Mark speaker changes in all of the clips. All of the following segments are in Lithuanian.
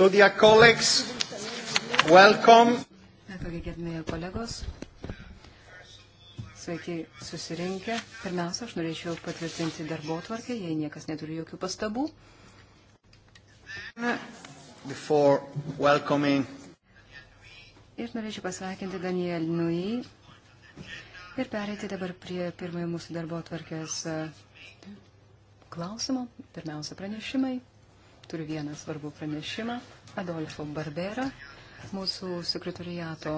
Speaker 1: So, dear colleagues, welcome.
Speaker 2: Kągi gerbėjai kolegos, sveiki susirinkę. Pirmiausia, aš norėčiau patvirtinti darbo tvarkę, jei niekas neturi jokių pastabų. Before welcoming. Ir norėčiau pasveikinti Daniel Nui ir pereiti dabar prie pirmojo mūsų darbo tvarkės e, klausimo. Pirmiausia, pranešimai turiu vieną svarbų pranešimą. Adolfo Barbera, mūsų sekretoriato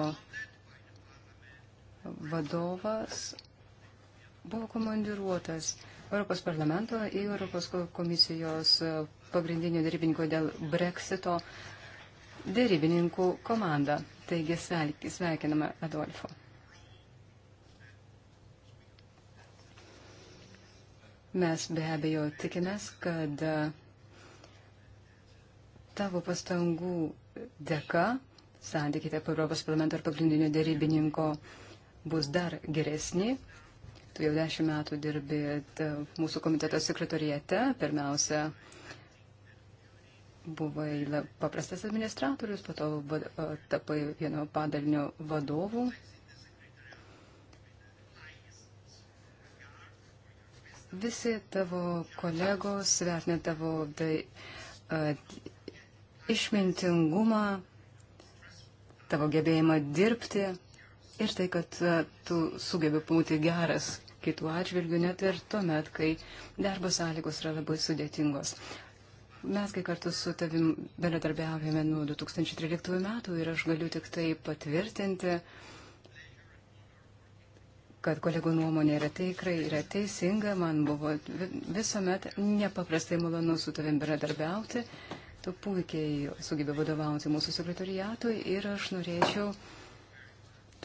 Speaker 2: vadovas, buvo komandiruotas Europos parlamento į Europos komisijos pagrindinio darybininko dėl Brexito darybininkų komandą. Taigi sveikiname Adolfo. Mes be abejo tikimės, kad tavo pastangų dėka santykiai tarp Europos parlamento ir pagrindinio dėrybininko bus dar geresni. Tu jau dešimt metų dirbi e, mūsų komiteto sekretorijete. Pirmiausia, buvai paprastas administratorius, po to e, tapai vieno padalinio vadovų. Visi tavo kolegos vertina tavo tai, išmintingumą, tavo gebėjimą dirbti ir tai, kad e, tu sugebi būti geras kitų atžvilgių, net ir tuomet, kai darbo sąlygos yra labai sudėtingos. Mes, kai kartu su tavim bendradarbiavėme nuo 2013 metų ir aš galiu tik tai patvirtinti, kad kolegų nuomonė yra tikrai, yra teisinga, man buvo visuomet nepaprastai malonu su tavim bendradarbiauti Tu puikiai sugebė vadovauti mūsų sekretariatui ir aš norėčiau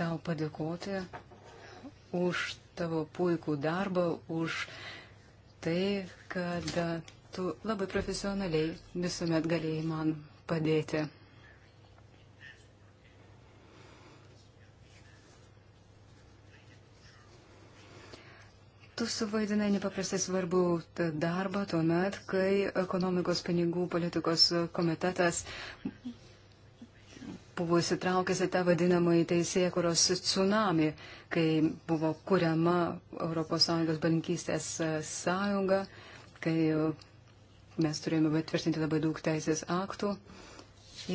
Speaker 2: tau padėkoti už tavo puikų darbą, už tai, kad tu labai profesionaliai visuomet galėjai man padėti. Tu suvaidinai nepaprastai svarbu darbą tuo met, kai ekonomikos pinigų politikos komitetas buvo įsitraukęs į tą vadinamąjį teisėkuros tsunami, kai buvo kuriama ES bankystės sąjunga, kai mes turėjome patvirtinti labai daug teisės aktų.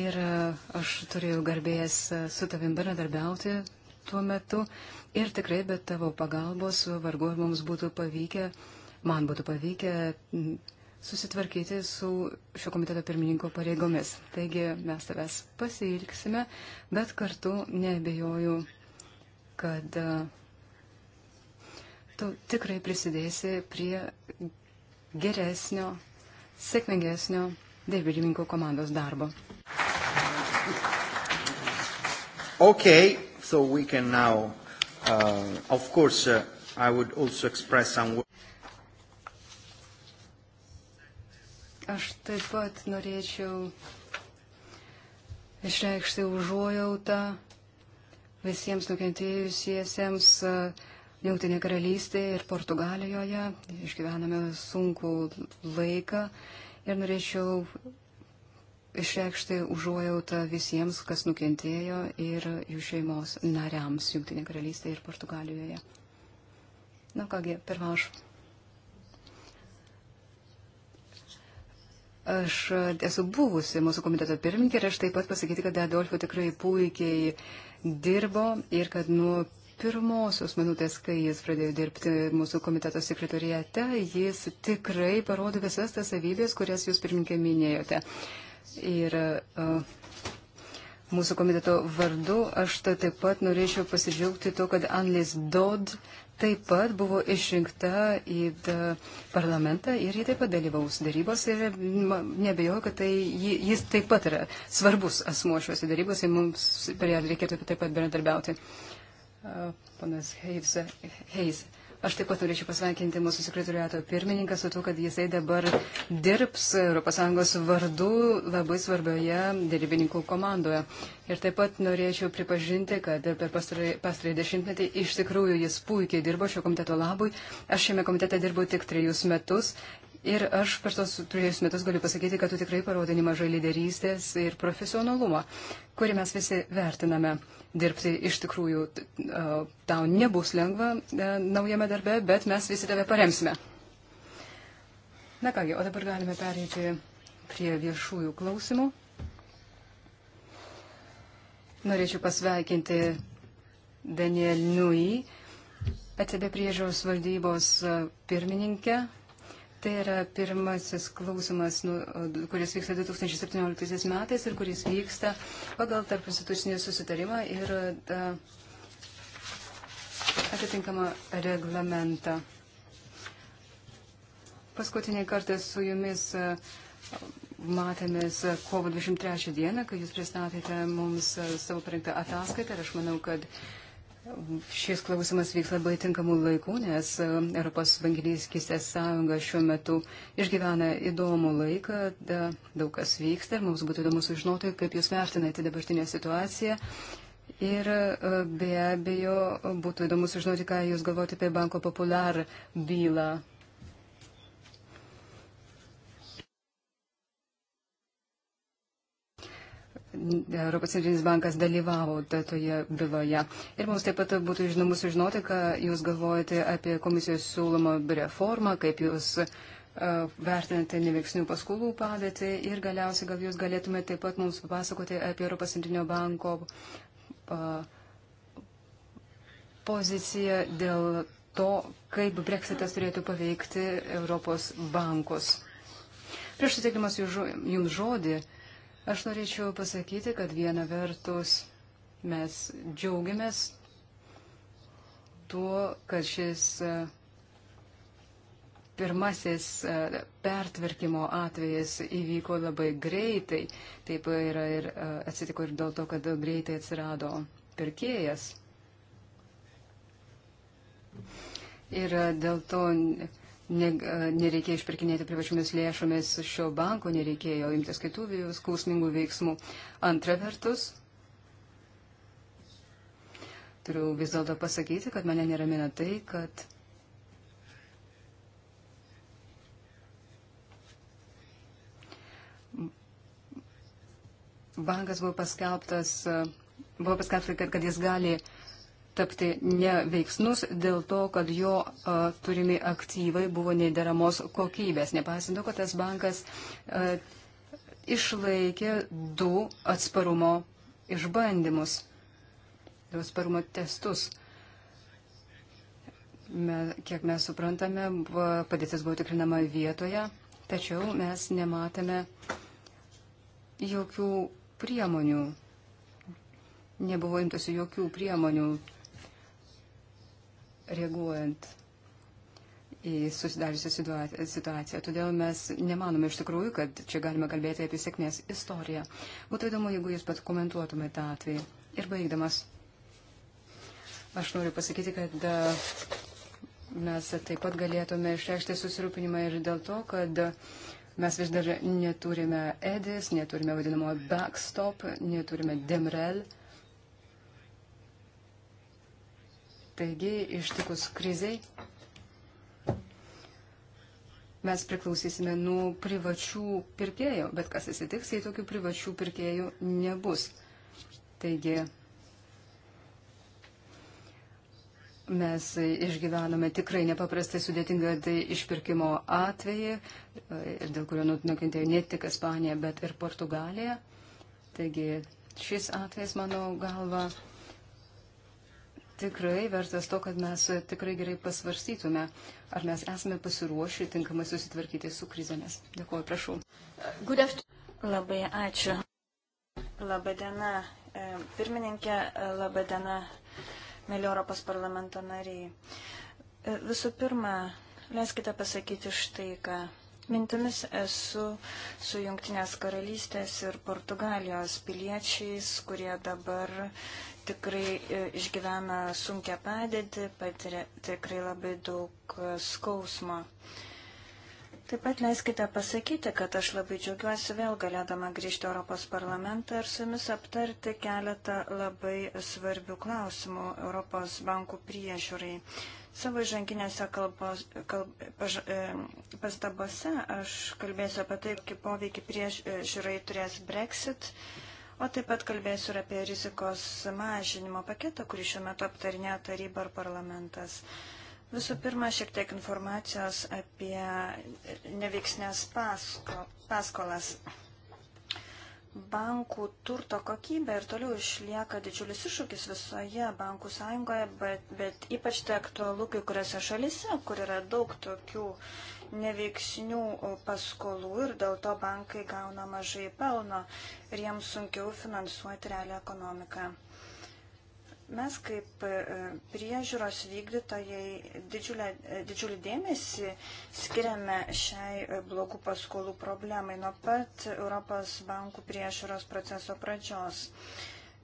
Speaker 2: Ir aš turėjau garbėjęs su tavim bendradarbiauti tuo metu ir tikrai be tavo pagalbos vargu ar mums būtų pavykę, man būtų pavykę susitvarkyti su šio komiteto pirmininko pareigomis. Taigi mes tavęs pasilgsime, bet kartu nebejoju, kad e, tu tikrai prisidėsi prie geresnio, sėkmingesnio dėrybininkų komandos darbo.
Speaker 3: Okay. So we can now, uh, of course, uh, I would also express some.
Speaker 2: Aš taip pat norėčiau išreikšti užuojautą visiems nukentėjusiesiems uh, Jungtinė karalystė ir Portugalijoje. Išgyvename sunkų laiką ir norėčiau išreikšti užuojautą visiems, kas nukentėjo ir jų šeimos nariams Junktinė karalystė ir Portugalijoje. Na kągi, pirmiausia. Aš esu buvusi mūsų komiteto pirmininkė ir aš taip pat pasakyti, kad Adolfo tikrai puikiai dirbo ir kad nuo pirmosios minutės, kai jis pradėjo dirbti mūsų komiteto sekretorijate, jis tikrai parodė visas tas savybės, kurias jūs pirmininkė minėjote. Ir mūsų komiteto vardu aš tai taip pat norėčiau pasidžiaugti to, kad Anlis Dodd taip pat buvo išrinkta į parlamentą ir ji taip pat dalyvaus darybos ir nebejoju, kad tai, jis taip pat yra svarbus asmuo šiuose darybose, mums per ją reikėtų taip pat bendradarbiauti. Panas Heis. Aš taip pat norėčiau pasveikinti mūsų sekretoriato pirmininką su to, kad jisai dabar dirbs ES vardu labai svarbioje dėrybininkų komandoje. Ir taip pat norėčiau pripažinti, kad per pastarąjį dešimtmetį iš tikrųjų jis puikiai dirbo šio komiteto labui. Aš šiame komitete dirbu tik trejus metus. Ir aš per tos trejus metus galiu pasakyti, kad tu tikrai parodai nemažai lyderystės ir profesionalumą, kurį mes visi vertiname dirbti iš tikrųjų tau nebus lengva e, naujame darbe, bet mes visi tave paremsime. Na kągi, o dabar galime pereiti prie viešųjų klausimų. Norėčiau pasveikinti Daniel Nui, ECB priežiūros valdybos e, pirmininkę Tai yra pirmasis klausimas, nu, kuris vyksta 2017 metais ir kuris vyksta pagal tarp institucinį susitarimą ir uh, atitinkamą reglamentą. Paskutinį kartą su jumis uh, matėmės kovo 23 dieną, kai jūs pristatėte mums e, savo parengtą ataskaitą ir aš manau, kad uh, Šis klausimas vyks labai tinkamų laikų, nes e, Europos vandenys sąjunga šiuo metu išgyvena įdomų laiką, da, daug kas vyksta ir mums būtų įdomu sužinoti, kaip jūs vertinate dabartinę situaciją. Ir e, be abejo, būtų įdomu sužinoti, ką jūs galvojate apie Banko Popular bylą. Europos centrinis bankas dalyvavo toje byloje. Ir mums taip pat būtų žinomu sužinoti, ką jūs galvojate apie komisijos siūlomą reformą, kaip jūs e, vertinate neveiksnių paskolų padėtį ir galiausiai gal jūs galėtumėte taip pat mums papasakoti apie Europos centrinio banko poziciją dėl to, kaip breksitas turėtų paveikti Europos bankus. Prieš suteikdamas jums žodį, Aš norėčiau pasakyti, kad viena vertus mes džiaugiamės tuo, kad šis e, pirmasis e, pertvarkymo atvejas įvyko labai greitai. Taip yra ir e, atsitiko ir dėl to, kad greitai atsirado pirkėjas. Ir dėl to nereikėjo išpirkinėti privačiomis lėšomis šio banko, nereikėjo imtis kitų skausmingų veiksmų. Antra vertus, turiu vis dėlto pasakyti, kad mane neramina tai, kad bankas buvo paskelbtas, buvo paskelbta, kad, kad jis gali uh, tapti neveiksnus dėl to, kad jo a, turimi aktyvai buvo nederamos kokybės. Nepaisant to, kad tas bankas a, išlaikė du atsparumo išbandymus, du atsparumo testus. Me, kiek mes suprantame, padėtis buvo tikrinama vietoje, tačiau mes nematėme jokių priemonių nebuvo imtasi jokių priemonių reaguojant į susidariusią situaciją. Todėl mes nemanome iš tikrųjų, kad čia galime kalbėti apie sėkmės istoriją. Būtų įdomu, jeigu jūs pat komentuotumėte tą atvejį. Ir baigdamas, aš noriu pasakyti, kad e, mes taip pat galėtume išreikšti susirūpinimą ir dėl to, kad mes vis dar neturime EDIS, neturime vadinamojo backstop, neturime DEMREL. Taigi, ištikus kriziai, mes priklausysime nuo privačių pirkėjų, bet kas atsitiks, jei tokių privačių pirkėjų nebus. Taigi, mes išgyvenome tikrai nepaprastai sudėtingą tai išpirkimo atvejį, dėl kurio nu- nukentėjo ne tik Ispanija, bet ir Portugalija. Taigi, šis atvejas, mano galva, tikrai vertas to, kad mes tikrai gerai pasvarstytume, ar mes esame pasiruošę tinkamai susitvarkyti su krizėmis. Dėkuoju, prašau.
Speaker 3: Labai ačiū. Labadiena, e, pirmininkė, e, labadiena, mėly Europos parlamento nariai. E, visų pirma, leiskite pasakyti štai ką. Mintimis esu su Junktinės karalystės ir Portugalijos piliečiais, kurie dabar tikrai e, išgyvena sunkia padėtį, patiria tikrai labai daug e, skausmo. Taip pat leiskite pasakyti, kad aš labai džiaugiuosi vėl galėdama grįžti Europos parlamentą ir su jumis aptarti keletą labai svarbių klausimų Europos bankų priežiūrai. Savo žanginėse kalbos, kalb, paž, e, pastabose aš kalbėsiu apie tai, kokį poveikį priežiūrai turės Brexit O taip pat kalbėsiu ir apie rizikos mažinimo paketą, kurį šiuo metu aptarinėjo taryba ar parlamentas. Visų pirma, šiek tiek informacijos apie neveiksnės pasko, paskolas. Bankų turto kokybė ir toliau išlieka didžiulis iššūkis visoje bankų sąjungoje, bet, bet ypač tai aktualu kai kuriuose šalise, kur yra daug tokių uh, neveiksnių paskolų ir dėl to bankai gauna mažai pelno ir jiems sunkiau finansuoti realią ekonomiką. Mes kaip e, priežiūros vykdytojai didžiulę, e, didžiulį dėmesį skiriame šiai e, blogų paskolų problemai nuo pat Europos bankų priežiūros proceso pradžios.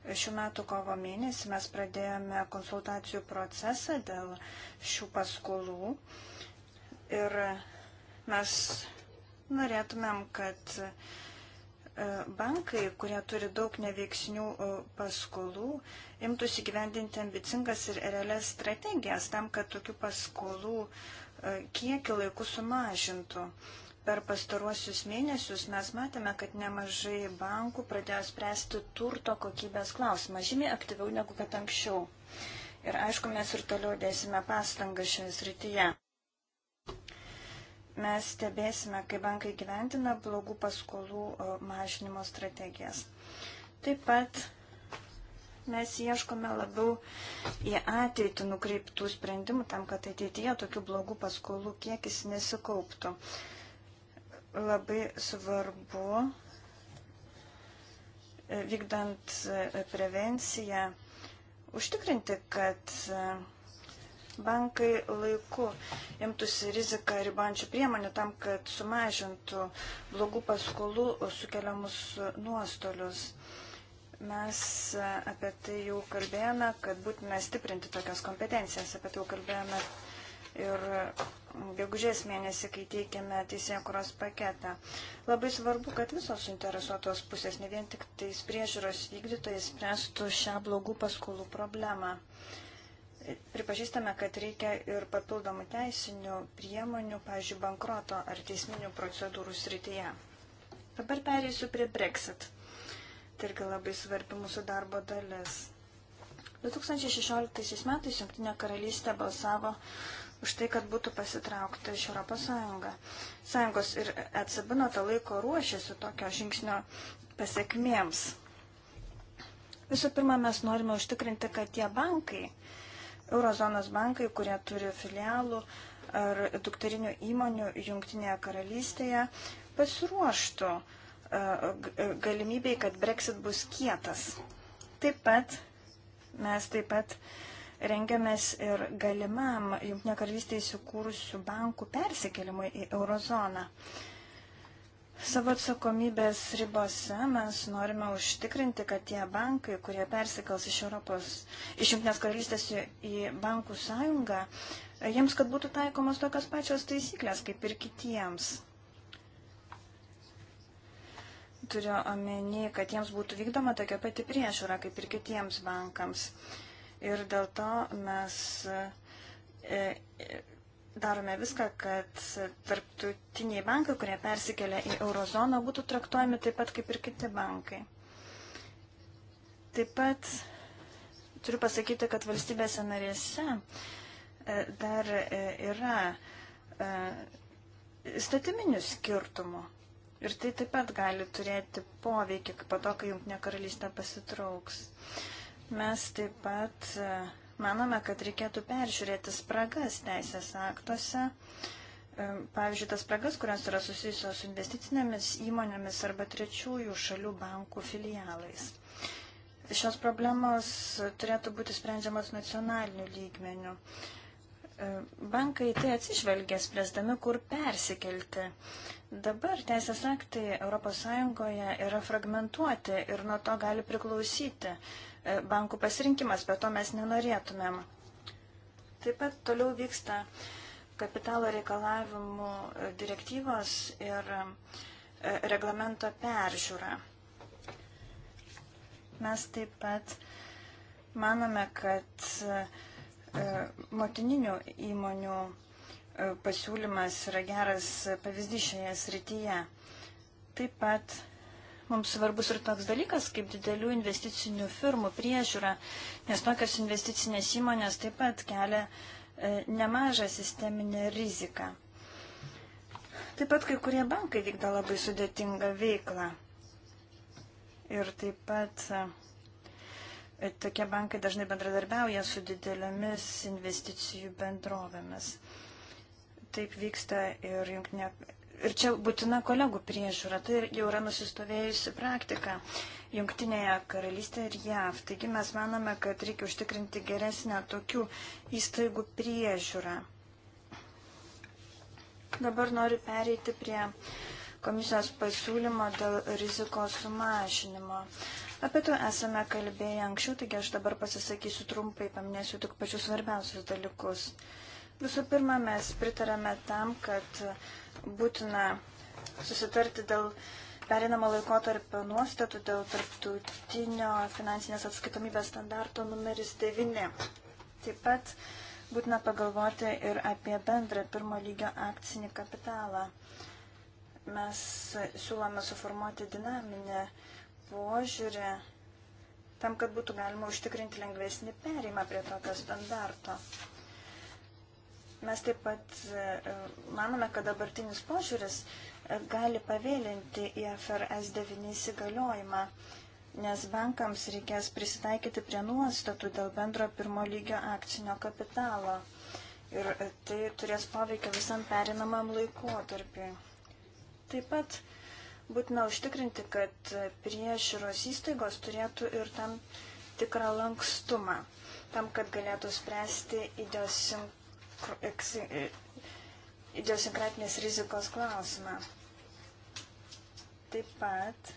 Speaker 3: Šių metų kovo mėnesį mes pradėjome konsultacijų procesą dėl šių paskolų ir Mes norėtumėm, kad e, bankai, kurie turi daug neveiksnių e, paskolų, imtųsi gyvendinti ambicingas ir realias strategijas tam, kad tokių paskolų e, kiekį laikų sumažintų. Per pastaruosius mėnesius mes matėme, kad nemažai bankų pradėjo spręsti turto kokybės klausimą žymiai aktyviau negu kad anksčiau. Ir aišku, mes ir toliau dėsime pastangą šioje srityje mes stebėsime, kaip bankai gyventina blogų paskolų e, mažinimo strategijas. Taip pat mes ieškome labiau į ateitį nukreiptų sprendimų tam, kad ateityje tokių blogų paskolų kiekis nesikauptų. Labai svarbu, e, vykdant e, prevenciją, užtikrinti, kad bankai laiku imtųsi riziką ribančių priemonių tam, kad sumažintų blogų paskolų sukeliamus nuostolius. Mes apie tai jau kalbėjome, kad būtina stiprinti tokias kompetencijas, apie tai jau kalbėjome ir gegužės mėnesį, kai teikėme teisėkuros paketą. Labai svarbu, kad visos suinteresuotos pusės, ne vien tik tais priežiūros vykdytojai, spręstų šią blogų paskolų problemą. Pripažįstame, kad reikia ir papildomų teisinių priemonių, pavyzdžiui, bankroto ar teisminių procedūrų srityje. Dabar perėsiu prie Brexit. Tai irgi labai svarbi mūsų darbo dalis. 2016 metais Junktinė karalystė balsavo už tai, kad būtų pasitraukta iš Europos Sąjunga. Sąjungos ir ECB nuo to laiko ruošiasi tokio žingsnio pasiekmėms. Visų pirma, mes norime užtikrinti, kad tie bankai, Eurozonos bankai, kurie turi filialų ar dukterinių įmonių Junktinėje karalystėje, pasiruoštų e, e, galimybei, kad Brexit bus kietas. Taip pat mes taip pat rengiamės ir galimam Junktinė karalystė įsikūrusių bankų persikelimui į Eurozoną. Uh, Savo atsakomybės ribose mes norime užtikrinti, kad tie bankai, kurie persikels iš Europos, iš Junktinės karalystės į bankų sąjungą, jiems, kad būtų taikomos tokios pačios taisyklės kaip ir kitiems. Turiu omeny, kad jiems būtų vykdoma tokia pati priežiūra kaip ir kitiems bankams. Ir dėl to mes e, e, darome viską, kad tarptautiniai bankai, kurie persikelia į eurozoną, būtų traktuojami taip pat kaip ir kiti bankai. Taip pat turiu pasakyti, kad valstybėse narėse e, dar e, yra e, įstatyminių skirtumų. Ir tai taip pat gali turėti poveikį po to, kai Junktinė karalystė pasitrauks. Mes taip pat uh, Manome, kad reikėtų peržiūrėti spragas teisės aktuose, e, pavyzdžiui, tas spragas, kurios yra susijusios su investicinėmis įmonėmis arba trečiųjų šalių bankų filialais. Šios problemos turėtų būti sprendžiamas nacionaliniu lygmeniu. E, bankai tai atsižvelgia, spręsdami, kur persikelti. Dabar teisės aktai ES yra fragmentuoti ir nuo to gali priklausyti E, bankų pasirinkimas, bet to mes nenorėtumėm. Taip pat toliau vyksta kapitalo reikalavimų e, direktyvos ir e, reglamento peržiūra. Mes taip pat manome, kad motininių įmonių pasiūlymas yra geras pavyzdys šioje srityje. Taip pat Mums svarbus ir toks dalykas kaip didelių investicinių firmų priežiūra, nes tokios investicinės įmonės taip pat kelia e, nemažą sisteminę riziką. Taip pat kai kurie bankai vykdo labai sudėtingą veiklą. Ir taip pat e, tokie bankai dažnai bendradarbiauja su didelėmis investicijų bendrovėmis. Taip vyksta ir jungtinė Ir čia būtina kolegų priežiūra, tai jau yra nusistovėjusi praktika Junktinėje karalystėje ir JAV. Taigi mes manome, kad reikia užtikrinti geresnę tokių įstaigų priežiūrą. Dabar noriu pereiti prie komisijos pasiūlymo dėl rizikos sumažinimo. Apie tai esame kalbėję anksčiau, taigi aš dabar pasisakysiu trumpai, paminėsiu tik pačius svarbiausius dalykus. Visų pirma, mes pritarame tam, kad būtina susitarti dėl perinamo laikotarpio nuostatų dėl tarptautinio finansinės atskaitomybės standarto numeris 9. Taip pat būtina pagalvoti ir apie bendrą pirmo lygio akcinį kapitalą. Mes siūlome suformuoti dinaminę požiūrį tam, kad būtų galima užtikrinti lengvesnį perėjimą prie tokio standarto. Mes taip pat e, manome, kad dabartinis požiūris e, gali pavėlinti IFRS 9 įsigaliojimą, nes bankams reikės prisitaikyti prie nuostatų dėl bendro pirmo lygio akcinio kapitalo. Ir e, tai turės poveikio visam perinamam laikotarpiui. Taip pat būtina užtikrinti, kad priežiūros įstaigos turėtų ir tam tikrą lankstumą, tam, kad galėtų spręsti idiosink idiosinkratinės rizikos klausimą. Taip pat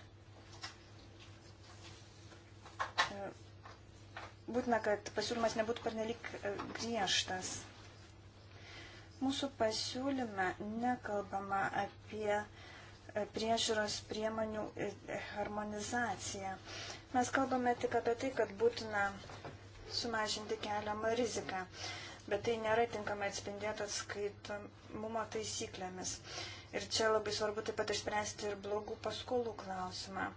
Speaker 3: e, būtina, kad pasiūlymas nebūtų pernelik e, griežtas. Mūsų pasiūlyme nekalbama apie e, priežiūros priemonių harmonizaciją. Mes kalbame tik apie tai, kad būtina sumažinti keliamą riziką bet tai nėra tinkamai atspindėta atskaitomumo taisyklėmis. Ir čia labai svarbu taip pat išspręsti ir blogų paskolų klausimą.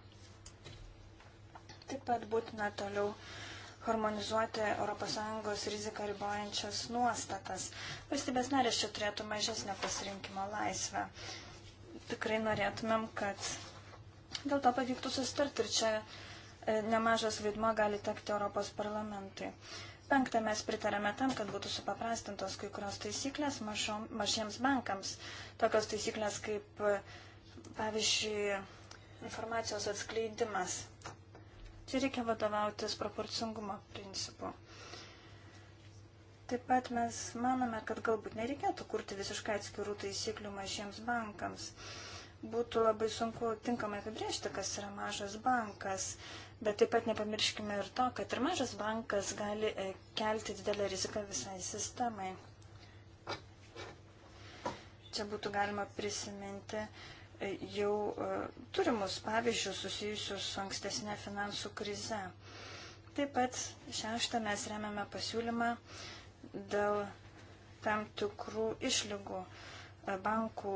Speaker 3: Taip pat būtina toliau harmonizuoti ES riziką ribojančias nuostatas. Valstybės narės čia turėtų mažesnę pasirinkimo laisvę. Tikrai norėtumėm, kad dėl to pavyktų susitarti ir čia e, nemažas vaidmo gali tekti Europos parlamentui. Penktą mes pritarėme tam, kad būtų supaprastintos kai kurios taisyklės mažom, mažiems bankams. Tokios taisyklės kaip, pavyzdžiui, informacijos atskleidimas. Čia reikia vadovautis proporcingumo principu. Taip pat mes manome, kad galbūt nereikėtų kurti visiškai atskirų taisyklių mažiems bankams. Būtų labai sunku tinkamai apibriežti, kas yra mažas bankas. Bet taip pat nepamirškime ir to, kad ir mažas bankas gali e, kelti didelę riziką visai sistemai. Čia būtų galima prisiminti e, jau e, turimus pavyzdžius susijusius su ankstesnė finansų krize. Taip pat šeštą mes remiame pasiūlymą dėl tam tikrų išlygų bankų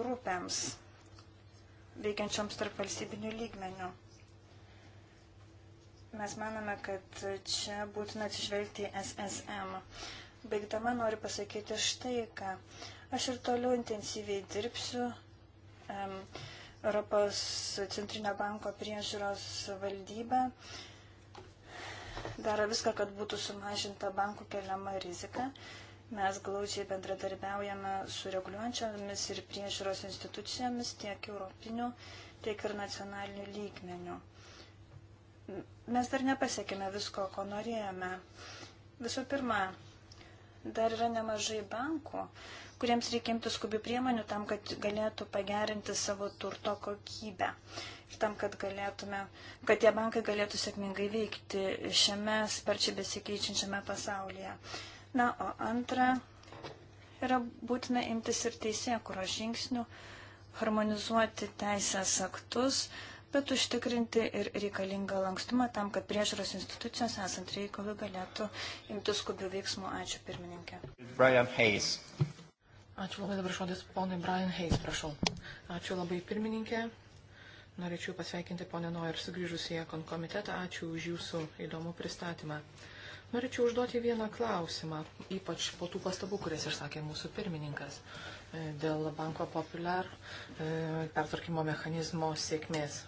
Speaker 3: grupėms veikiančioms tarp valstybinių lygmenių. Mes manome, kad čia būtina atsižvelgti SSM. Baigdama noriu pasakyti štai ką. Aš ir toliau intensyviai dirbsiu um, Europos Centrinio banko priežiūros valdybą. Daro viską, kad būtų sumažinta bankų keliama rizika. Mes glaudžiai bendradarbiaujame su reguliuojančiomis ir priežiūros institucijomis tiek europiniu, tiek ir nacionaliniu lygmeniu mes dar nepasiekime visko, ko norėjome. Visų pirma, dar yra nemažai bankų, kuriems reikia imti skubių priemonių tam, kad galėtų pagerinti savo turto kokybę. Ir tam, kad, galėtume, kad tie bankai galėtų sėkmingai veikti šiame sparčiai besikeičiančiame pasaulyje. Na, o antra, yra būtina imtis ir teisė, kurio žingsnių, harmonizuoti teisės aktus, uh, bet užtikrinti ir reikalingą lankstumą tam, kad priežiūros institucijos
Speaker 1: esant reikalui galėtų imti skubių veiksmų. Ačiū pirmininkė.
Speaker 2: Brian Hayes.
Speaker 1: Ačiū labai dabar žodis ponui Brian Hayes, prašau. Ačiū labai pirmininkė. Norėčiau pasveikinti ponę Noir sugrįžus į Ekon komitetą. Ačiū už jūsų įdomų pristatymą. Norėčiau užduoti vieną klausimą, ypač po tų pastabų, kurias išsakė mūsų pirmininkas e, dėl banko populiar e, pertvarkymo mechanizmo sėkmės.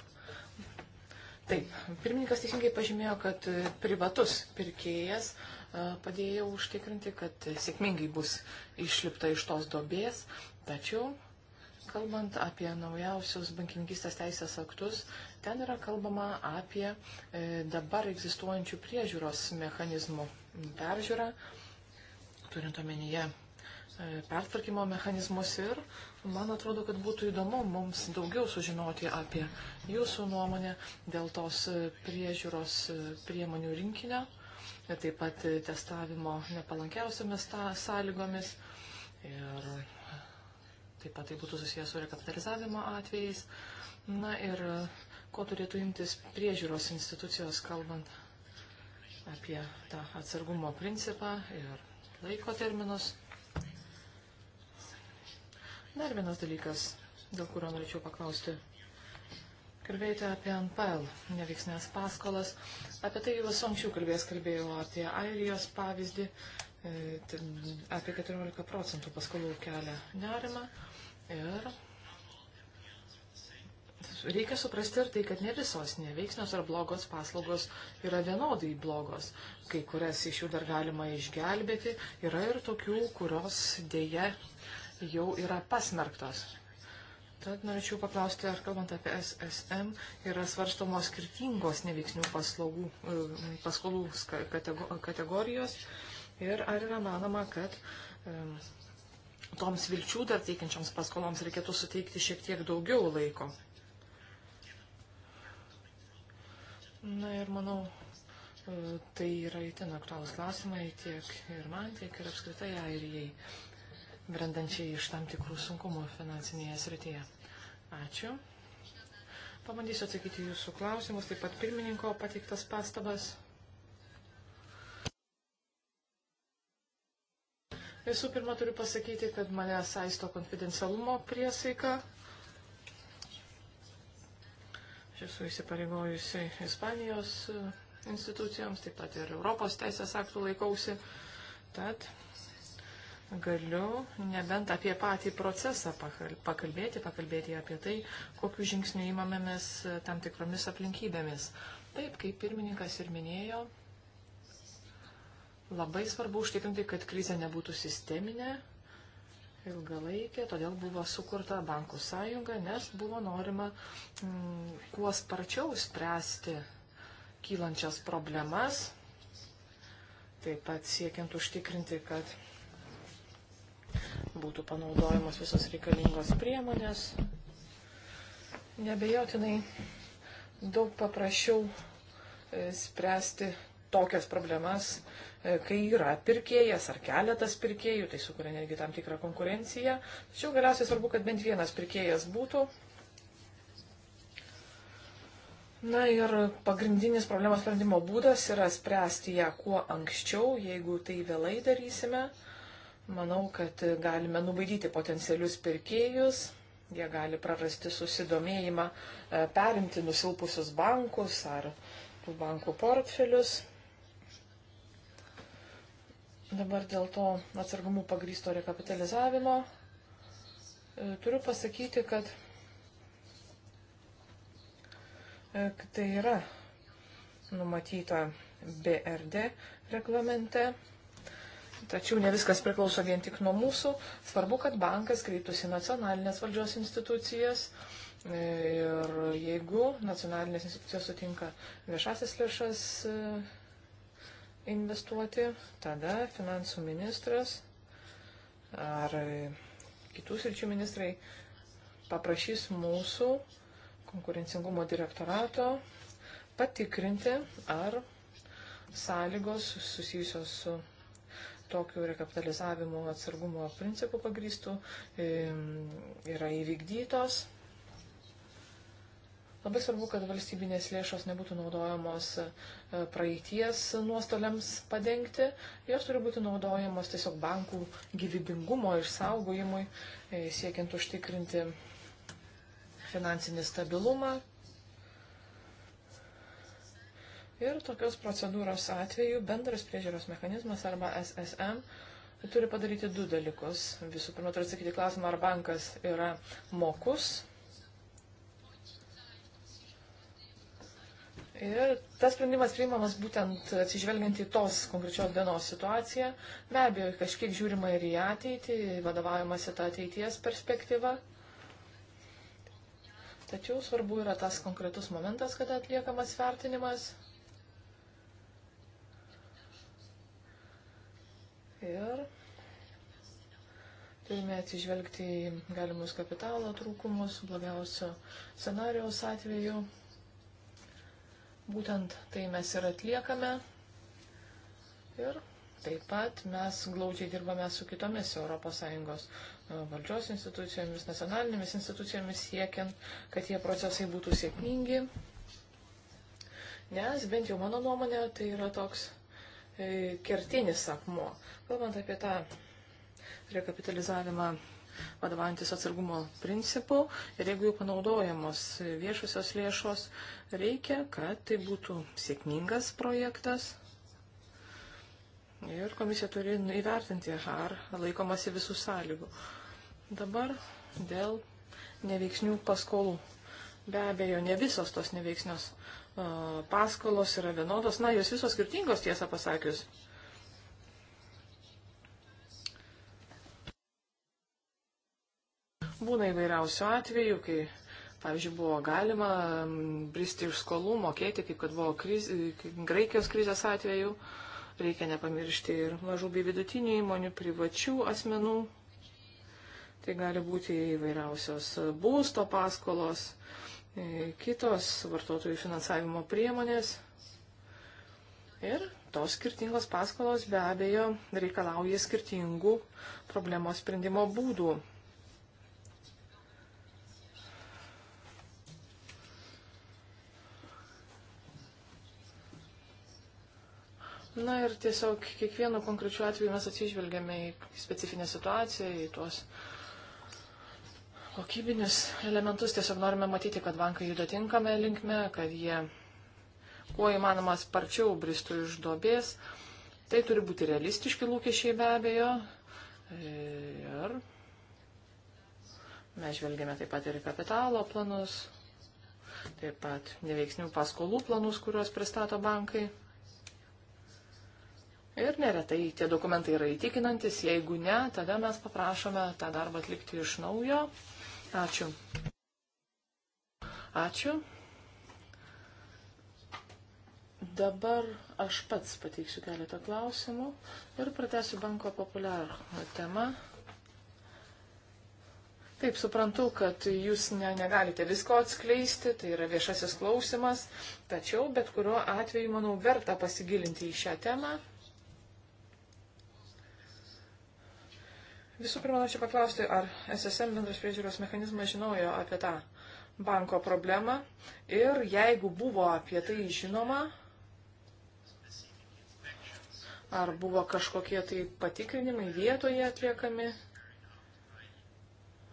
Speaker 1: Taip, pirmininkas teisingai pažymėjo, kad e, privatus pirkėjas e, padėjo užtikrinti, kad sėkmingai bus išlipta iš tos dobės, tačiau kalbant apie naujausius bankininkistės teisės aktus, ten yra kalbama apie e, dabar egzistuojančių priežiūros mechanizmų peržiūrą, turint omenyje e, pertvarkymo mechanizmus ir Man atrodo, kad būtų įdomu mums daugiau sužinoti apie jūsų nuomonę dėl tos e, priežiūros e, priemonių rinkinio, e, taip pat testavimo nepalankiausiamis sąlygomis ir taip pat tai būtų susijęs su rekapitalizavimo atvejais. Na ir ko turėtų imtis priežiūros institucijos, kalbant apie tą atsargumo principą ir laiko terminus. Dar vienas dalykas, dėl kurio norėčiau paklausti. Kalbėjote apie NPL, neveiksnės paskolas. Apie tai jau esu anksčiau kalbėjęs, kalbėjau apie Airijos pavyzdį. E, apie 14 procentų paskolų kelia nerima. Ir reikia suprasti ir tai, kad ne visos neveiksnios ar blogos paslaugos yra vienodai blogos. Kai kurias iš jų dar galima išgelbėti, yra ir tokių, kurios dėje jau yra pasmerktos. Tad norėčiau paklausti, ar kalbant apie SSM yra svarstomos skirtingos neveiksnių paslaugų, e, paskolų kategorijos ir ar yra manoma, kad toms vilčių dar teikiančioms paskoloms reikėtų suteikti šiek tiek daugiau laiko. Na ir manau, e, tai yra įtin aktualus klausimai tiek ir man, tiek ir apskritai Airijai. Ja, brendančiai iš tam tikrų sunkumų finansinėje srityje. Ačiū. Pabandysiu atsakyti jūsų klausimus, taip pat pirmininko pateiktas pastabas. Visų pirma, turiu pasakyti, kad mane saisto konfidencialumo priesaika. Aš esu įsipareigojusi Ispanijos institucijoms, taip pat ir Europos teisės aktų laikausi. Tad galiu nebent apie patį procesą pakalbėti, pakalbėti apie tai, kokiu žingsniu įmamėmis e, tam tikromis aplinkybėmis. Taip, kaip pirmininkas ir minėjo, labai svarbu užtikrinti, kad krizė nebūtų sisteminė, ilgalaikė, todėl buvo sukurta bankų sąjunga, nes buvo norima m, mm, kuo sparčiau spręsti kylančias problemas, taip pat siekiant užtikrinti, kad būtų panaudojamos visos reikalingos priemonės. Nebejotinai daug paprasčiau e, spręsti tokias problemas, e, kai yra pirkėjas ar keletas pirkėjų, tai sukuria netgi tam tikrą konkurenciją. Tačiau galiausiai svarbu, kad bent vienas pirkėjas būtų. Na ir pagrindinis problemos sprendimo būdas yra spręsti ją kuo anksčiau, jeigu tai vėlai darysime. Uh, Manau, kad galime nubaidyti potencialius pirkėjus, jie gali prarasti susidomėjimą, e, perimti nusilpusius bankus ar tų bankų portfelius. Dabar dėl to atsargumų pagrysto rekapitalizavimo e, turiu pasakyti, kad e, tai yra numatyta BRD reglamente Tačiau ne viskas priklauso vien tik nuo mūsų. Svarbu, kad bankas kreiptųsi nacionalinės valdžios institucijas. Ir jeigu nacionalinės institucijos sutinka viešasis lėšas e, investuoti, tada finansų ministras ar kitų sričių ministrai paprašys mūsų konkurencingumo direktorato patikrinti, ar sąlygos susijusios su tokiu rekapitalizavimo atsargumo principu pagrįstų yra įvykdytos. Labai svarbu, kad valstybinės lėšos nebūtų naudojamos e, praeities nuostoliams padengti, jos turi būti naudojamos tiesiog bankų gyvybingumo išsaugojimui, e, siekiant užtikrinti finansinį stabilumą Ir tokios procedūros atveju bendras priežiūros mechanizmas arba SSM turi padaryti du dalykus. Visų pirma, turi atsakyti klausimą, ar bankas yra mokus. Ir tas sprendimas priimamas būtent atsižvelgiant į tos konkrečios dienos situaciją. Be abejo, kažkiek žiūrima ir į ateitį, vadovaujamasi tą ateities perspektyvą. Tačiau svarbu yra tas konkretus momentas, kada atliekamas vertinimas. ir turime atsižvelgti į galimus kapitalo trūkumus, blogiausio scenarijaus atveju. Būtent tai mes ir atliekame. Ir taip pat mes glaudžiai dirbame su kitomis ES e, valdžios institucijomis, nacionalinėmis institucijomis siekiant, kad tie procesai būtų sėkmingi. Nes bent jau mano nuomonė tai yra toks E, kertinis akmuo. Kalbant apie tą rekapitalizavimą vadovantis atsargumo principu ir jeigu jau panaudojamos viešusios lėšos, reikia, kad tai būtų sėkmingas projektas. Ir komisija turi įvertinti, ar laikomasi visų sąlygų. Dabar dėl neveiksnių paskolų. Be abejo, ne visos tos neveiksnios paskolos yra vienodos, na, jos visos skirtingos, tiesą pasakius. Būna įvairiausių atvejų, kai, pavyzdžiui, buvo galima bristi iš skolų, mokėti, kaip kad buvo kriz, e, Graikijos krizės atveju. Reikia nepamiršti ir mažų bei vidutinių įmonių, privačių asmenų. Tai gali būti įvairiausios būsto paskolos. Uh, E, kitos vartotojų finansavimo priemonės. Ir tos skirtingos paskolos be abejo reikalauja skirtingų problemos sprendimo būdų. Na ir tiesiog kiekvienu konkrečiu atveju mes atsižvelgiame į specifinę situaciją, į tuos uh, kokybinius elementus. Tiesiog norime matyti, kad bankai juda tinkame linkme, kad jie kuo įmanoma sparčiau bristų iš dobės. Tai turi būti realistiški lūkesčiai be abejo. Ir mes žvelgiame taip pat ir kapitalo planus, taip pat neveiksnių paskolų planus, kuriuos pristato bankai. Ir neretai tie dokumentai yra įtikinantis, jeigu ne, tada mes paprašome tą darbą atlikti iš naujo. Ačiū. Ačiū. Dabar aš pats pateiksiu keletą klausimų ir pratęsiu banko populiar temą. Taip, suprantu, kad jūs ne, negalite visko atskleisti, tai yra viešasis klausimas, tačiau bet kuriuo atveju, manau, verta pasigilinti į šią temą. Visų pirma, norėčiau paklausti, ar SSM bendras priežiūros mechanizmas žinojo apie tą banko problemą ir jeigu buvo apie tai žinoma, ar buvo kažkokie tai patikrinimai vietoje atliekami,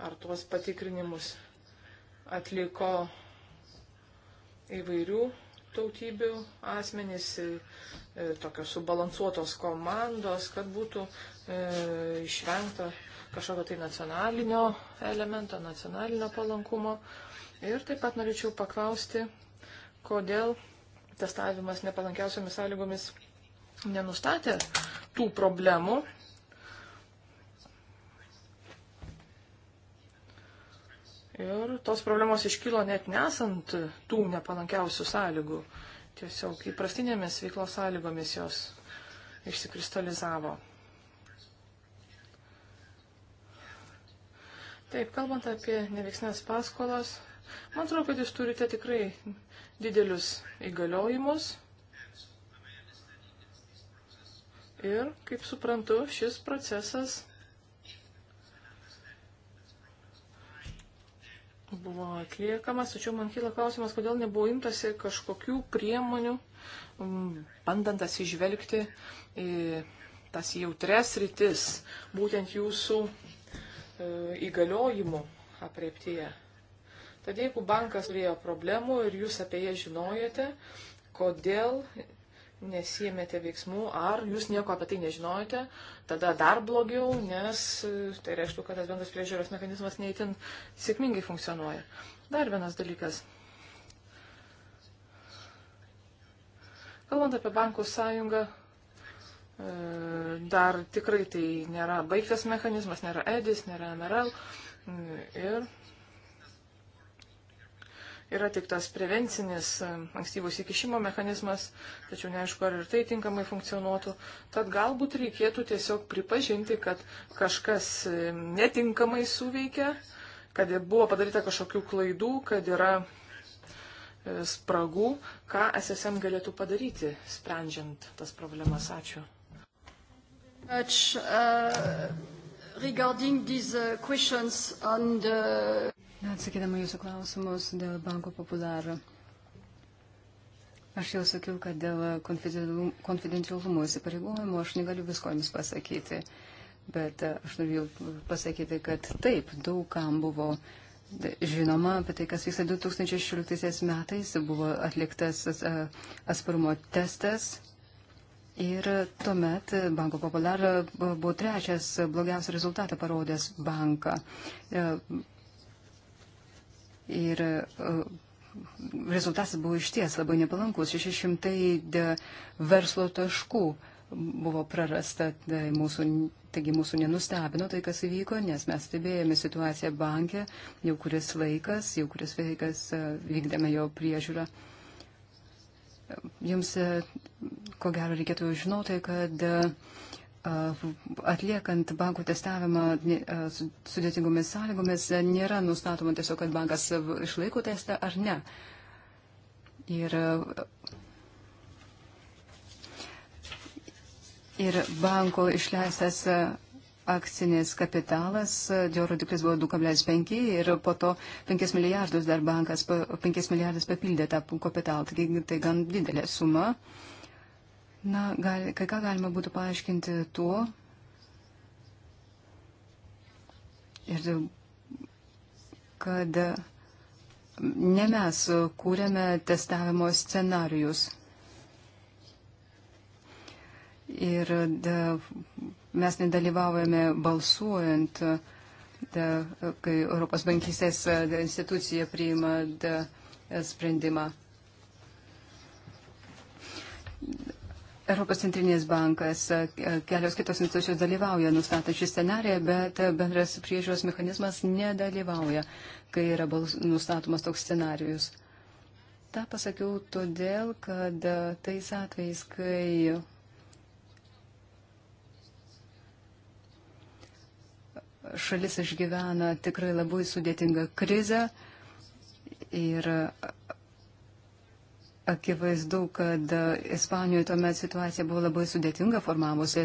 Speaker 1: ar tuos patikrinimus atliko įvairių tautybių asmenys, E, tokios subalansuotos komandos, kad būtų e, išvengta kažkokio tai nacionalinio elemento, nacionalinio palankumo. Ir taip pat norėčiau paklausti, kodėl testavimas nepalankiausiamis sąlygomis nenustatė tų problemų. Ir tos problemos iškilo net nesant tų nepalankiausių sąlygų tiesiog įprastinėmis veiklos sąlygomis jos išsikristalizavo. Taip, kalbant apie neveiksnės paskolas, man atrodo, kad jūs turite tikrai didelius įgaliojimus. Ir, kaip suprantu, šis procesas buvo atliekamas, tačiau man kyla klausimas, kodėl nebuvo imtasi kažkokių priemonių, bandant atsižvelgti į tas jautres rytis, būtent jūsų e, įgaliojimų aprieptyje. Tad jeigu bankas turėjo problemų ir jūs apie jas žinojate, kodėl nesijėmėte veiksmų, ar jūs nieko apie tai nežinojote, tada dar blogiau, nes e, tai reiškia, kad tas bendras priežiūros mechanizmas neįtin sėkmingai funkcionuoja. Dar vienas dalykas. Kalbant apie bankų sąjungą, e, dar tikrai tai nėra baigtas mechanizmas, nėra EDIS, nėra MRL e, ir yra tik tas prevencinis e, ankstyvus įkišimo mechanizmas, tačiau neaišku, ar ir tai tinkamai funkcionuotų. Tad galbūt reikėtų tiesiog pripažinti, kad kažkas e, netinkamai suveikia, kad buvo padaryta kažkokių klaidų, kad yra e, spragų, ką SSM galėtų padaryti, sprendžiant tas problemas. Ačiū.
Speaker 2: Much, uh, regarding these uh, questions on the Atsakydama jūsų klausimus dėl banko populiaro. Aš jau sakiau, kad dėl konfidencialumo įsipareigojimo aš negaliu visko jums pasakyti, bet aš noriu pasakyti, kad taip, daug kam buvo žinoma apie tai, kas vyksta 2016 metais, buvo atliktas atsparumo testas. Ir tuomet Banko Popular buvo trečias blogiausią rezultatą parodęs banką. Ir e, rezultatas buvo išties labai nepalankus. 600 e, verslo taškų buvo prarasta. Tai mūsų, taigi mūsų nenustebino tai, kas įvyko, nes mes stebėjome situaciją bankę jau kuris laikas, jau kuris laikas vykdėme jo priežiūrą. Jums, ko gero, reikėtų žinoti, kad Atliekant bankų testavimą sudėtingomis sąlygomis nėra nustatoma tiesiog, kad bankas išlaiko testą ar ne. Ir, ir banko išleistas akcinės kapitalas, jo rodiklis buvo 2,5 ir po to 5 milijardus dar bankas, 5 milijardus papildė tą kapitalą, taigi tai gan didelė suma. Uh, Na, gal, kai ką galima būtų paaiškinti tuo, ir kad ne mes kūrėme testavimo scenarius. Ir da, mes nedalyvaujame balsuojant, da, kai Europos bankysės institucija priima da, sprendimą. Europos centrinės bankas, e, kelios kitos institucijos dalyvauja nustatant šį scenariją, bet bendras priežiūros mechanizmas nedalyvauja, kai yra nustatomas toks scenarius. Ta pasakiau todėl, kad e, tais atvejais, kai šalis išgyvena tikrai labai sudėtingą krizę ir Akivaizdu, kad e, Ispanijoje tuomet situacija buvo labai sudėtinga, formavusi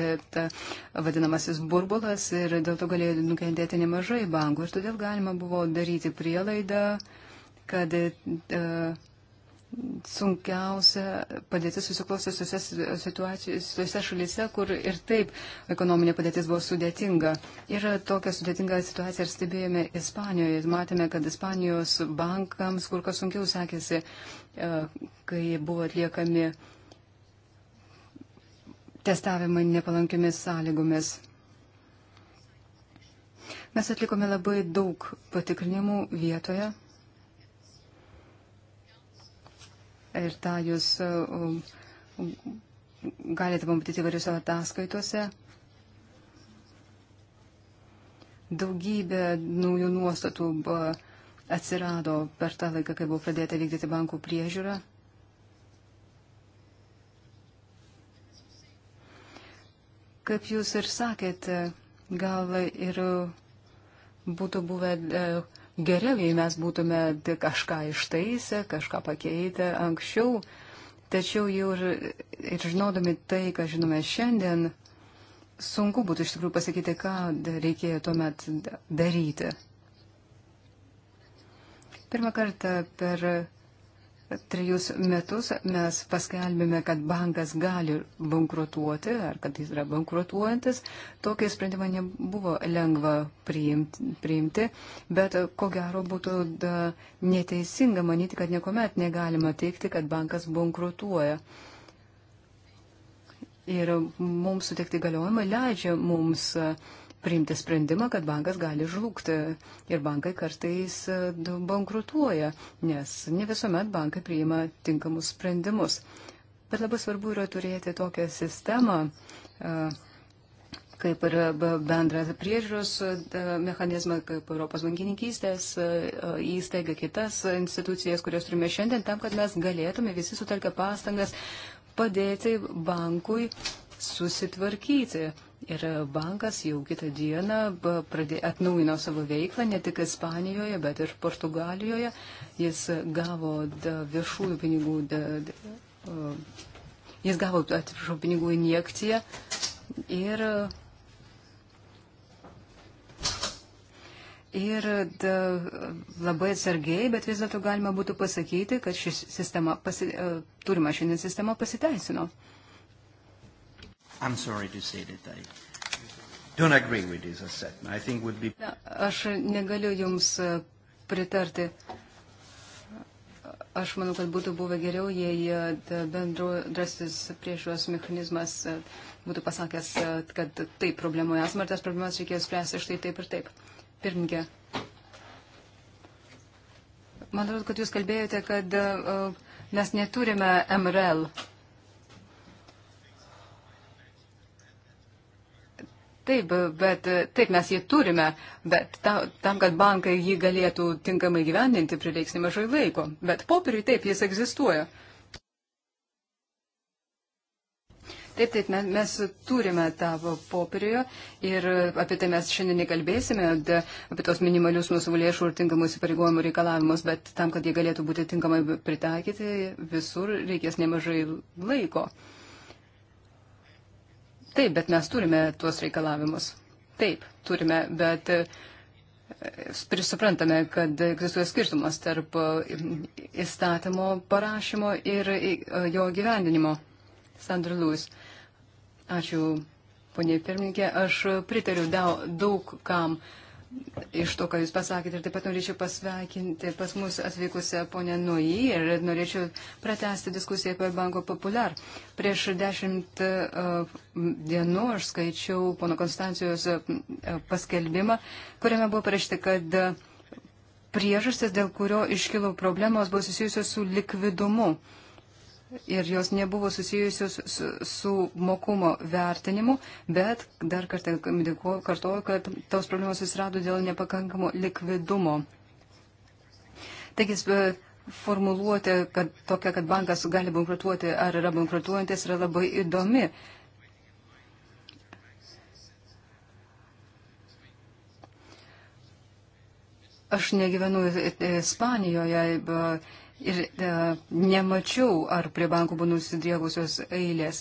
Speaker 2: vadinamasis burbulas ir dėl to galėjo nukentėti nemažai bankų. Ir todėl galima buvo daryti prielaidą, kad. Uh, sunkiausia padėtis susiklostė tose situacijose, tose šalyse, kur ir taip ekonominė padėtis buvo sudėtinga. Ir tokią sudėtingą situaciją ir stebėjome Ispanijoje. Matėme, kad Ispanijos bankams kur kas sunkiau sekėsi, e, kai buvo atliekami testavimai nepalankiomis sąlygomis. Mes atlikome labai daug patikrinimų vietoje ir tą jūs uh, uh, galite pamatyti įvairiuose ataskaitose. Daugybė naujų nuostatų uh, atsirado per tą laiką, kai buvo pradėta vykdyti bankų priežiūrą. Kaip jūs ir sakėte, gal ir būtų buvę. Uh, geriau, jei mes būtume kažką ištaisę, kažką pakeitę anksčiau. Tačiau jau ir, ir žinodami tai, ką žinome šiandien, sunku būtų iš tikrųjų pasakyti, ką reikėjo tuomet daryti. Pirmą kartą per trejus metus mes paskelbėme, kad bankas gali bankrutuoti ar kad jis yra bankrutuojantis. Tokį sprendimą nebuvo lengva priimti, priimti bet ko gero būtų da, neteisinga manyti, kad niekuomet negalima teikti, kad bankas bankrutuoja. Ir mums sutekti galiojimai leidžia mums. Uh, priimti sprendimą, kad bankas gali žlugti. Ir bankai kartais e, bankrutuoja, nes ne visuomet bankai priima tinkamus sprendimus. Bet labai svarbu yra turėti tokią sistemą, e, kaip ir bendrą priežiūros e, mechanizmą, kaip Europos bankininkystės įstaiga, kitas institucijas, kurias turime šiandien, tam, kad mes galėtume visi sutelkę pastangas padėti bankui susitvarkyti. Ir bankas jau kitą dieną pradė, atnaujino savo veiklą ne tik Ispanijoje, bet ir Portugalijoje. Jis gavo viešųjų pinigų, da, da, jis gavo, atsiprašau, pinigų injekciją. Ir, ir da, labai atsargiai, bet vis dėlto galima būtų pasakyti, kad ši sistema, pasi, e, turima šiandien sistema pasiteisino. Uh,
Speaker 3: I'm sorry to say that I don't agree with this assessment. I think would be... Na,
Speaker 2: aš negaliu jums e, pritarti. Aš manau, kad būtų buvę geriau, jei e, bendrasis priežiūros mechanizmas e, būtų pasakęs, kad taip problemoje esame ir tas problemas reikėjo spręsti štai taip ir taip. Pirmininkė. Man atrodo, kad jūs kalbėjote, kad mes neturime MRL. Taip, bet taip mes jį turime, bet ta, tam, kad bankai jį galėtų tinkamai gyvendinti, prireiks nemažai laiko. Bet popieriui taip jis egzistuoja. Taip, taip, mes turime tą popierių ir apie tai mes šiandien nekalbėsime, apie tos minimalius mūsų lėšų ir tinkamų įsipareigojimų reikalavimus, bet tam, kad jie galėtų būti tinkamai pritaikyti, visur reikės nemažai laiko. Taip, bet mes turime tuos reikalavimus. Taip, turime, bet e, prisuprantame, kad egzistuoja skirtumas tarp e, įstatymo parašymo ir e, jo gyvendinimo. Sandra Lewis. Ačiū, ponė pirmininkė. Aš pritariu daug kam iš to, ką Jūs pasakėte. Ir taip pat norėčiau pasveikinti pas mus atvykusią ponę Nui ir norėčiau pratesti diskusiją apie Banko Populiar. Prieš dešimt uh, dienų aš skaičiau pono Konstancijos uh, paskelbimą, kuriame buvo parašyta, kad uh, priežastis, dėl kurio iškilo problemos, buvo susijusios su likvidumu. Uh, ir jos nebuvo susijusios su, su mokumo vertinimu, bet dar kartą kartuoju, kad tos problemos susirado dėl nepakankamo likvidumo. Taigi, formuluoti, kad tokia, kad bankas gali bankrutuoti ar yra bankrutuojantis, yra labai įdomi. Aš negyvenu Ispanijoje. Bet Ir da, e, nemačiau, ar prie bankų buvo nusidriegusios eilės.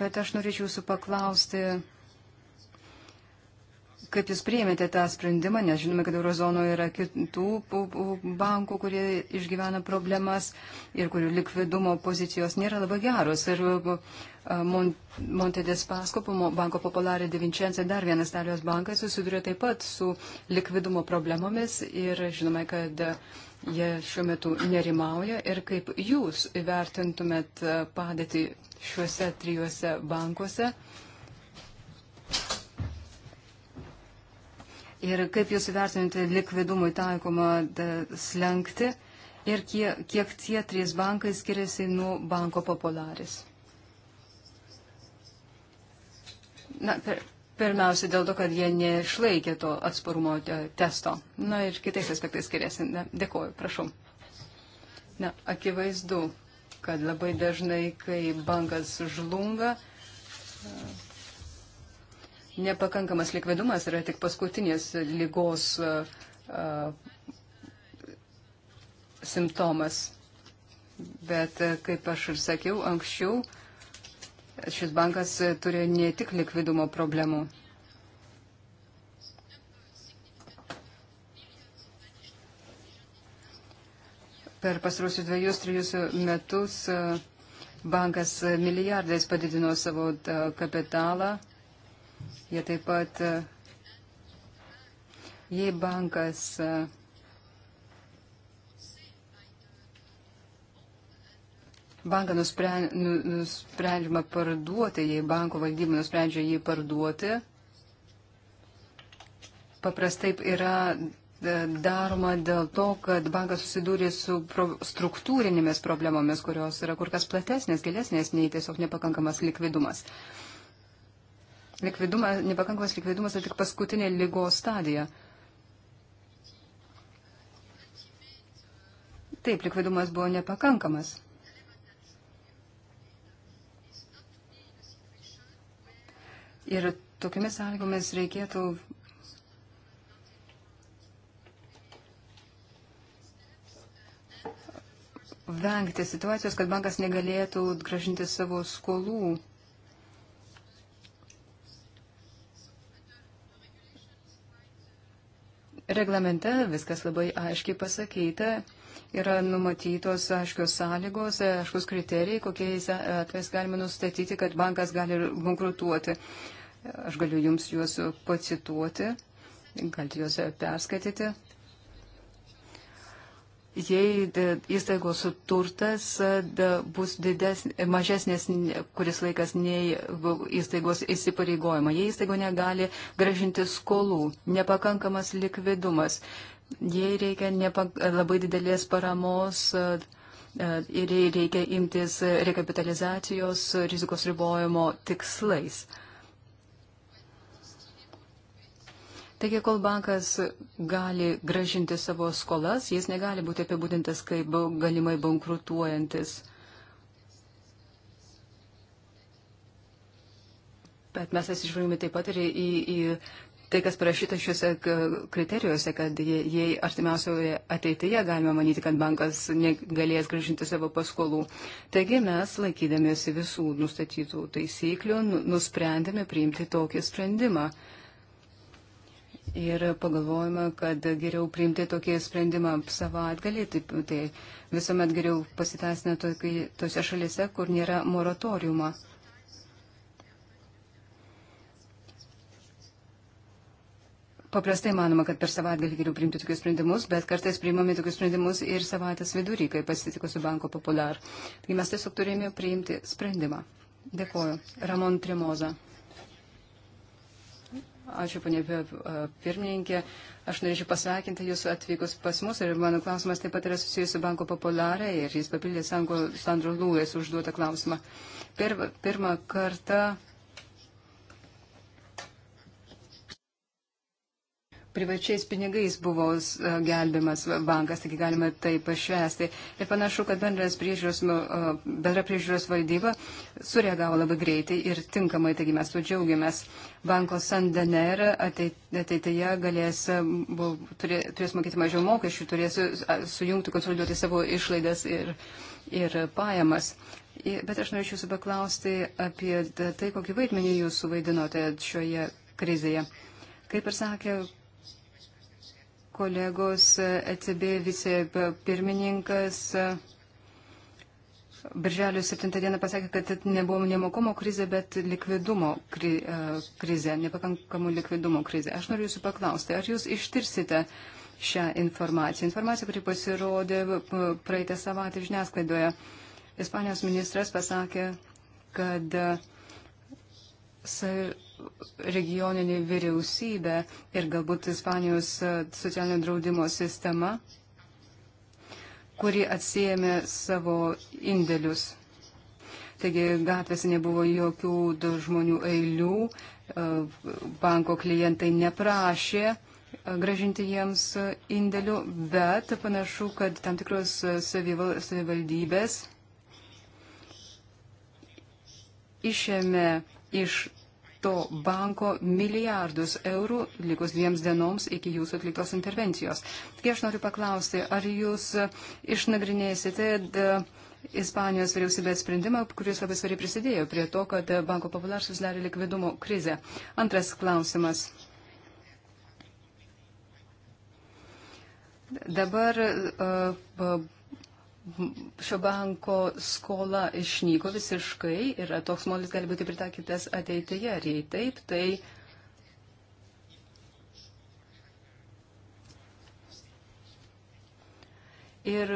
Speaker 2: Bet aš norėčiau jūsų paklausti, Kaip Jūs priėmėte tą sprendimą, nes žinome, kad Eurozonoje yra kitų bankų, kurie išgyvena problemas ir kurių likvidumo pozicijos nėra labai geros. Ir Montedės Pasko, Banko Popularė Devinčiansė, dar vienas Italijos bankas susiduria taip pat su likvidumo problemomis ir žinome, kad jie šiuo metu nerimauja. Ir kaip Jūs įvertintumėt padėti šiuose trijuose bankuose? Ir kaip jūs įvertinate likvidumui taikomą slengti ir kiek, kiek tie trys bankai skiriasi nuo banko popularis? Na, per, pirmiausia dėl to, kad jie neišlaikė to atsparumo testo. Na ir kitais aspektais skiriasi. Na, dėkoju, prašau. Na, akivaizdu, kad labai dažnai, kai bankas žlunga, Nepakankamas likvidumas yra tik paskutinės lygos simptomas. Bet, kaip aš ir sakiau anksčiau, šis bankas turėjo ne tik likvidumo problemų. Per pasrusius dviejus, trijus metus bankas milijardais padidino savo kapitalą Jie taip pat, e, jei bankas e, banką nu, nusprendžiama parduoti, jei banko valdyba nusprendžia jį parduoti, paprastai yra e, daroma dėl to, kad bankas susidūrė su pro struktūrinėmis problemomis, kurios yra kur kas platesnės, gilesnės nei tiesiog nepakankamas likvidumas likvidumą, nepakankamas likvidumas yra tai tik paskutinė lygos stadija. Taip, likvidumas buvo nepakankamas. Ir tokiamis sąlygomis reikėtų vengti situacijos, kad bankas negalėtų gražinti savo skolų. Reglamente viskas labai aiškiai pasakyta. Yra numatytos aiškios sąlygos, aiškus kriterijai, kokiais atvejais galime nustatyti, kad bankas gali bankrutuoti. Aš galiu jums juos pacituoti, galite juos perskaityti jei e, įstaigos turtas e, bus dides, mažesnės kuris laikas nei įstaigos įsipareigojama, jei įstaigo negali gražinti skolų, nepakankamas likvidumas, jei reikia nepak, labai didelės paramos e, ir jei reikia imtis rekapitalizacijos rizikos ribojimo tikslais. Taigi, kol bankas gali gražinti savo skolas, jis negali būti apibūdintas kaip galimai bankrutuojantis. Bet mes atsižvelgime taip pat ir į, į tai, kas parašyta šiuose kriterijuose, kad jei artimiausioje ateityje galime manyti, kad bankas negalės gražinti savo paskolų. Taigi mes, laikydamėsi visų nustatytų taisyklių, nu, nusprendėme priimti tokį sprendimą ir pagalvojame, kad geriau priimti tokį sprendimą savaitgalį, tai, tai visuomet geriau pasiteisina to, tose šalise, kur nėra moratoriumo. Paprastai manoma, kad per savaitgalį geriau priimti tokius sprendimus, bet kartais priimame tokius sprendimus ir savaitės vidury, kai pasitiko su Banko Popular. Taigi mes tiesiog turėjome priimti sprendimą. Dėkuoju. Ramon Tremoza. Ačiū, ponė e, e, pirmininkė. Aš norėčiau pasveikinti jūsų atvykus pas mus ir mano klausimas taip pat yra susijęs su Banko Populiarė ir jis papildė Sandro Lūės užduotą klausimą. Per pirmą kartą privačiais pinigais buvo e, gelbimas bankas, taigi galima tai pašvesti. Ir panašu, kad priežiūros, nu, e, bendra priežiūros valdyba sureagavo labai greitai ir tinkamai, taigi mes tuo džiaugiamės. Banko Sandaner ateityje galės, e, turės mokėti mažiau mokesčių, turės sujungti, konsoliduoti savo išlaidas ir, ir pajamas. Bet aš norėčiau jūsų paklausti apie tai, kokį vaidmenį jūs suvaidinote šioje krizėje. Kaip ir sakė kolegos ECB vicepirmininkas Birželio 7 dieną pasakė, kad tai nebuvo nemokumo krizė, bet likvidumo kri, e, krizė, nepakankamų likvidumo krizė. Aš noriu jūsų paklausti, ar jūs ištirsite šią informaciją? Informacija, kuri pasirodė e, praeitą savaitę žiniasklaidoje. Ispanijos ministras pasakė, kad e, regioninė vyriausybė ir galbūt Ispanijos e, socialinio draudimo sistema, kuri atsijėmė savo indėlius. Taigi gatvėse nebuvo jokių žmonių eilių, e, banko klientai neprašė e, gražinti jiems indėlių, bet panašu, kad tam tikros savivaldybės išėmė iš to banko milijardus eurų, likus dviems dienoms iki jūsų atliktos intervencijos. Taigi aš noriu paklausti, ar jūs išnagrinėsite e, Ispanijos vyriausybės sprendimą, kuris labai svariai prisidėjo prie to, kad Banko Popular susidarė likvidumo krizę. Antras klausimas. Dabar uh, šio banko skola išnyko visiškai ir toks modelis gali būti pritaikytas ateityje. Ar jei taip, tai ir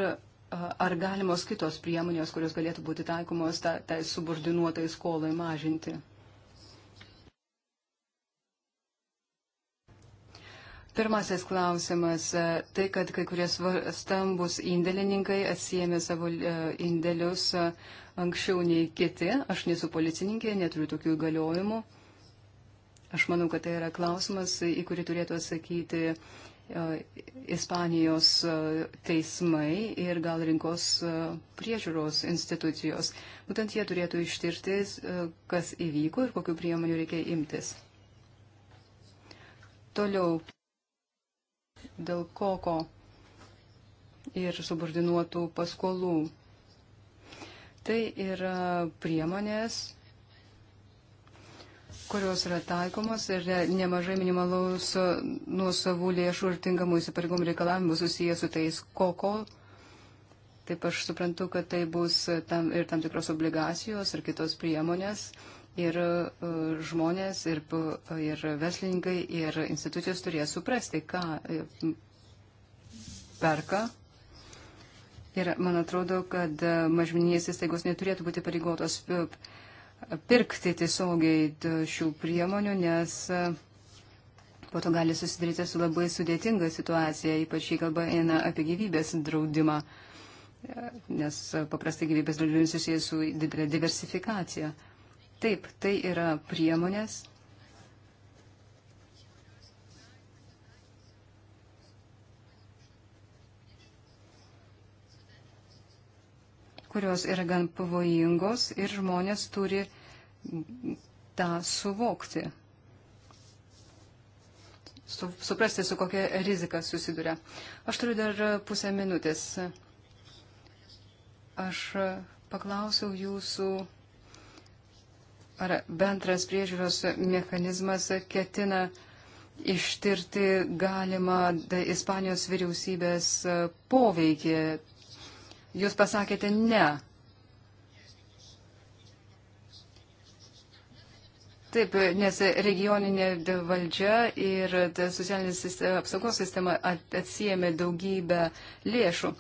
Speaker 2: ar galimos kitos priemonės, kurios galėtų būti taikomos tai subordinuotai skolai mažinti. Pirmasis klausimas e, - tai, kad kai kurie stambus indėlininkai atsijėmė savo e, indėlius e, anksčiau nei kiti. Aš nesu policininkė, neturiu tokių įgaliojimų. Aš manau, kad tai yra klausimas, į kurį turėtų atsakyti Ispanijos teismai ir gal rinkos priežiūros institucijos. Būtent jie turėtų ištirti, kas įvyko ir kokiu priemoniu reikia imtis. Toliau dėl koko ir subordinuotų paskolų. Tai yra priemonės, kurios yra taikomos ir nemažai minimalaus nuo savų lėšų ir tinkamų įsipareigomų reikalavimų susijęs su tais koko. Taip aš suprantu, kad tai bus tam, ir tam tikros obligacijos ir kitos priemonės. Uh, Ir e, žmonės, ir, ir verslininkai, ir institucijos turės suprasti, ką e, perka. Ir man atrodo, kad e, mažmeninės įstaigos neturėtų būti pareigotos pirkti tiesiogiai šių priemonių, nes po to gali susidaryti su labai sudėtinga situacija, ypač jei kalba eina apie gyvybės draudimą, nes paprastai gyvybės draudimas susijęs su didelė diversifikacija. Taip, tai yra priemonės. kurios yra gan pavojingos ir žmonės turi tą suvokti, su, suprasti, su kokia rizika susiduria. Aš turiu dar pusę minutės. Aš paklausiau jūsų ar bendras priežiūros mechanizmas ketina ištirti galimą Ispanijos vyriausybės e, poveikį. Jūs pasakėte ne Taip, nes regioninė valdžia ir socialinės apsaugos sistema atsijėmė daugybę lėšų.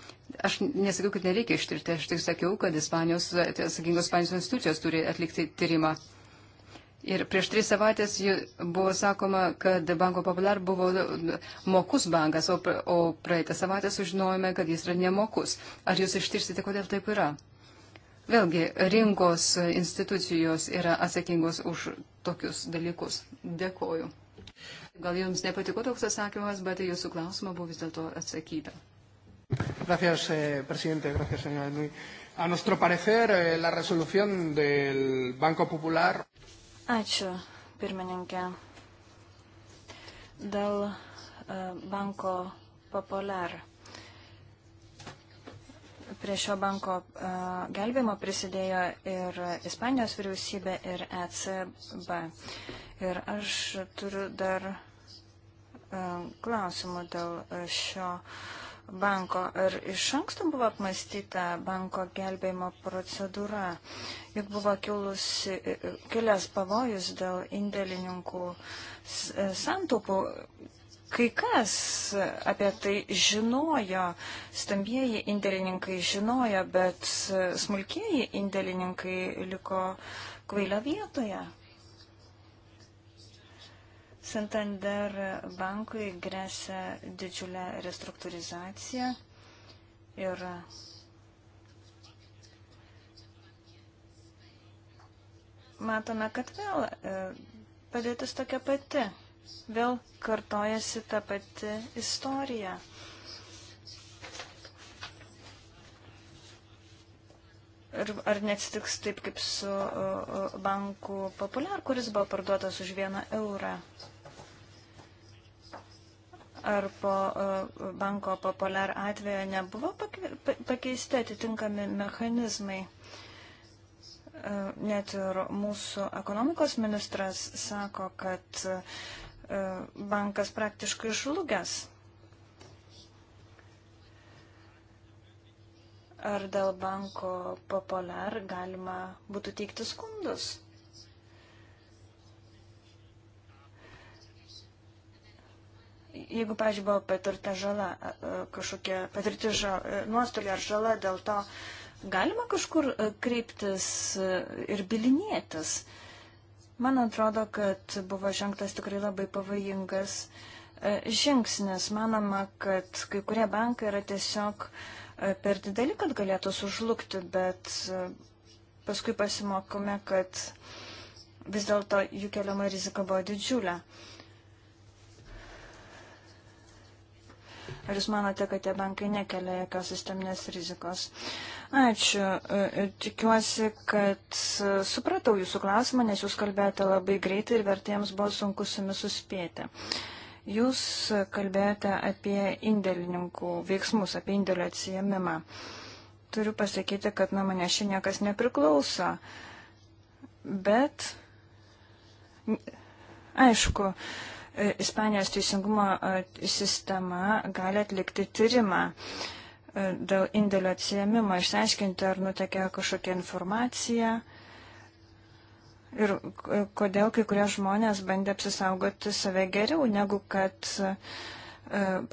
Speaker 2: Aš nesakiau, kad nereikia ištirti, aš tik sakiau, kad Ispanijos, atsakingos Ispanijos institucijos turi atlikti tyrimą. Ir prieš tris savaitės buvo sakoma, kad Banko Popular buvo mokus bankas, o praeitą savaitę sužinojome, kad jis yra nemokus. Ar jūs ištirsite, kodėl taip yra? Vėlgi, rinkos institucijos yra atsakingos už tokius dalykus. Dėkoju. Gal jums nepatiko toks atsakymas, bet jūsų klausimą buvo vis dėlto atsakyta.
Speaker 1: Gracias, eh, presidente. Gracias, señora Nui. A nuestro parecer, eh, la resolución del Banco Popular.
Speaker 3: Ačiū, pirmininkė. Dėl eh, Banko Popular. Eh, Prie šio banko e, gelbėjimo prisidėjo ir Ispanijos vyriausybė, ir ECB. Ir aš turiu dar e, klausimų dėl šio banko. Ar iš anksto buvo apmastyta banko gelbėjimo procedūra? Juk buvo kilus, e, kilęs pavojus dėl indėlininkų santaupų. Kai kas apie tai žinojo, stambieji indėlininkai žinojo, bet smulkieji indėlininkai liko kvailio vietoje. Santander bankui grėsia didžiulė restruktūrizacija ir matome, kad vėl e, padėtis tokia pati vėl kartojasi ta pati istorija. Ar, ar neatsitiks taip kaip su uh, banku Populiar, kuris buvo parduotas už vieną eurą? Ar po uh, banko Populiar atveju nebuvo pakeisti atitinkami mechanizmai? Uh, net ir mūsų ekonomikos ministras sako, kad uh, E, bankas praktiškai žlugęs. Ar dėl banko populiar galima būtų teikti skundus? jeigu, pažiūrėjau, buvo patirta žala, e, e, kažkokie patirti žala, nuostoliai ar žala dėl to, galima kažkur kreiptis ir bilinėtis. Uh, Man atrodo, kad buvo žengtas tikrai labai pavojingas e, žingsnis. Manoma, kad kai kurie bankai yra tiesiog e, per dideli, kad galėtų sužlugti, bet e, paskui pasimokome, kad vis dėlto jų keliama rizika buvo didžiulė. Ar jūs manote, kad tie bankai nekelia jokios sisteminės rizikos? Uh, Ačiū. E, tikiuosi, kad e, supratau jūsų klausimą, nes jūs kalbėjote labai greitai ir vertėjams buvo sunku su jumis suspėti. Jūs kalbėjote apie indėlininkų veiksmus, apie indėlio atsijėmimą. Turiu pasakyti, kad nuo mane ši niekas nepriklauso. Bet, aišku, e, Ispanijos teisingumo sistema gali atlikti tyrimą. Uh, dėl indėlio atsijėmimo, išsiaiškinti, ar nutekė kažkokia informacija ir kodėl kai kurie žmonės bandė apsisaugoti save geriau, negu kad e,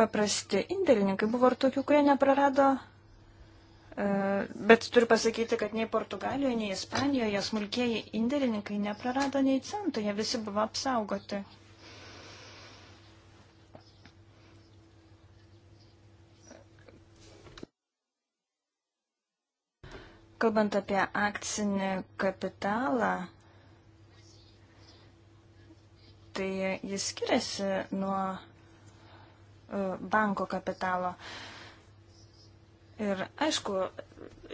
Speaker 3: paprasti indėlininkai. Buvo ir tokių, kurie neprarado. E, bet turiu pasakyti, kad nei Portugalijoje, nei Ispanijoje smulkieji indėlininkai neprarado nei centų, jie visi buvo apsaugoti. Kalbant apie akcinį kapitalą, tai jis skiriasi nuo e, banko kapitalo. Ir aišku,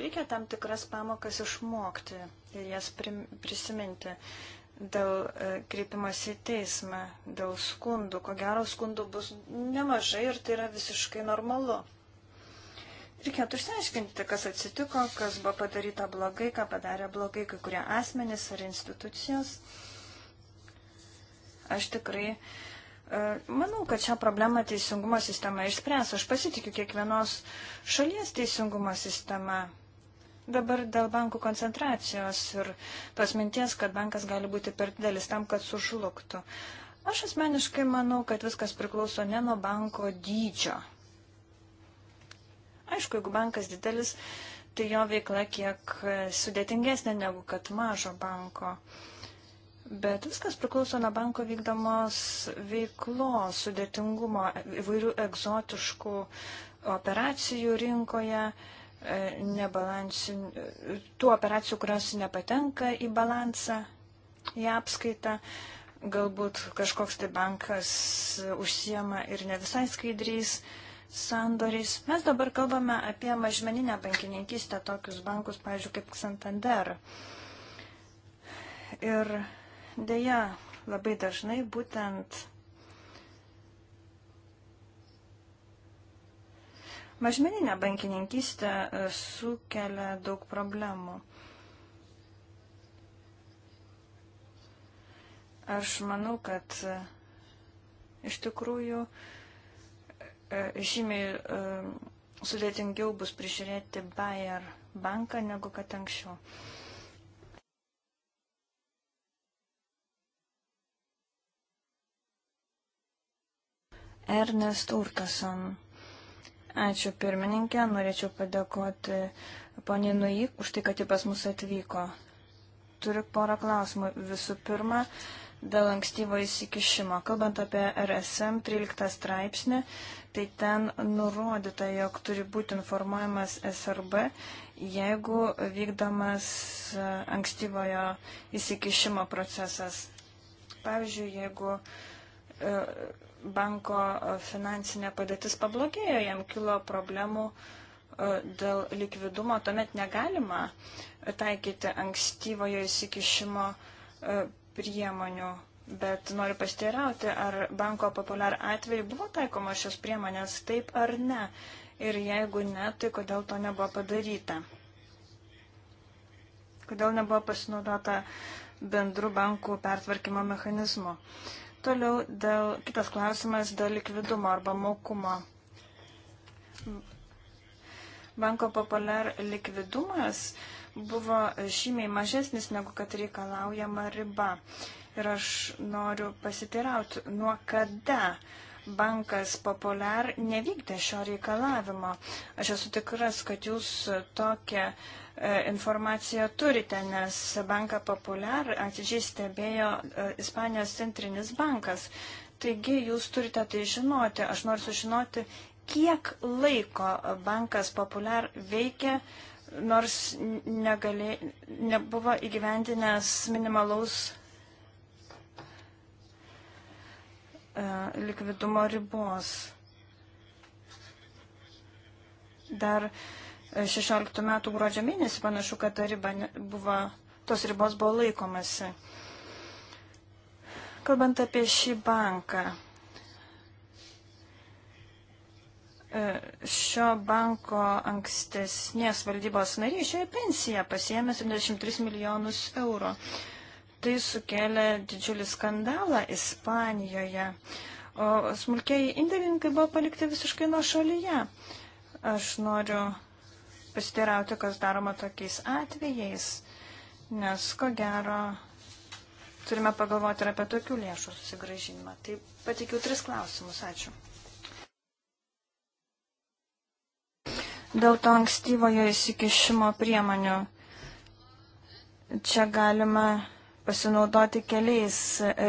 Speaker 3: reikia tam tikras pamokas išmokti ir jas prisiminti dėl e, kreipimas į teismą, dėl skundų. Ko gero, skundų bus nemažai ir tai yra visiškai normalu. Reikėtų išsiaiškinti, kas atsitiko, kas buvo padaryta blogai, ką padarė blogai kai kurie asmenys ar institucijos. Aš tikrai e, manau, kad šią problemą teisingumo sistema išspręs. Aš pasitikiu kiekvienos šalies teisingumo sistema. Dabar dėl bankų koncentracijos ir tos minties, kad bankas gali būti per didelis tam, kad sužlugtų. Aš asmeniškai manau, kad viskas priklauso ne nuo banko dydžio Aišku, jeigu bankas didelis, tai jo veikla kiek sudėtingesnė negu kad mažo banko. Bet viskas priklauso nuo banko vykdomos veiklos, sudėtingumo, įvairių egzotiškų operacijų rinkoje, e, tų operacijų, kurios nepatenka į balansą, į apskaitą. Galbūt kažkoks tai bankas užsiema ir ne visai skaidrys sandoriais. Mes dabar kalbame apie mažmeninę bankininkystę, tokius bankus, pavyzdžiui, kaip Santander. Ir dėja, labai dažnai būtent mažmeninė bankininkystė e, sukelia daug problemų. Aš manau, kad e, iš tikrųjų uh, E, žymiai e, sudėtingiau bus prižiūrėti Bayer banką negu kad anksčiau. Ernest Urkason. Ačiū pirmininkė, norėčiau padėkoti poniai Nui už tai, kad ji pas mus atvyko. Turiu porą klausimų. Visų pirma, uh, dėl ankstyvo įsikišimo. Kalbant apie RSM 13 straipsnį, tai ten nurodyta, jog turi būti informuojamas SRB, jeigu vykdomas e, ankstyvojo įsikišimo procesas. Pavyzdžiui, jeigu e, banko finansinė padėtis pablogėjo, jam kilo problemų e, dėl likvidumo, tuomet negalima taikyti ankstyvojo įsikišimo priemonių, bet noriu pasteirauti, ar banko populiar atveju buvo taikoma šios priemonės taip ar ne. Ir jeigu ne, tai kodėl to nebuvo padaryta? Kodėl nebuvo pasinaudota bendru bankų pertvarkymo mechanizmu? Toliau dėl, kitas klausimas dėl likvidumo arba mokumo. Banko populiar likvidumas uh, buvo šymiai mažesnis negu kad reikalaujama riba. Ir aš noriu pasiteirauti, nuo kada bankas Populiar nevykdė šio reikalavimo. Aš esu tikras, kad jūs tokią e, informaciją turite, nes banką Populiar atidžiai stebėjo e, Ispanijos centrinis bankas. Taigi jūs turite tai žinoti. Aš noriu sužinoti, kiek laiko bankas Populiar veikia nors negalė, nebuvo įgyvendinęs minimalaus e, likvidumo ribos. Dar 16 e, metų gruodžio mėnesį panašu, kad ta riba buvo, tos ribos buvo laikomasi. Kalbant apie šį banką, E, šio banko ankstesnės valdybos nariai išėjo į pensiją, pasiėmė 73 milijonus eurų. Tai sukėlė didžiulį skandalą Ispanijoje, o smulkiai indėlininkai buvo palikti visiškai nuo šalyje. Aš noriu pasiteirauti, kas daroma tokiais atvejais, nes ko gero turime pagalvoti ir apie tokių lėšų susigražinimą. Tai patikiu tris klausimus. Ačiū. dėl to ankstyvojo įsikišimo priemonių. Čia galima pasinaudoti keliais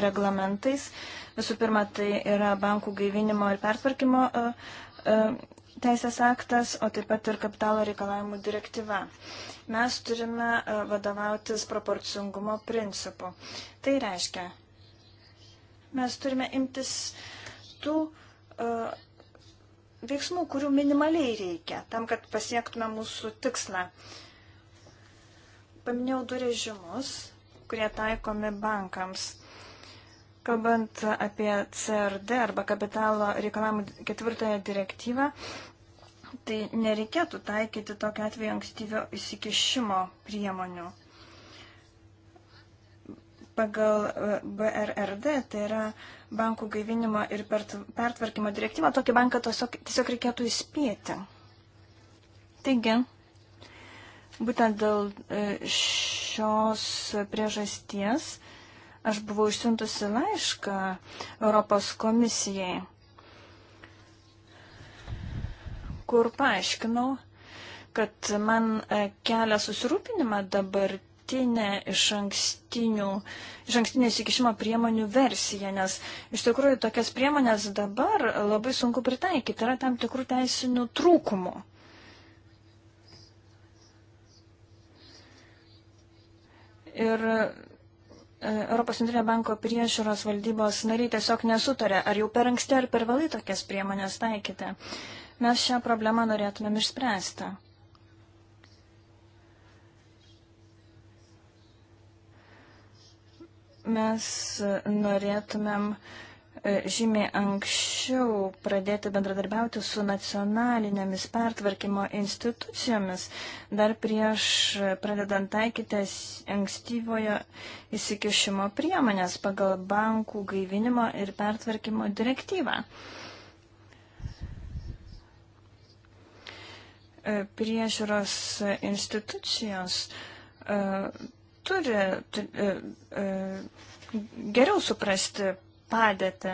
Speaker 3: reglamentais. Visų pirma, tai yra bankų gaivinimo ir pertvarkymo e, e, teisės aktas, o taip pat ir kapitalo reikalavimų direktyva. Mes turime e, vadovautis proporcingumo principu. Tai reiškia, mes turime imtis tų uh, veiksmų, kurių minimaliai reikia tam, kad pasiektume mūsų tikslą. Paminėjau du režimus, kurie taikomi bankams. Kalbant apie CRD arba kapitalo reikalavimų ketvirtąją direktyvą, tai nereikėtų taikyti tokio atveju ankstyvio įsikišimo priemonių. Pagal BRRD tai yra uh, bankų gaivinimo ir pertvarkymo direktyvą, tokį banką tiesiog, tiesiog reikėtų įspėti. Taigi, būtent dėl e, šios priežasties aš buvau išsiuntusi laišką Europos komisijai, kur paaiškinau, kad man e, kelia susirūpinimą dabar dabartinė iš, iš ankstinės įkišimo priemonių versija, nes iš tikrųjų tokias priemonės dabar labai sunku pritaikyti, yra tam tikrų teisinių trūkumų. Ir e, Europos centrinio banko priežiūros valdybos nariai tiesiog nesutarė, ar jau per anksti ar per vėlai tokias priemonės taikyti. Mes šią problemą norėtumėm išspręsti. mes e, norėtumėm e, žymiai anksčiau pradėti bendradarbiauti su nacionalinėmis pertvarkymo institucijomis, dar prieš pradedant taikytis ankstyvojo įsikišimo priemonės pagal bankų gaivinimo ir pertvarkymo direktyvą. E, priežiūros institucijos turi t, e, e, geriau suprasti padėtį.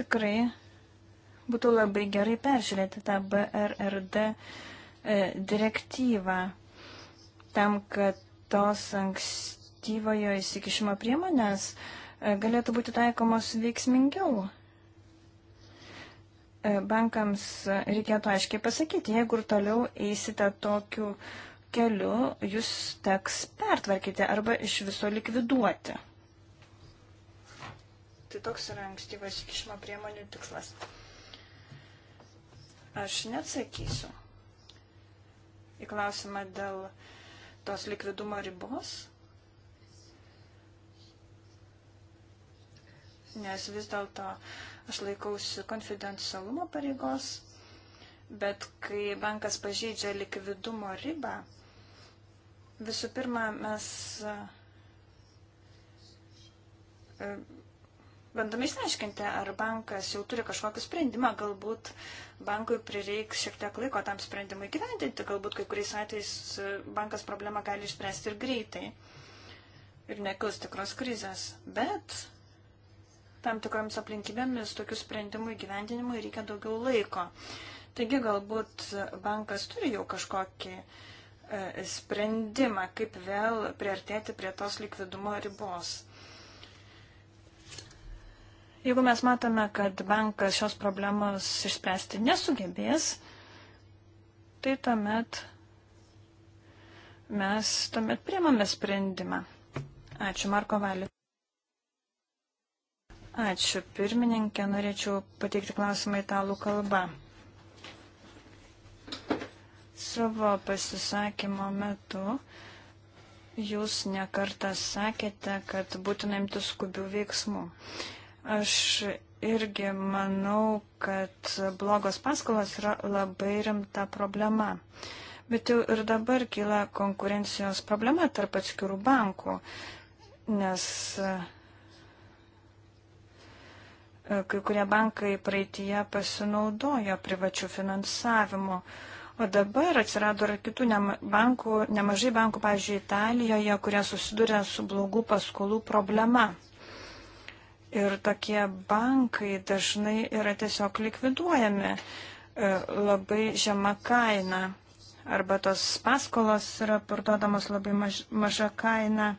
Speaker 3: Tikrai būtų labai gerai peržiūrėti tą BRRD e, direktyvą tam, kad tos ankstyvojo įsikišimo priemonės e, galėtų būti taikomos veiksmingiau e, bankams reikėtų aiškiai pasakyti, jeigu ir toliau eisite tokiu keliu jūs teks pertvarkyti arba iš viso likviduoti. Tai toks yra ankstyvas įkišimo priemonių tikslas. Aš neatsakysiu į klausimą dėl tos likvidumo ribos, nes vis dėlto aš laikausi konfidencialumo pareigos, bet kai bankas pažeidžia likvidumo ribą, Visų pirma, mes e, bandome išsiaiškinti, ar bankas jau turi kažkokį sprendimą, galbūt bankui prireiks šiek tiek laiko tam sprendimui gyventinti, galbūt kai kuriais atvejais e, bankas problemą gali išspręsti ir greitai ir nekils tikros krizės. Bet tam tikroms aplinkybėmis tokių sprendimų įgyvendinimui reikia daugiau laiko. Taigi galbūt bankas turi jau kažkokį uh, E, sprendimą, kaip vėl priartėti prie tos likvidumo ribos. Jeigu mes matome, kad bankas šios problemos išspręsti nesugebės, tai tuomet mes tuomet priemame sprendimą. Ačiū, Marko Valė. Ačiū, pirmininkė. Norėčiau pateikti klausimą italų kalbą. Savo pasisakymo metu jūs nekartą sakėte, kad būtina imtis skubių veiksmų. Aš irgi manau, kad blogos paskolos yra labai rimta problema. Bet jau ir dabar kyla konkurencijos problema tarp atskirų bankų, nes e, kai kurie bankai praeitie pasinaudojo privačių finansavimu. Uh, O dabar atsirado ir kitų nema, bankų, nemažai bankų, pavyzdžiui, Italijoje, kurie susiduria su blogų paskolų problema. Ir tokie bankai dažnai yra tiesiog likviduojami e, labai žema kaina. Arba tos paskolos yra parduodamos labai maž, maža kaina.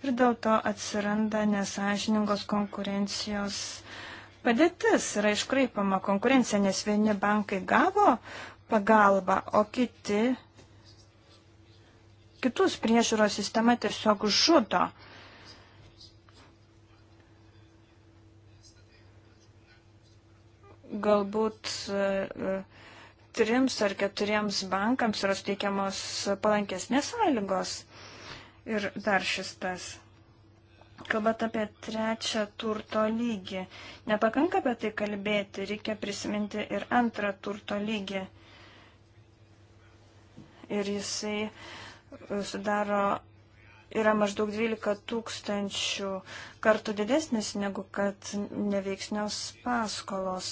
Speaker 3: Ir dėl to atsiranda nesažiningos konkurencijos padėtis. Yra iškraipama konkurencija, nes vieni bankai gavo pagalba, o kiti, kitus priežiūros sistema tiesiog žudo. Galbūt e, trims ar keturiems bankams yra suteikiamos palankesnės sąlygos. Ir dar šis tas. Kalbant apie trečią turto lygį, nepakanka apie tai kalbėti, reikia prisiminti ir antrą turto lygį ir jisai e, sudaro, yra maždaug 12 tūkstančių kartų didesnis negu kad neveiksnios paskolos.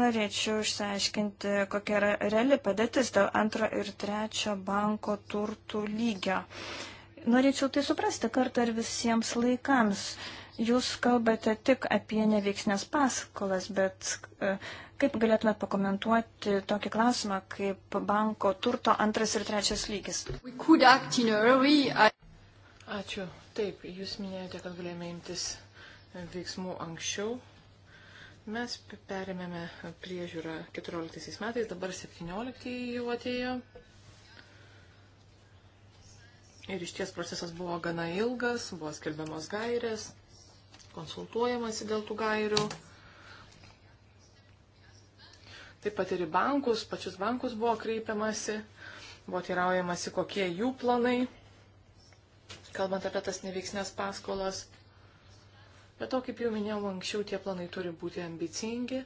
Speaker 3: Norėčiau išsiaiškinti, kokia yra reali padėtis dėl antro ir trečio banko turtų lygio. Norėčiau tai suprasti kartą ir visiems laikams. Jūs kalbate tik apie neveiksnės paskolas, bet e, Kaip galėtumėt pakomentuoti tokį klausimą, kaip banko turto antras ir trečias lygis?
Speaker 1: Ačiū. Taip, jūs minėjote, kad galėjome imtis veiksmų anksčiau. Mes perėmėme priežiūrą 14 metais, dabar 17 jau atėjo. Ir iš ties procesas buvo gana ilgas, buvo skelbiamos gairės, konsultuojamasi dėl tų gairių. Taip pat ir į bankus, pačius bankus buvo kreipiamasi, buvo teiraujamasi, kokie jų planai, kalbant apie tas neveiksnės paskolas. Bet to, kaip jau minėjau anksčiau, tie planai turi būti ambicingi.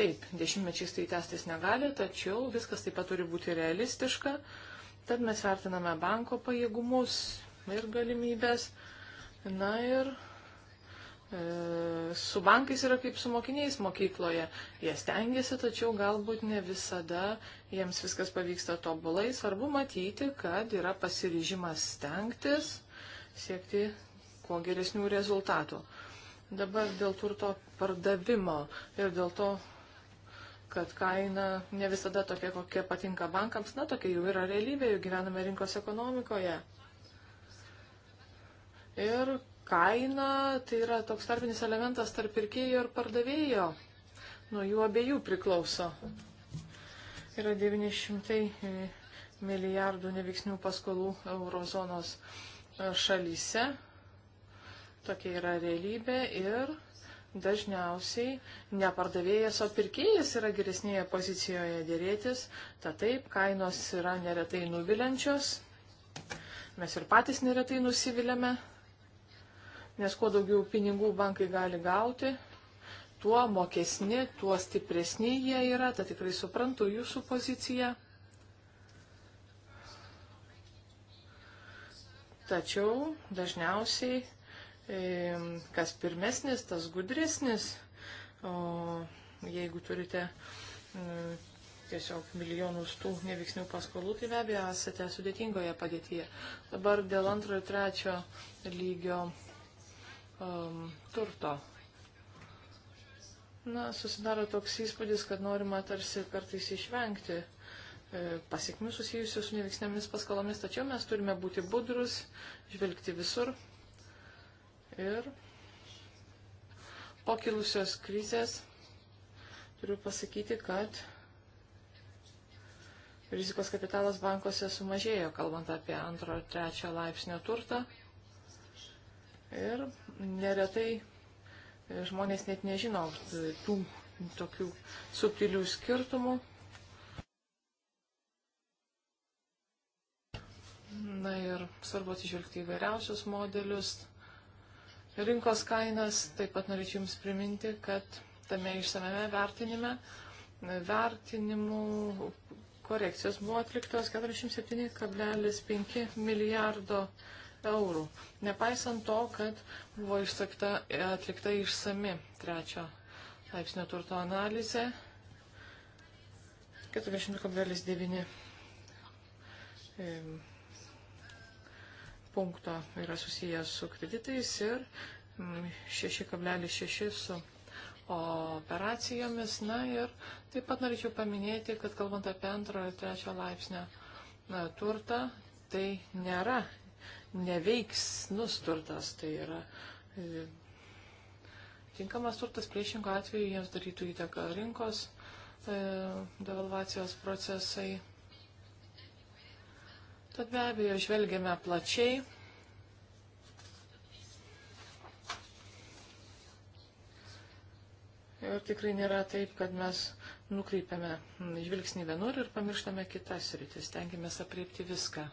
Speaker 1: Taip, dešimtmečiais tai tęstis negali, tačiau viskas taip pat turi būti realistiška. Tad mes vertiname banko pajėgumus ir galimybės. Na ir E, su bankais yra kaip su mokiniais mokykloje. Jie stengiasi, tačiau galbūt ne visada jiems viskas pavyksta tobulai. Svarbu matyti, kad yra pasiryžimas stengtis siekti kuo geresnių rezultatų. Dabar dėl turto pardavimo ir dėl to, kad kaina ne visada tokia, kokia patinka bankams, na tokia jau yra realybė, jau gyvename rinkos ekonomikoje. Ir kaina tai yra toks tarpinis elementas tarp pirkėjo ir pardavėjo. Nuo jų abiejų priklauso. Yra 900 e, milijardų neveiksnių paskolų eurozonos e, šalyse. Tokia yra realybė ir dažniausiai ne pardavėjas, o pirkėjas yra geresnėje pozicijoje dėrėtis. Ta taip, kainos yra neretai nuvilinčios. Mes ir patys neretai nusiviliame nes kuo daugiau pinigų bankai gali gauti, tuo mokesni, tuo stipresni jie yra, tai tikrai suprantu jūsų poziciją. Tačiau dažniausiai, e, kas pirmesnis, tas gudresnis. O jeigu turite e, tiesiog milijonus tų neveiksnių paskolų, tai be abejo esate sudėtingoje padėtyje. Dabar dėl antro ir trečio lygio um, turto. Na, susidaro toks įspūdis, kad norima tarsi kartais išvengti e, pasiekmių susijusių su neveiksnėmis paskalomis, tačiau mes turime būti budrus, žvelgti visur. Ir po kilusios krizės turiu pasakyti, kad rizikos kapitalas bankuose sumažėjo, kalbant apie antro, trečio laipsnio turtą. Ir neretai žmonės net nežino tų tokių subtilių skirtumų. Na ir svarbu atsižvelgti įvairiausius modelius, rinkos kainas. Taip pat norėčiau Jums priminti, kad tame išsameme vertinime vertinimų korekcijos buvo atliktos 47,5 milijardo eurų eurų, nepaisant to, kad buvo išsakta, atlikta išsami trečio laipsnio turto analizė 40,9 punkto yra susijęs su kreditais ir 6,6 mm, su operacijomis. Na ir taip pat norėčiau paminėti, kad kalbant apie antrojo ir trečio laipsnio na, turtą, tai nėra neveiks nusturtas, tai yra e, tinkamas turtas, priešingo atveju jiems darytų įtaką rinkos e, devalvacijos procesai. Tad be abejo, žvelgiame plačiai. Ir tikrai nėra taip, kad mes nukreipiame žvilgsnį vienur ir pamirštame kitas rytis, tengiamės apriepti viską.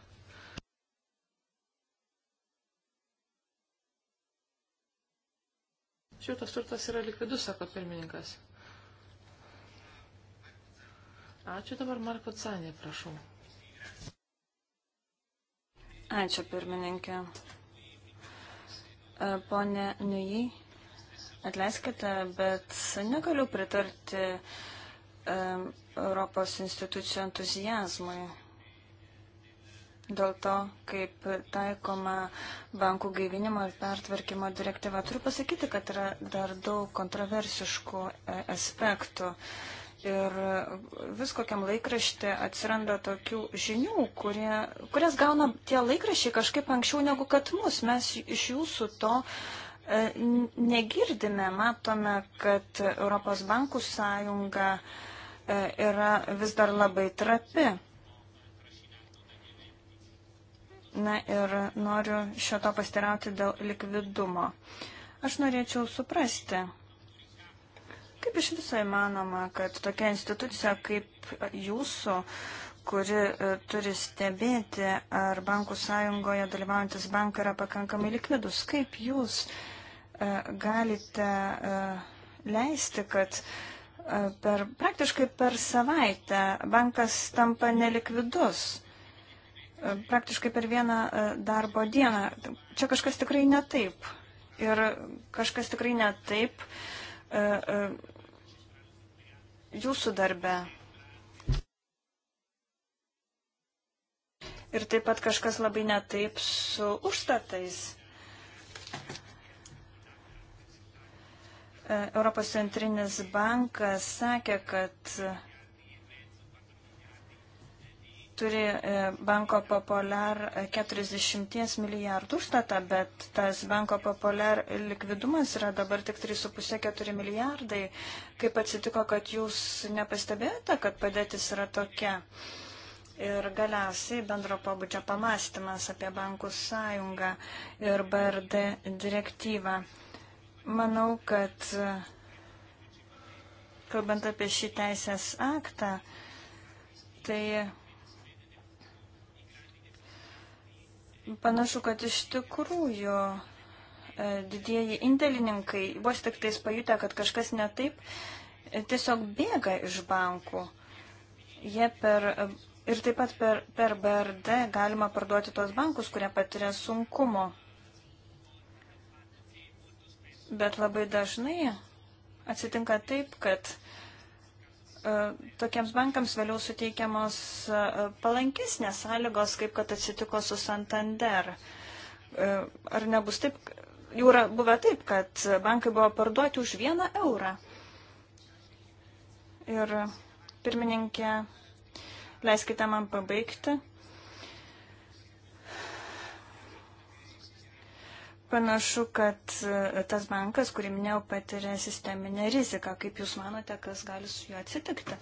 Speaker 1: Tačiau tas turtas yra likvidus, sako pirmininkas. Ačiū dabar Marko Canė, prašau. Ačiū pirmininkė. E,
Speaker 3: pone Nujai, atleiskite, bet negaliu pritarti e, Europos institucijų entuzijazmui dėl to, kaip taikoma bankų gaivinimo ir pertvarkymo direktyva. Turiu pasakyti, kad yra dar daug kontroversiškų e, aspektų. Ir vis kokiam laikraštė atsiranda tokių žinių, kurie, kurias gauna tie laikraščiai kažkaip anksčiau negu kad mus. Mes iš jūsų to e, negirdime, matome, kad Europos bankų sąjunga e, yra vis dar labai trapi. Na ir noriu šio to pastirauti dėl likvidumo. Aš norėčiau suprasti, kaip iš viso įmanoma, kad tokia institucija kaip jūsų, kuri e, turi stebėti, ar bankų sąjungoje dalyvaujantis bankai yra pakankamai likvidus, kaip jūs e, galite e, leisti, kad per, praktiškai per savaitę bankas tampa nelikvidus praktiškai per vieną e, darbo dieną. Čia kažkas tikrai netaip. Ir kažkas tikrai netaip e, e, jūsų darbe. Ir taip pat kažkas labai netaip su užstatais. Europos centrinis bankas sakė, kad turi e, banko Populiar 40 milijardų užstatą, bet tas banko Populiar likvidumas yra dabar tik 3,5-4 milijardai. Kaip atsitiko, kad jūs nepastebėjote, kad padėtis yra tokia? Ir galiausiai bendro pobūdžio pamastymas apie bankų sąjungą ir BRD direktyvą. Manau, kad kalbant apie šį teisės aktą, tai Panašu, kad iš tikrųjų e, didieji indėlininkai, vos tik tais pajutę, kad kažkas netaip, e, tiesiog bėga iš bankų. Jie per, e, ir taip pat per, per BRD galima parduoti tos bankus, kurie patiria sunkumo. Bet labai dažnai atsitinka taip, kad E, tokiems bankams vėliau suteikiamos e, palankesnės sąlygos, kaip kad atsitiko su Santander. E, ar nebus taip, jau yra buvę taip, kad bankai buvo parduoti už vieną eurą. Ir pirmininkė, leiskite man pabaigti. panašu, kad e, tas bankas, kurį minėjau, patiria sisteminę riziką. Kaip Jūs manote, kas gali su juo atsitikti?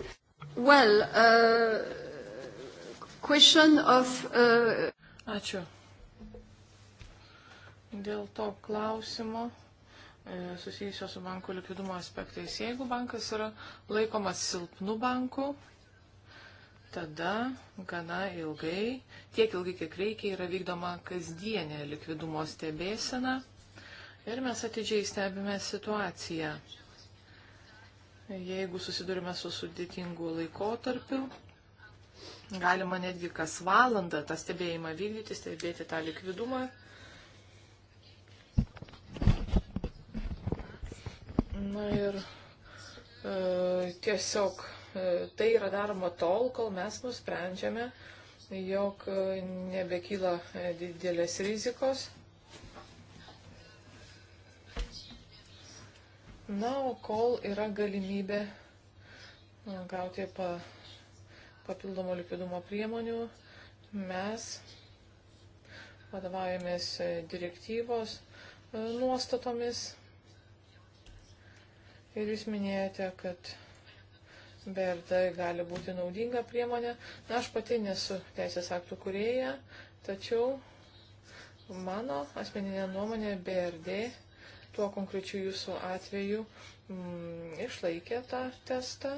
Speaker 2: Well, uh,
Speaker 1: of, uh... Ačiū. Dėl to klausimo e, susijusio su bankų likvidumo aspektais. Jeigu bankas yra laikomas silpnu banku, tada gana ilgai, tiek ilgai, kiek reikia, yra vykdoma kasdienė likvidumo stebėsena ir mes atidžiai stebime situaciją. Jeigu susidurime su sudėtingu laikotarpiu, galima netgi kas valandą tą stebėjimą vykdyti, stebėti tą likvidumą. Na ir e, tiesiog E, tai yra daroma tol, kol mes nusprendžiame, jog e, nebekyla e, didelės rizikos. Na, o kol yra galimybė gauti pa, papildomo likvidumo priemonių, mes vadovaujamės direktyvos nuostatomis. Ir jūs minėjote, kad bet tai gali būti naudinga priemonė. Na, aš pati nesu teisės aktų kurieja, tačiau mano asmeninė nuomonė BRD tuo konkrečiu jūsų atveju mm, išlaikė tą testą.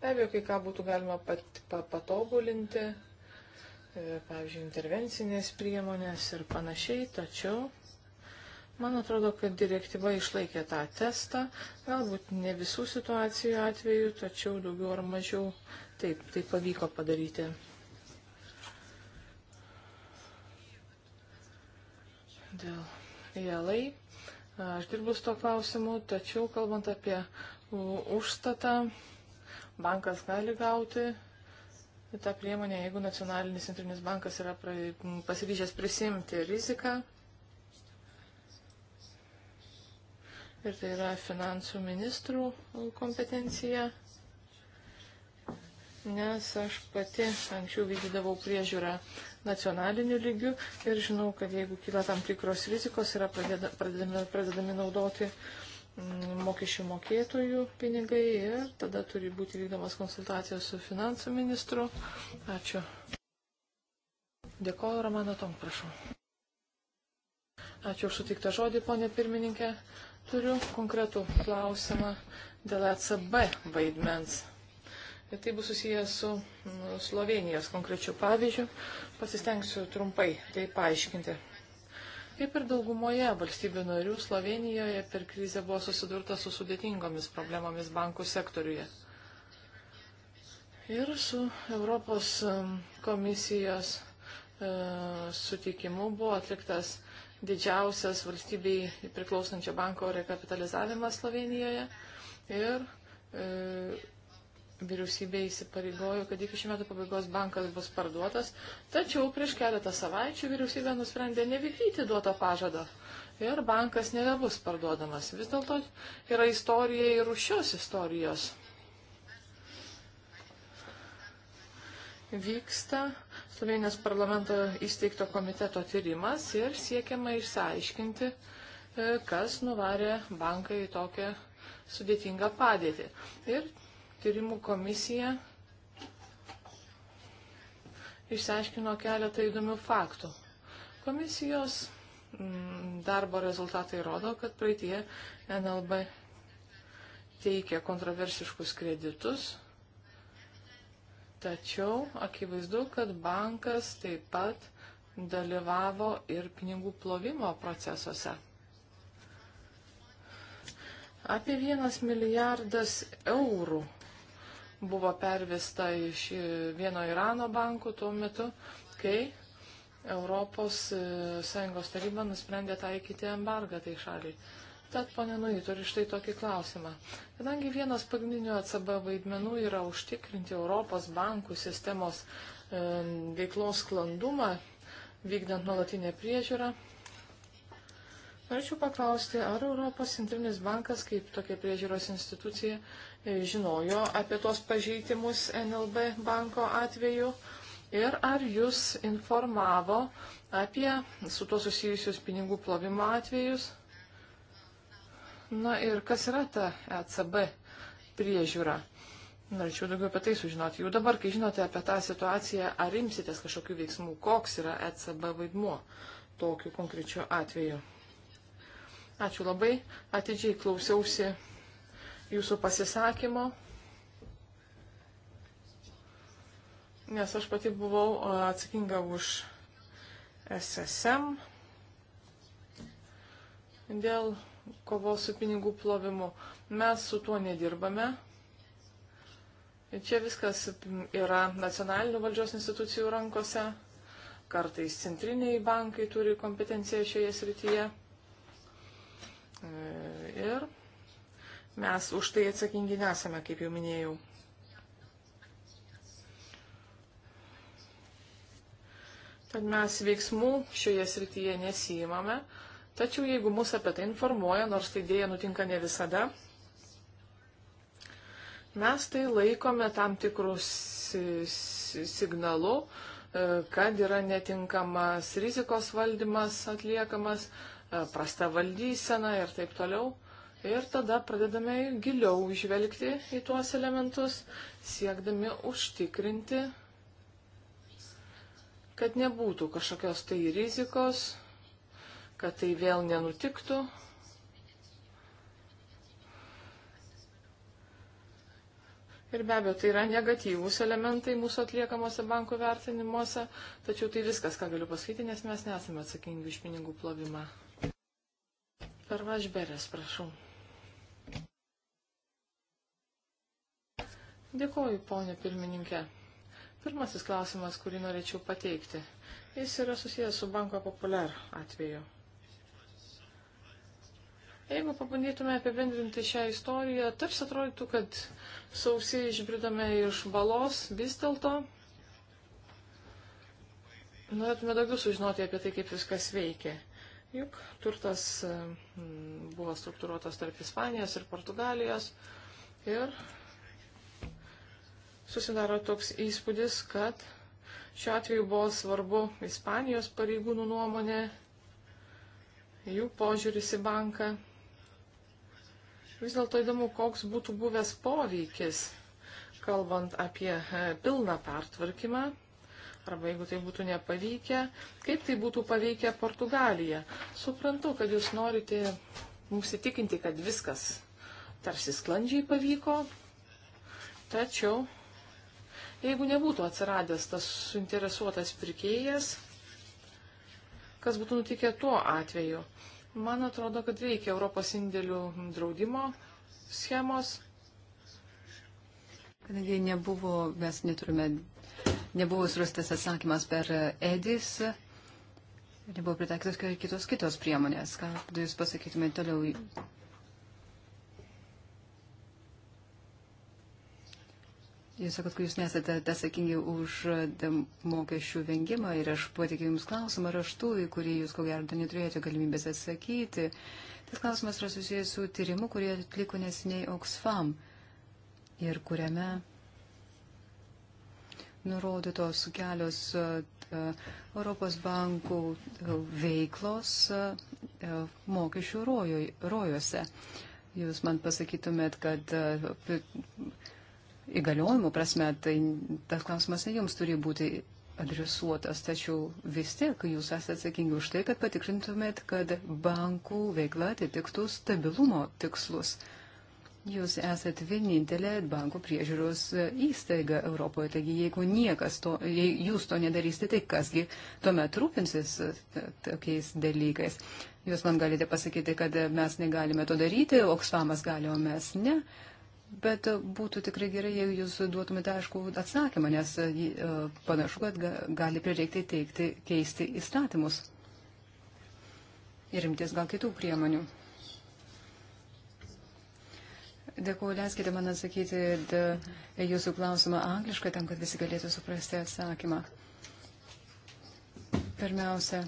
Speaker 1: Be abejo, kai ką būtų galima pat, pa, patobulinti, e, pavyzdžiui, intervencinės priemonės ir panašiai, tačiau Man atrodo, kad direktyva išlaikė tą testą, galbūt ne visų situacijų atveju, tačiau daugiau ar mažiau taip, tai pavyko padaryti. Dėl jėlai. Aš dirbu su to klausimu, tačiau kalbant apie užstatą, bankas gali gauti tą priemonę, jeigu nacionalinis centrinis bankas yra pasiryžęs prisimti riziką. ir tai yra finansų ministrų kompetencija, nes aš pati anksčiau vykdydavau priežiūrą nacionaliniu lygiu ir žinau, kad jeigu kyla tam tikros rizikos, yra pradeda, pradedami, pradedami naudoti mm, mokesčių mokėtojų pinigai ir tada turi būti vykdomas konsultacijos su finansų ministru. Ačiū. Dėkoju, Romana Tom, prašau. Ačiū už sutiktą žodį, ponė pirmininkė. Turiu konkretų klausimą dėl ECB vaidmens. Ir tai bus susijęs su nu, Slovenijos konkrečiu pavyzdžiu. Pasistengsiu trumpai tai paaiškinti. Kaip ir daugumoje valstybių narių, Slovenijoje per krizę buvo susidurta su sudėtingomis problemomis bankų sektoriuje. Ir su Europos komisijos e, sutikimu buvo atliktas didžiausias valstybei priklausančio banko rekapitalizavimas Slovenijoje. Ir e, vyriausybė įsipareigojo, kad iki šių metų pabaigos bankas bus parduotas. Tačiau prieš keletą savaičių vyriausybė nusprendė nevykdyti duoto pažado. Ir bankas nebebus parduodamas. Vis dėlto yra istorija ir už šios istorijos. Vyksta Slovenijos parlamento įsteigto komiteto tyrimas ir siekiama išsiaiškinti, e, kas nuvarė banką į tokią sudėtingą padėtį. Ir tyrimų komisija išsiaiškino keletą įdomių faktų. Komisijos mm, darbo rezultatai rodo, kad praeitie NLB teikė kontroversiškus kreditus Tačiau akivaizdu, kad bankas taip pat dalyvavo ir pinigų plovimo procesuose. Apie vienas milijardas eurų buvo pervesta iš vieno Irano bankų tuo metu, kai Europos e, Sąjungos taryba nusprendė taikyti embargą tai šaliai. Tad, ponė Nui, turiu štai tokį klausimą. Kadangi vienas pagrindinių ACB e vaidmenų yra užtikrinti Europos bankų sistemos e, veiklos sklandumą, vykdant nuolatinę priežiūrą, norėčiau paklausti, ar Europos centrinis bankas kaip tokia priežiūros institucija e, žinojo apie tos pažeidimus NLB banko atveju ir ar jūs informavo apie su to susijusius pinigų plovimo atvejus? Na ir kas yra ta ECB priežiūra? Norėčiau daugiau apie tai sužinoti. Jau dabar, kai žinote apie tą situaciją, ar imsitės kažkokių veiksmų, koks yra ECB vaidmuo tokiu konkrečiu atveju. Ačiū labai, atidžiai klausiausi jūsų pasisakymo, nes aš pati buvau atsakinga už SSM dėl kovos su pinigų plovimu. Mes su tuo nedirbame. Čia viskas yra nacionalinių valdžios institucijų rankose. Kartais centriniai bankai turi kompetenciją šioje srityje. Ir mes už tai atsakingi nesame, kaip jau minėjau. Tad mes veiksmų šioje srityje nesijimame, Tačiau jeigu mus apie tai informuoja, nors tai dėja nutinka ne visada, mes tai laikome tam tikrus signalu, e, kad yra netinkamas rizikos valdymas atliekamas, e, prasta valdysena ir taip toliau. Ir tada pradedame giliau žvelgti į tuos elementus, siekdami užtikrinti, kad nebūtų kažkokios tai rizikos, kad tai vėl nenutiktų. Ir be abejo, tai yra negatyvūs elementai mūsų atliekamuose bankų vertinimuose, tačiau tai viskas, ką galiu pasakyti, nes mes nesame atsakingi už pinigų plovimą. Per važberės, prašau. Dėkoju, ponė pirmininkė. Pirmasis klausimas, kurį norėčiau pateikti, jis yra susijęs su banko populiar atveju. Jeigu pabandytume apibendrinti šią istoriją, tarsi atrodytų, kad sausiai išbridome iš balos vis dėlto. Norėtume daugiau sužinoti apie tai, kaip viskas veikia. Juk turtas mm, buvo struktūruotas tarp Ispanijos ir Portugalijos ir susidaro toks įspūdis, kad šiuo atveju buvo svarbu Ispanijos pareigūnų nuomonė, jų požiūris į banką Vis dėlto įdomu, koks būtų buvęs poveikis, kalbant apie e, pilną pertvarkymą, arba jeigu tai būtų nepavykę, kaip tai būtų paveikę Portugaliją. Suprantu, kad jūs norite mums įtikinti, kad viskas tarsi sklandžiai pavyko, tačiau jeigu nebūtų atsiradęs tas suinteresuotas pirkėjas, kas būtų nutikę tuo atveju? Man atrodo, kad reikia Europos indėlių draudimo schemos.
Speaker 2: Kadangi nebuvo, mes neturime, nebuvo surastas atsakymas per EDIS, nebuvo pritaikytos kitos kitos priemonės. Ką jūs pasakytumėte toliau? Jūs sakot, kad jūs nesate atsakingi už e, mokesčių vengimą ir aš patikiu Jums klausimą raštu, į kurį Jūs ko gero neturėjote galimybės atsakyti. Tas klausimas yra susijęs su tyrimu, kurį atliko nesiniai Oxfam ir kuriame nurodytos kelios e, e, Europos bankų veiklos mokesčių rojuose. Jūs man pasakytumėt, kad įgaliojimų prasme, tai tas klausimas ne jums turi būti adresuotas, tačiau vis tiek jūs esate atsakingi už tai, kad patikrintumėt, kad bankų veikla atitiktų stabilumo tikslus. Jūs esate vienintelė bankų priežiūros įstaiga Europoje, taigi jeigu niekas to, jei jūs to nedarysite, tai kasgi tuomet rūpinsis e, tokiais dalykais. Jūs man galite pasakyti, kad mes negalime to daryti, Oksfamas gali, o mes ne. Uh, Bet būtų tikrai gerai, jeigu jūs duotumėte aišku atsakymą, nes e, e, panašu, kad gali prireikti teikti, keisti įstatymus ir imtis gal kitų priemonių. Dėkuoju, leiskite man atsakyti jūsų klausimą angliškai, tam, kad visi galėtų suprasti atsakymą. Pirmiausia,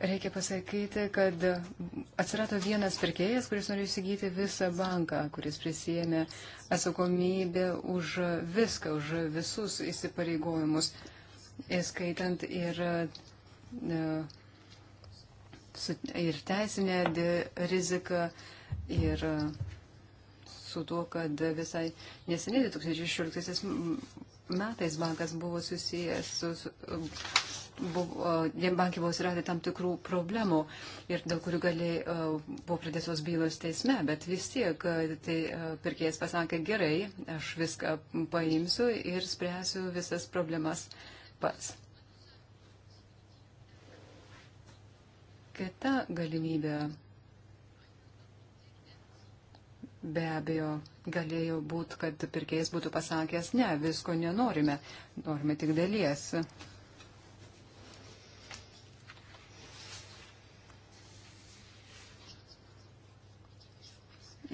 Speaker 2: Reikia pasakyti, kad atsirado vienas pirkėjas, kuris norėjo įsigyti visą banką, kuris prisėmė atsakomybę už viską, už visus įsipareigojimus, įskaitant ir, e, ir teisinę riziką, ir su tuo, kad visai neseniai 2016 metais bankas buvo susijęs su, su buvo, jiem bankė buvo suradę tam tikrų problemų ir dėl kurių gali, buvo pradėtos bylos teisme, bet vis tiek tai pirkėjas pasakė gerai, aš viską paimsiu ir spręsiu visas problemas pats. Kita galimybė be abejo galėjo būti, kad pirkėjas būtų pasakęs, ne, visko nenorime, norime tik dalies.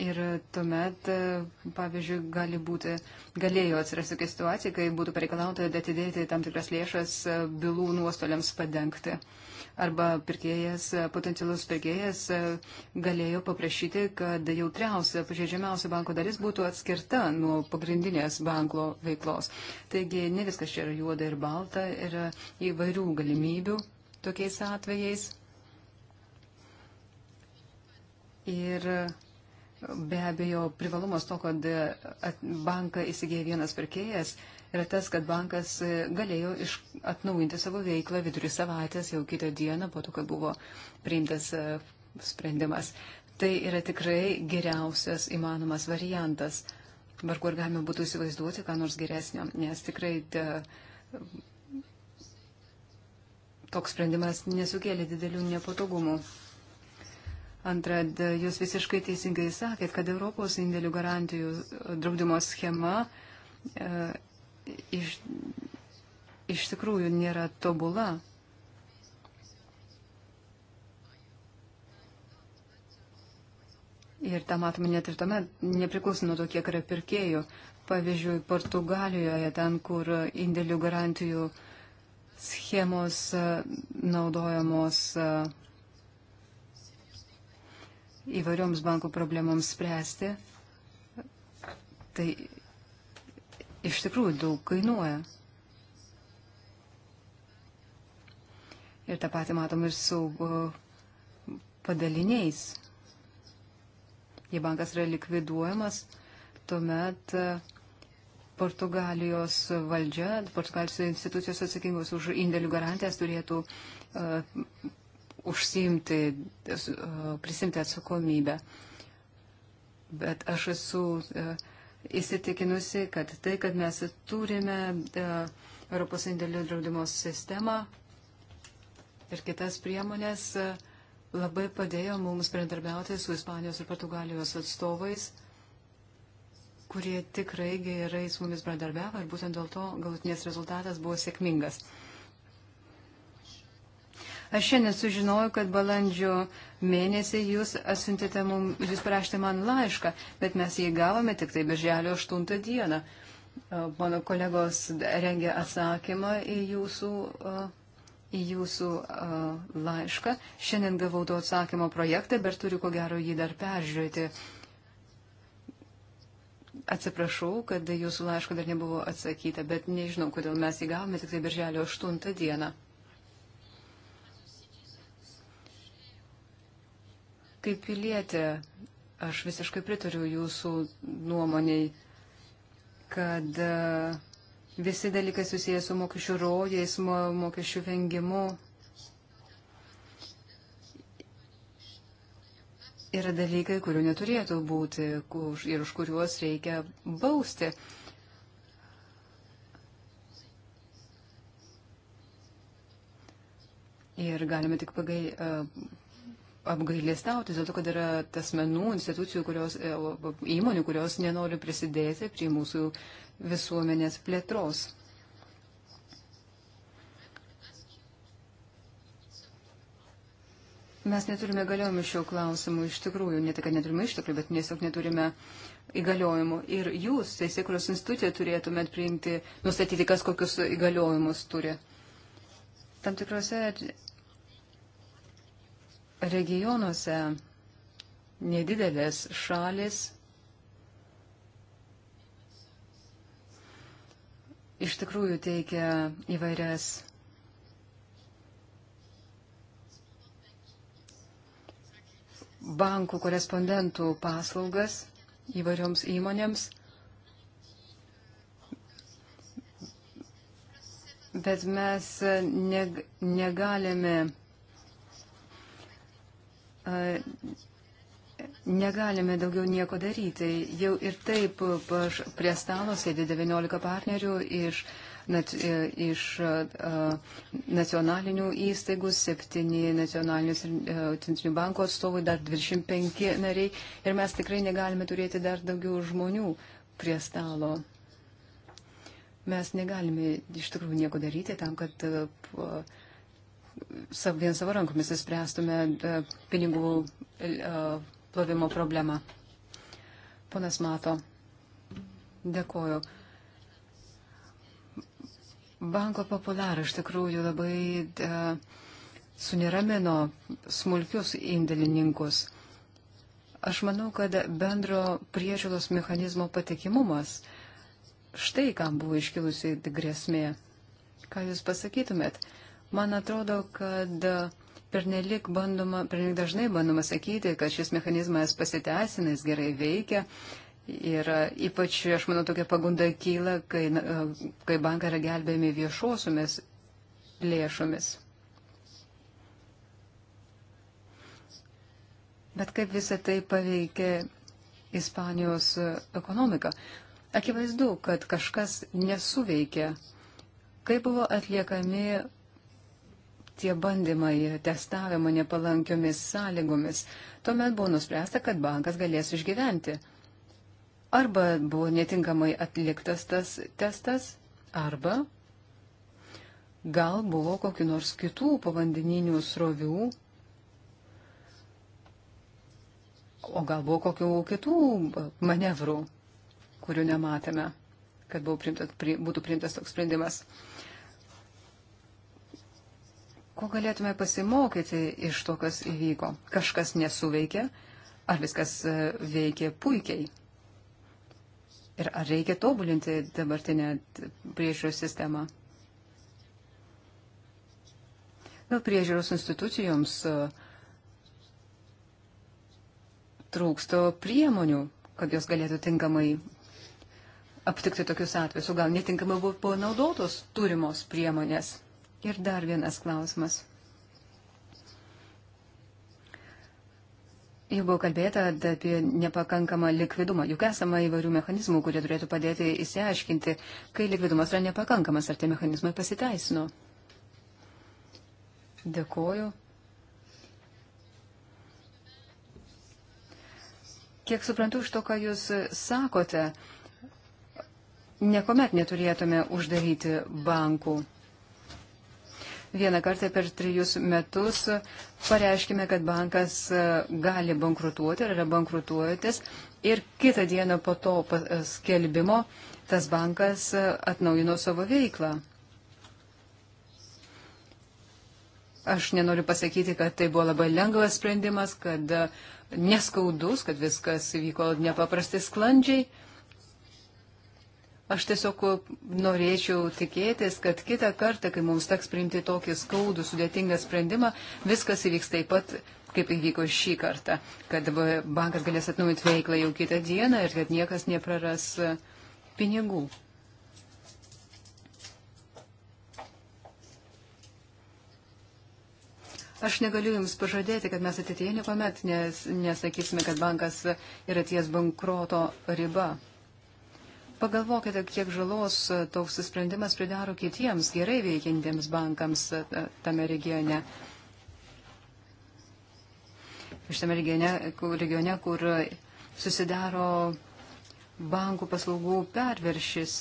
Speaker 2: Ir tuomet, e, pavyzdžiui, gali būti, galėjo atsirasti tokia situacija, kai būtų pareikalauta atidėti tam tikras lėšas e, bylų nuostoliams padengti. Arba pirkėjas, e, potencialus pirkėjas galėjo paprašyti, kad jautriausia, pažeidžiamiausia banko dalis būtų atskirta nuo pagrindinės banko veiklos. Taigi ne viskas čia yra juoda ir balta, yra įvairių galimybių tokiais atvejais. Ir Be abejo, privalumas to, kad banką įsigėjo vienas pirkėjas, yra tas, kad bankas galėjo iš, atnaujinti savo veiklą vidurį savaitės, jau kitą dieną po to, kad buvo priimtas e, sprendimas. Tai yra tikrai geriausias įmanomas variantas. Vargu ar galime būtų įsivaizduoti, ką nors geresnio, nes tikrai te, toks sprendimas nesukėlė didelių nepatogumų. Antra, jūs visiškai teisingai sakėt, kad Europos indėlių garantijų e, draudimo schema e, iš, iš tikrųjų nėra tobula. Ir tą matome net ir tame, nepriklausom nuo to, kiek yra pirkėjų. Pavyzdžiui, Portugalijoje, ten, kur indėlių garantijų schemos e, naudojamos e, įvairioms bankų problemoms spręsti, tai iš tikrųjų daug kainuoja. Ir tą patį matom ir su padaliniais. Jei bankas yra likviduojamas, tuomet e, Portugalijos valdžia, Portugalijos institucijos atsakingos už indėlių garantijas turėtų uh, užsimti, prisimti atsakomybę. Bet aš esu įsitikinusi, kad tai, kad mes turime Europos indėlių draudimo sistemą ir kitas priemonės, labai padėjo mums bendradarbiauti su Ispanijos ir Portugalijos atstovais kurie tikrai gerai su mumis bendradarbiavo ir būtent dėl to galutinės rezultatas buvo sėkmingas. Aš šiandien sužinojau, kad balandžio mėnesį jūs atsiuntėte mums, jūs parašėte man laišką, bet mes jį gavome tik tai birželio 8 dieną. Mano kolegos rengė atsakymą į jūsų, į jūsų laišką. Šiandien gavau to atsakymo projektą, bet turiu ko gero jį dar peržiūrėti. Atsiprašau, kad jūsų laiško dar nebuvo atsakyta, bet nežinau, kodėl mes jį gavome tik tai birželio 8 dieną. Kaip pilietė, aš visiškai pritariu jūsų nuomoniai, kad e, visi dalykai susijęs su mokesčių rojais, mokesčių vengimu yra dalykai, kurių neturėtų būti ir už kuriuos reikia bausti. Ir galime tik pagai, e, apgailėstauti dėl to, kad yra asmenų, institucijų, kurios, e, įmonių, kurios nenori prisidėti prie mūsų visuomenės plėtros. Mes neturime galiojimų šio klausimu iš tikrųjų, ne tik, kad neturime išteklių, bet tiesiog neturime įgaliojimų. Ir jūs, teisėkuros institucija, turėtumėt priimti, nustatyti, kas kokius įgaliojimus turi. Tam tikrose regionuose nedidelės šalis iš tikrųjų teikia įvairias bankų korespondentų paslaugas įvairioms įmonėms. Bet mes negalime negalime daugiau nieko daryti. Jau ir taip prie stalo sėdi 19 partnerių iš, nac, e, iš nacionalinių įstaigų, 7 nacionalinių e, centrinių banko atstovų, dar 25 nariai. Ir mes tikrai negalime turėti dar daugiau žmonių prie stalo. Mes negalime iš tikrųjų nieko daryti tam, kad uh, sav, vien savo rankomis įspręstume e, pinigų e, plovimo problemą. Ponas Mato, dėkoju. Banko populiar iš tikrųjų labai da, e, suniramino smulkius indėlininkus. Aš manau, kad bendro priežiūros mechanizmo patikimumas štai kam buvo iškilusi grėsmė. Ką Jūs pasakytumėt? Man atrodo, kad pernelik bandoma, pernelik dažnai bandoma sakyti, kad šis mechanizmas pasiteisina, jis gerai veikia. Ir e, ypač, aš manau, tokia pagunda kyla, kai, e, kai bankai yra gelbėjami viešosiomis lėšomis. Bet kaip visą tai paveikia Ispanijos ekonomiką? Akivaizdu, kad kažkas nesuveikia. Kaip buvo atliekami tie bandymai testavimo nepalankiomis sąlygomis. Tuomet buvo nuspręsta, kad bankas galės išgyventi. Arba buvo netinkamai atliktas tas testas, arba gal buvo kokiu nors kitų povandeninių srovių, o gal buvo kokių kitų manevrų, kurių nematėme, kad priimtas, pri, būtų priimtas toks sprendimas. Ko galėtume pasimokyti iš to, kas įvyko? Kažkas nesuveikė, ar viskas e, veikė puikiai? Ir ar reikia tobulinti dabartinę priežiūros sistemą? Gal priežiūros institucijoms e, trūksto priemonių, kad jos galėtų tinkamai aptikti tokius atvejus, o gal netinkamai buvo panaudotos turimos priemonės. Ir dar vienas klausimas. Jau buvo kalbėta apie nepakankamą likvidumą. Juk esama įvairių mechanizmų, kurie turėtų padėti įsiaiškinti, kai likvidumas yra nepakankamas, ar tie mechanizmai pasiteisino. Dėkoju. Kiek suprantu iš to, ką Jūs sakote, niekuomet neturėtume uždaryti bankų vieną kartą per trijus metus pareiškime, kad bankas e, gali bankrutuoti ar yra bankrutuojantis ir kitą dieną po to skelbimo tas bankas e, atnaujino savo veiklą. Aš nenoriu pasakyti, kad tai buvo labai lengvas sprendimas, kad e, neskaudus, kad viskas vyko nepaprastai sklandžiai. Aš tiesiog norėčiau tikėtis, kad kitą kartą, kai mums teks priimti tokį skaudų, sudėtingą sprendimą, viskas įvyks taip pat, kaip įvyko šį kartą, kad bankas galės atnaujinti veiklą jau kitą dieną ir kad niekas nepraras e, pinigų. Aš negaliu Jums pažadėti, kad mes ateityje niekuomet nes, nesakysime, kad bankas yra ties bankroto riba. Pagalvokite, kiek žalos e, toks sprendimas pridaro kitiems gerai veikiantiems bankams e, e, tame regione. Šitame regione, regione kur susidaro bankų paslaugų perviršis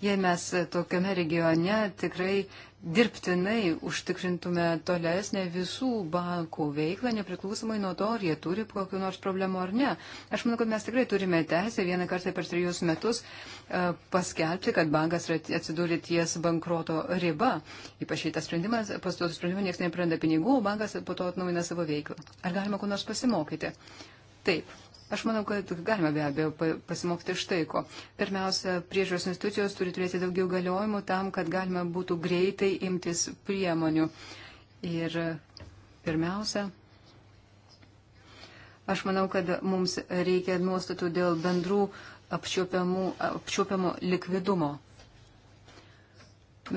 Speaker 2: jei mes tokiame regione tikrai dirbtinai užtikrintume tolesnę visų bankų veiklą, nepriklausomai nuo to, ar jie turi kokiu nors problemu ar ne. Aš manau, kad mes tikrai turime teisę vieną kartą per trijus metus uh, paskelbti, kad bankas atsidūrė ties bankroto riba. Ypač šitas sprendimas, pastuotų sprendimų niekas nepraranda pinigų, o bankas po to atnaujina savo veiklą. Ar galima kuo nors pasimokyti? Taip. Aš manau, kad galima be abejo pasimokti štai ko. Pirmiausia, priežiūros institucijos turi turėti daugiau galiojimų tam, kad galima būtų greitai imtis priemonių. Ir pirmiausia, aš manau, kad mums reikia nuostatų dėl bendrų apčiuopiamo likvidumo.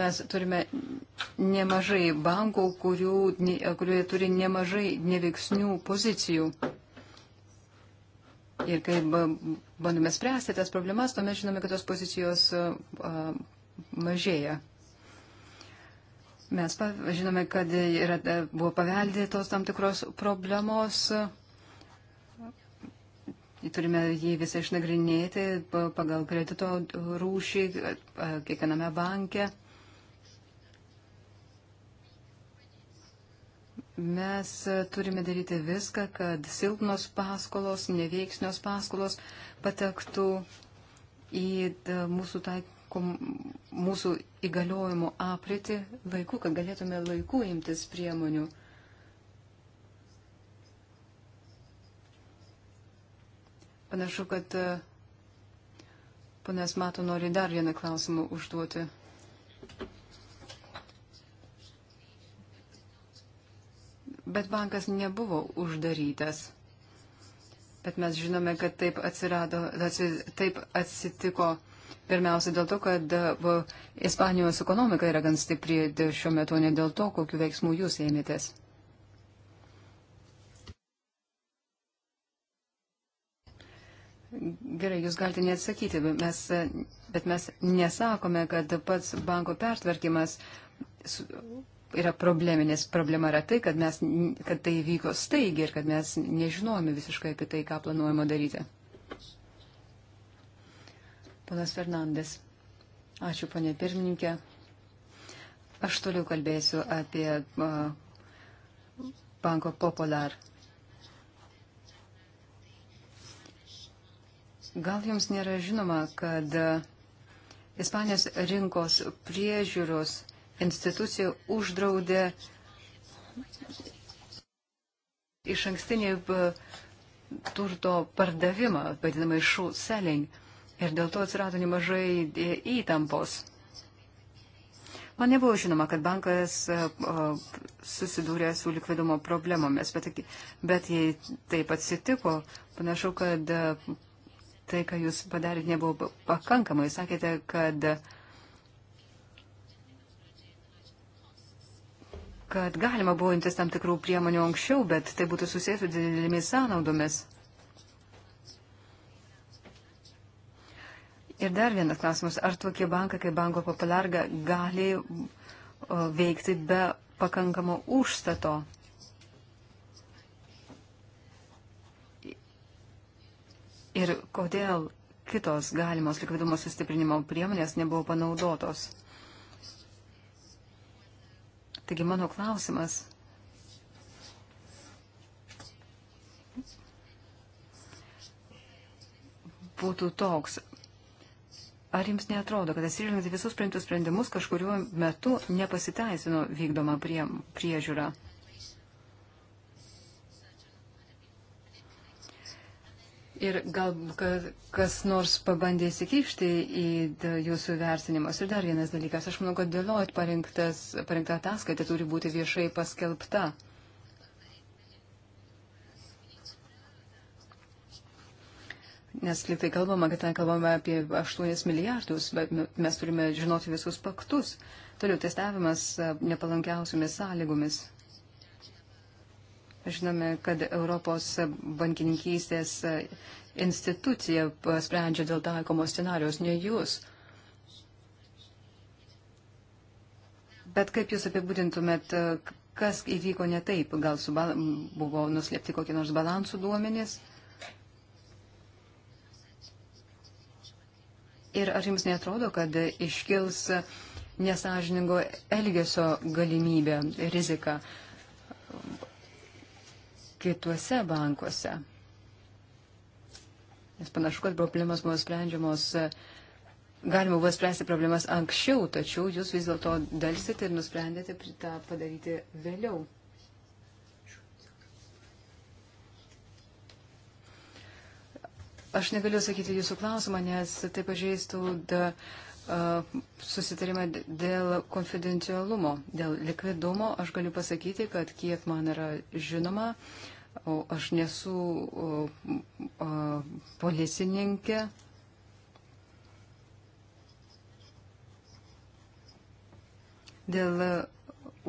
Speaker 2: Mes turime nemažai bankų, kurių, kurie turi nemažai neveiksnių pozicijų. Ir kai bandome spręsti tas problemas, tuomet žinome, kad tos pozicijos mažėja. Mes žinome, kad yra, buvo paveldėtos tam tikros problemos. Turime jį visą išnagrinėti pagal kredito rūšį kiekviename banke. Mes e, turime daryti viską, kad silpnos paskolos, neveiksnios paskolos patektų į e, mūsų, taikom, mūsų įgaliojimų apriti laiku, kad galėtume laiku imtis priemonių. Panašu, kad e, panas Mato nori dar vieną klausimą užduoti. bet bankas nebuvo uždarytas. Bet mes žinome, kad taip, atsirado, taip atsitiko pirmiausia dėl to, kad e, Ispanijos ekonomika yra gan stipri šiuo metu, ne dėl to, kokiu veiksmu jūs ėmėtės. Gerai, jūs galite neatsakyti, bet mes, e, bet mes nesakome, kad pats banko pertvarkymas yra probleminės. Problema yra tai, kad, mes, kad tai vyko staigiai ir kad mes nežinojame visiškai apie tai, ką planuojama daryti. Panas Fernandes. Ačiū, panė pirmininkė. Aš toliau kalbėsiu apie uh, banko Popular. Gal jums nėra žinoma, kad Ispanijos rinkos priežiūros institucija uždraudė iš ankstinį e, turto pardavimą, vadinamą šų selling. Ir dėl to atsirado nemažai e, įtampos. Man nebuvo žinoma, kad bankas e, susidūrė su likvidumo problemomis, bet, bet jei taip atsitiko, panašu, kad tai, ką jūs padarėte, nebuvo pakankamai. Sakėte, kad uh, kad galima buvo imtis tam tikrų priemonių anksčiau, bet tai būtų susijęs su didelėmis sąnaudomis. Ir dar vienas klausimas, ar tokie bankai kaip Banko Popularga gali veikti be pakankamo užstato? Ir kodėl kitos galimos likvidumo sustiprinimo priemonės nebuvo panaudotos? Taigi mano klausimas. Būtų toks, Ar jums netrodo, kad atsižvelgiant į visus priimtus sprendimus, kažkuriuo metu nepasiteisino vykdoma prie, priežiūra? Ir gal kas nors pabandė įsikišti į jūsų vertinimus. Ir dar vienas dalykas, aš manau, kad Deloitte parinkta ataskaita turi būti viešai paskelbta. Nes liktai kalbama, kad ten kalbame apie 8 milijardus, bet mes turime žinoti visus paktus. Toliau testavimas nepalankiausiamis sąlygomis. Žinome, kad Europos bankininkystės institucija sprendžia dėl taikomos scenarius, ne jūs. Bet kaip jūs apibūdintumėt, kas įvyko ne taip? Gal subal... buvo nuslėpti kokie nors balansų duomenys? Ir ar jums netrodo, kad iškils nesažiningo elgesio galimybė, rizika? kituose bankuose. Nes panašu, kad problemas buvo sprendžiamos, galima buvo spręsti problemas anksčiau, tačiau jūs vis dėlto dalsite ir nusprendėte tą padaryti vėliau. Aš negaliu sakyti jūsų klausimą, nes tai pažeistų da, uh, susitarimą dėl konfidencialumo, dėl likvidumo. Aš galiu pasakyti, kad kiek man yra žinoma, o aš nesu o, o, policininkė. Dėl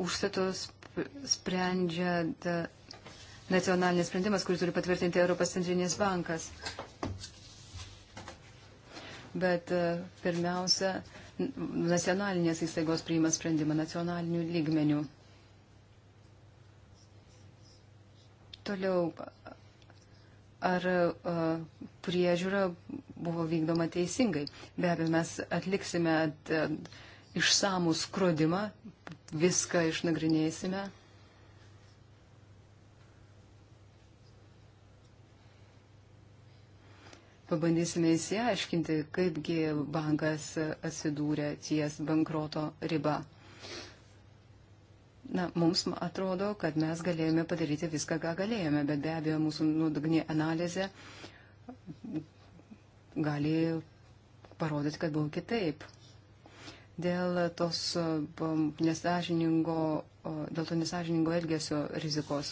Speaker 2: užstatos sprendžia nacionalinis sprendimas, kurį turi patvirtinti Europos centrinis bankas bet e, pirmiausia, nacionalinės įstaigos priima sprendimą nacionalinių lygmenių. Toliau, ar e, priežiūra buvo vykdoma teisingai? Be abejo, mes atliksime e, išsamų skrodimą, viską išnagrinėsime. pabandysime įsiaiškinti, kaipgi bankas atsidūrė ties bankroto riba. Na, mums atrodo, kad mes galėjome padaryti viską, ką galėjome, bet be abejo mūsų nuodugni analizė gali parodyti, kad buvo kitaip. Dėl, tos, dėl to nesažiningo elgesio rizikos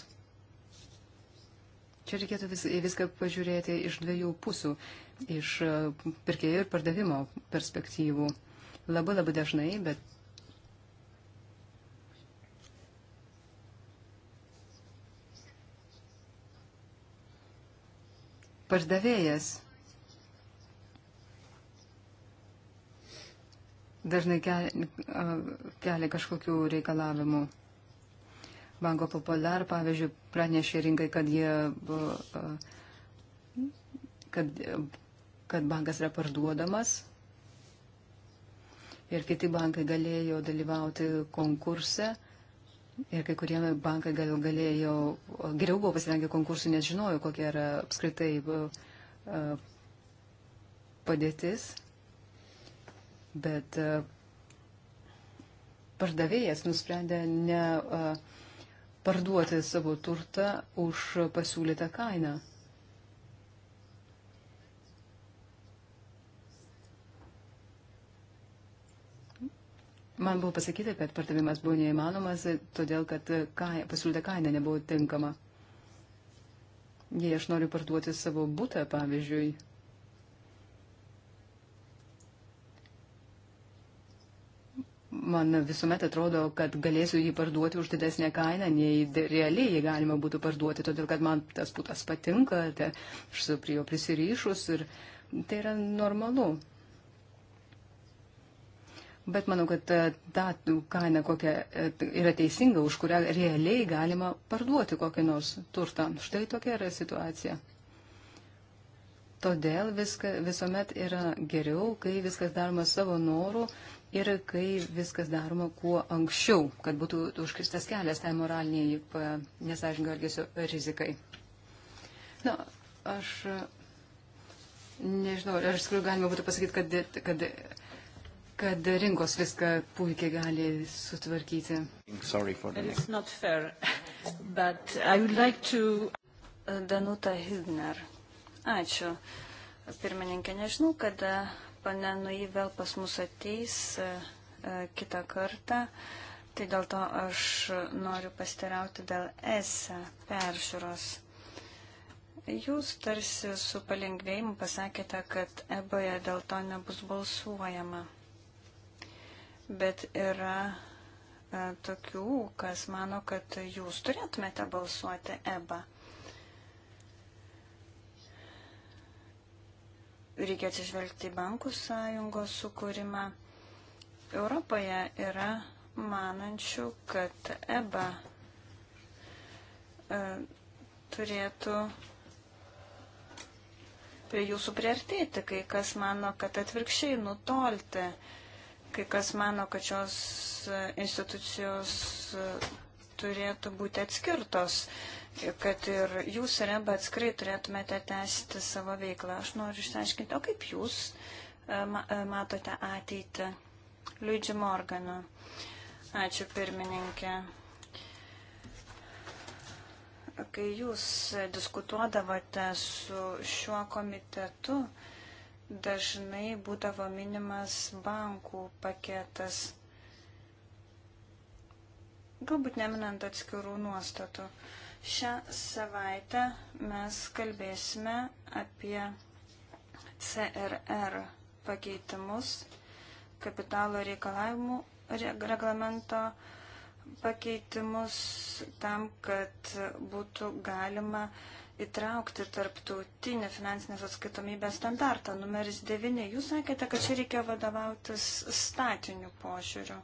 Speaker 2: Čia reikėtų vis, viską pažiūrėti iš dviejų pusių - iš pirkėjų ir pardavimo perspektyvų. Labai labai dažnai, bet. Pardavėjas dažnai kelia, kelia kažkokių reikalavimų. Banko Popular, pavyzdžiui, pranešė rinkai, kad, jie, kad, kad bankas yra parduodamas ir kiti bankai galėjo dalyvauti konkurse. Ir kai kurie bankai gal galėjo, geriau buvo pasirengę konkursui, nes žinojo, kokia yra apskritai padėtis. Bet pardavėjas nusprendė ne. Uh, parduoti savo turtą už pasiūlytą kainą. Man buvo pasakyta, kad pardavimas buvo neįmanomas, todėl kad kaina, pasiūlyta kaina nebuvo tinkama. Jei aš noriu parduoti savo būtą, pavyzdžiui, man visuomet atrodo, kad galėsiu jį parduoti už didesnę kainą, nei realiai jį galima būtų parduoti, todėl kad man tas putas patinka, tai aš prie jo prisirišus ir tai yra normalu. Bet manau, kad e, ta kaina, kokia e, yra teisinga, už kurią realiai galima parduoti kokį nors turtą. Štai tokia yra situacija. Todėl viska, visuomet yra geriau, kai viskas daroma savo norų, uh, ir kai viskas daroma kuo anksčiau, kad būtų užkristas kelias tai moraliniai e, nesažinio elgesio rizikai. Na, aš e, nežinau, ar iš tikrųjų galima būtų pasakyti, kad, kad, kad rinkos viską puikiai gali sutvarkyti.
Speaker 3: Fair, like to... Danuta Hildner. Ačiū. Pirmininkė, nežinau, kada pane Nui vėl pas mus ateis e, e, kitą kartą. Tai dėl to aš noriu pasteriauti dėl esą peržiūros. Jūs tarsi su palengvėjimu pasakėte, kad eboje e dėl to nebus balsuojama. Bet yra e, tokių, kas mano, kad jūs turėtumėte balsuoti ebą. reikia atsižvelgti į bankų sąjungos sukūrimą. Europoje yra manančių, kad EBA e, turėtų prie jūsų priartėti, kai kas mano, kad atvirkščiai nutolti, kai kas mano, kad šios institucijos turėtų būti atskirtos. E, kad ir jūs, Reba, atskrai turėtumėte tęsti savo veiklą. Aš noriu išsiaiškinti, o kaip jūs e, e, matote ateitį Liūdžių Morgano? Ačiū pirmininkė. Kai jūs diskutuodavote su šiuo komitetu, dažnai būdavo minimas bankų paketas. Galbūt neminant atskirų nuostatų. Uh, Šią savaitę mes kalbėsime apie CRR pakeitimus, kapitalo reikalavimų reglamento pakeitimus tam, kad būtų galima įtraukti tarptautinį finansinės atskaitomybės standartą numeris 9. Jūs sakėte, kad čia reikia vadovautis statiniu požiūriu.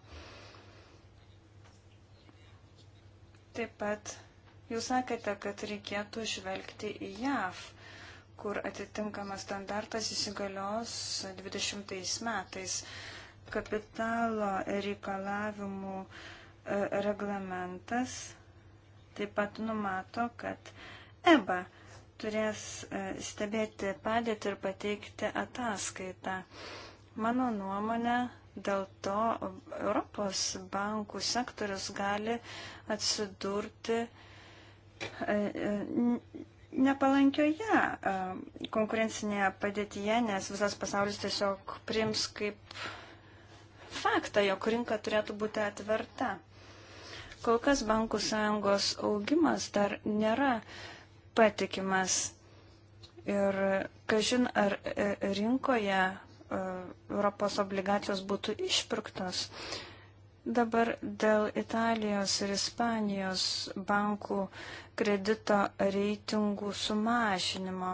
Speaker 3: Taip pat Jūs sakėte, kad reikėtų žvelgti į JAV, kur atitinkamas standartas įsigalios 20 metais. Kapitalo reikalavimų e, reglamentas taip pat numato, kad EBA turės e, stebėti padėtį ir pateikti ataskaitą. Mano nuomonė, dėl to Europos bankų sektorius gali atsidurti uh, E, e, nepalankioje e, konkurencinėje padėtyje, nes visas pasaulis tiesiog prims kaip faktą, jog rinka turėtų būti atverta. Kol kas bankų sąjungos augimas dar nėra patikimas ir kažin ar rinkoje Europos obligacijos būtų išpirktos. Uh, Dabar dėl Italijos ir Ispanijos bankų kredito reitingų sumažinimo.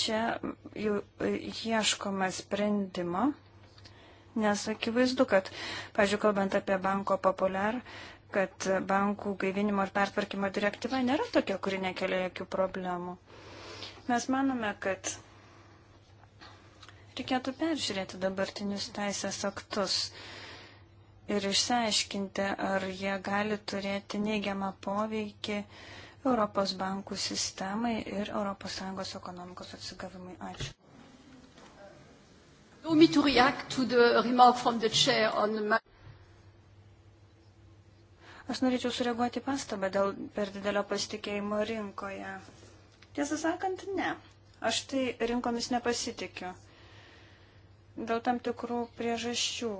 Speaker 3: Čia jau ieškoma sprendimo, nes akivaizdu, kad, pažiūrėjau, kalbant apie banko populiar, kad bankų gaivinimo ir pertvarkymo direktyva nėra tokia, kuri nekelia jokių problemų. Mes manome, kad reikėtų peržiūrėti dabartinius teisės aktus ir išsiaiškinti, ar jie gali turėti neigiamą poveikį Europos bankų sistemai ir ES ekonomikos atsigavimui. Ačiū. Aš norėčiau sureaguoti pastabą dėl per didelio pasitikėjimo rinkoje. Tiesą sakant, ne. Aš tai rinkomis nepasitikiu. Dėl tam tikrų priežasčių.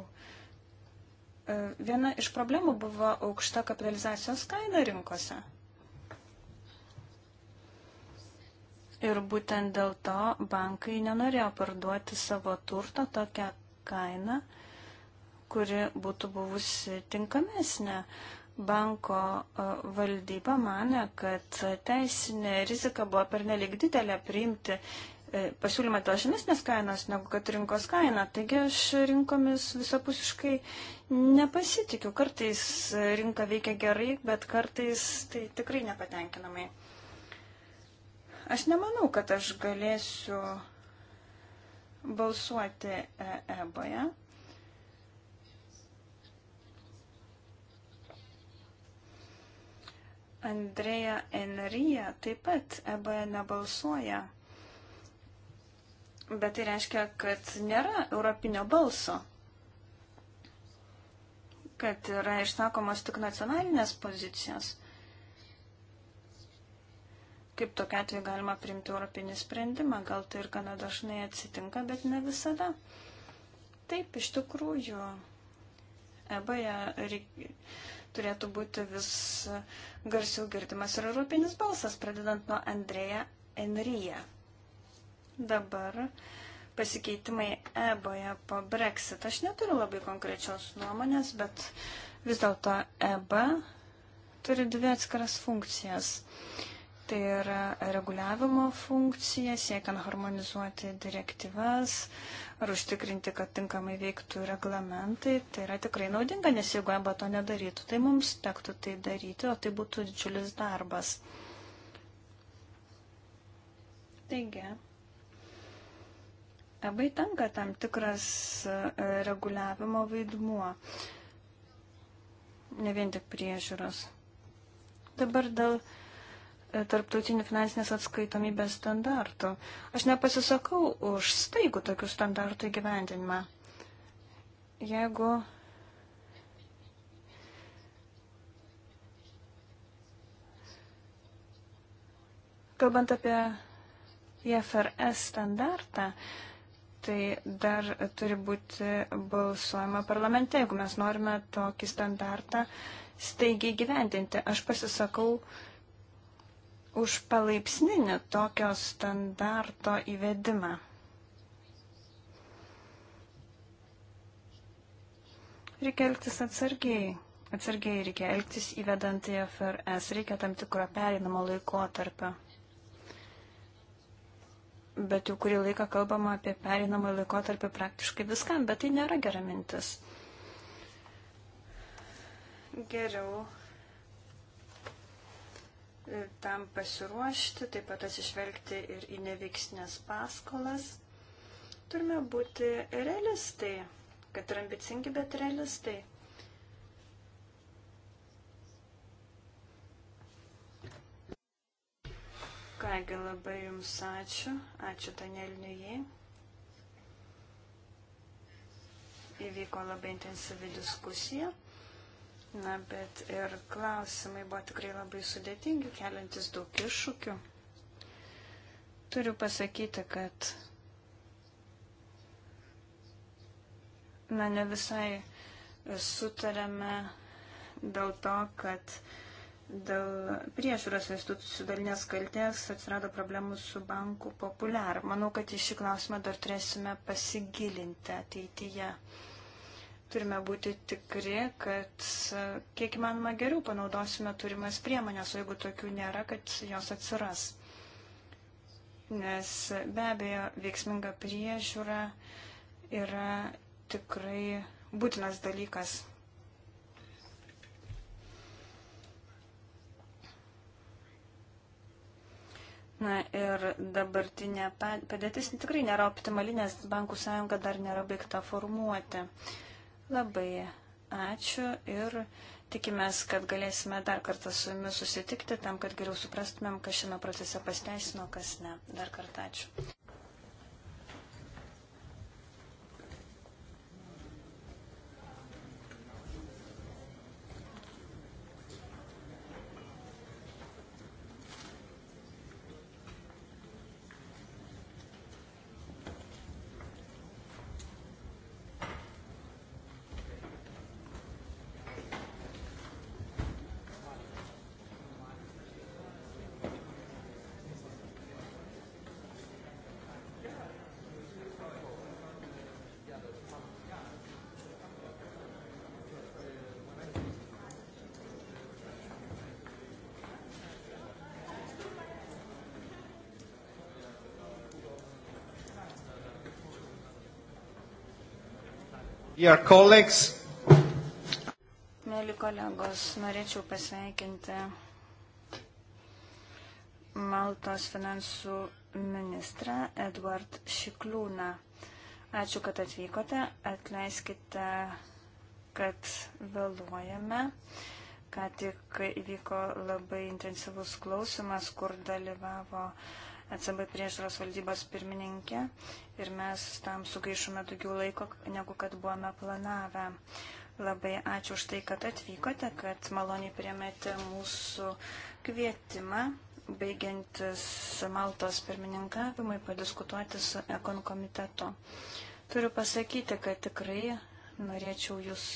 Speaker 3: E, viena iš problemų buvo aukšta kapitalizacijos kaina rinkose. Ir būtent dėl to bankai nenorėjo parduoti savo turto tokią kainą, kuri būtų buvusi tinkamesnė. Banko e, valdyba mane, kad teisinė rizika buvo pernelyg didelė priimti E, pasiūlymą dėl žemesnės kainos negu kad rinkos kaina. Taigi aš rinkomis visapusiškai nepasitikiu. Kartais rinka veikia gerai, bet kartais tai tikrai nepatenkinamai. Aš nemanau, kad aš galėsiu balsuoti e, EBOje. Andrėja Enrija taip pat EBOje nebalsuoja. Bet tai reiškia, kad nėra europinio balso, kad yra išsakomos tik nacionalinės pozicijos. Kaip tokia atveju galima priimti europinį sprendimą, gal tai ir gana dažnai atsitinka, bet ne visada. Taip, iš tikrųjų, EBA e turėtų būti vis garsiau girdimas ir europinis balsas, pradedant nuo Andrėja Enryje. Dabar pasikeitimai EBOje po Brexit. Aš neturiu labai konkrečios nuomonės, bet vis dėlto EBA turi dvi atskiras funkcijas. Tai yra reguliavimo funkcija, siekiant harmonizuoti direktyvas ar užtikrinti, kad tinkamai veiktų reglamentai. Tai yra tikrai naudinga, nes jeigu EBA to nedarytų, tai mums tektų tai daryti, o tai būtų didžiulis darbas. Taigi, EBAI tenka tam tikras e, reguliavimo vaidmuo, ne vien tik priežiūros. Dabar dėl e, tarptautinių finansinės atskaitomybės standartų. Aš nepasisakau už staigų tokių standartų įgyvendinimą. Jeigu kalbant apie IFRS standartą, tai dar turi būti balsuojama parlamente, jeigu mes norime tokį standartą staigiai gyvendinti. Aš pasisakau už palaipsninį tokio standarto įvedimą. Reikia elgtis atsargiai. Atsargiai reikia elgtis įvedant į FRS. Reikia tam tikro pereinamo laiko tarpio bet jau kurį laiką kalbama apie pereinamą laikotarpį praktiškai viskam, bet tai nėra gera mintis. Geriau e, tam pasiruošti, taip pat atsižvelgti ir į neveiksnės paskolas. Turime būti realistai, kad ir ambicingi, bet realistai. Kągi labai Jums ačiū. Ačiū Tanelniui. Įvyko labai intensyvi diskusija. Na, bet ir klausimai buvo tikrai labai sudėtingi, keliantis daug iššūkių. Turiu pasakyti, kad na, ne visai sutarėme dėl to, kad uh, Dėl priežiūros institucijų dalinės kaltės atsirado problemų su banku populiar. Manau, kad į šį klausimą dar turėsime pasigilinti ateityje. Turime būti tikri, kad kiek įmanoma geriau panaudosime turimas priemonės, o jeigu tokių nėra, kad jos atsiras. Nes be abejo, veiksminga priežiūra yra tikrai būtinas dalykas Na ir dabartinė padėtis tikrai nėra optimali, nes bankų sąjunga dar nėra baigta formuoti. Labai ačiū ir tikimės, kad galėsime dar kartą su jumis susitikti, tam, kad geriau suprastumėm, kas šiame procese pasteisino, kas ne. Dar kartą ačiū.
Speaker 1: Mėly kolegos,
Speaker 3: norėčiau pasveikinti Maltos finansų ministrą Edward Šikliūną. Ačiū, kad atvykote. Atleiskite, kad vėluojame. Ką tik įvyko labai intensyvus klausimas, kur dalyvavo uh, ECB priežiūros valdybos pirmininkė ir mes tam sugaišome daugiau laiko, negu kad buvome planavę. Labai ačiū už tai, kad atvykote, kad maloniai priemėte mūsų kvietimą, baigiantis Maltos pirmininkavimui, padiskutuoti su Ekon komitetu. Turiu pasakyti, kad tikrai norėčiau Jūs,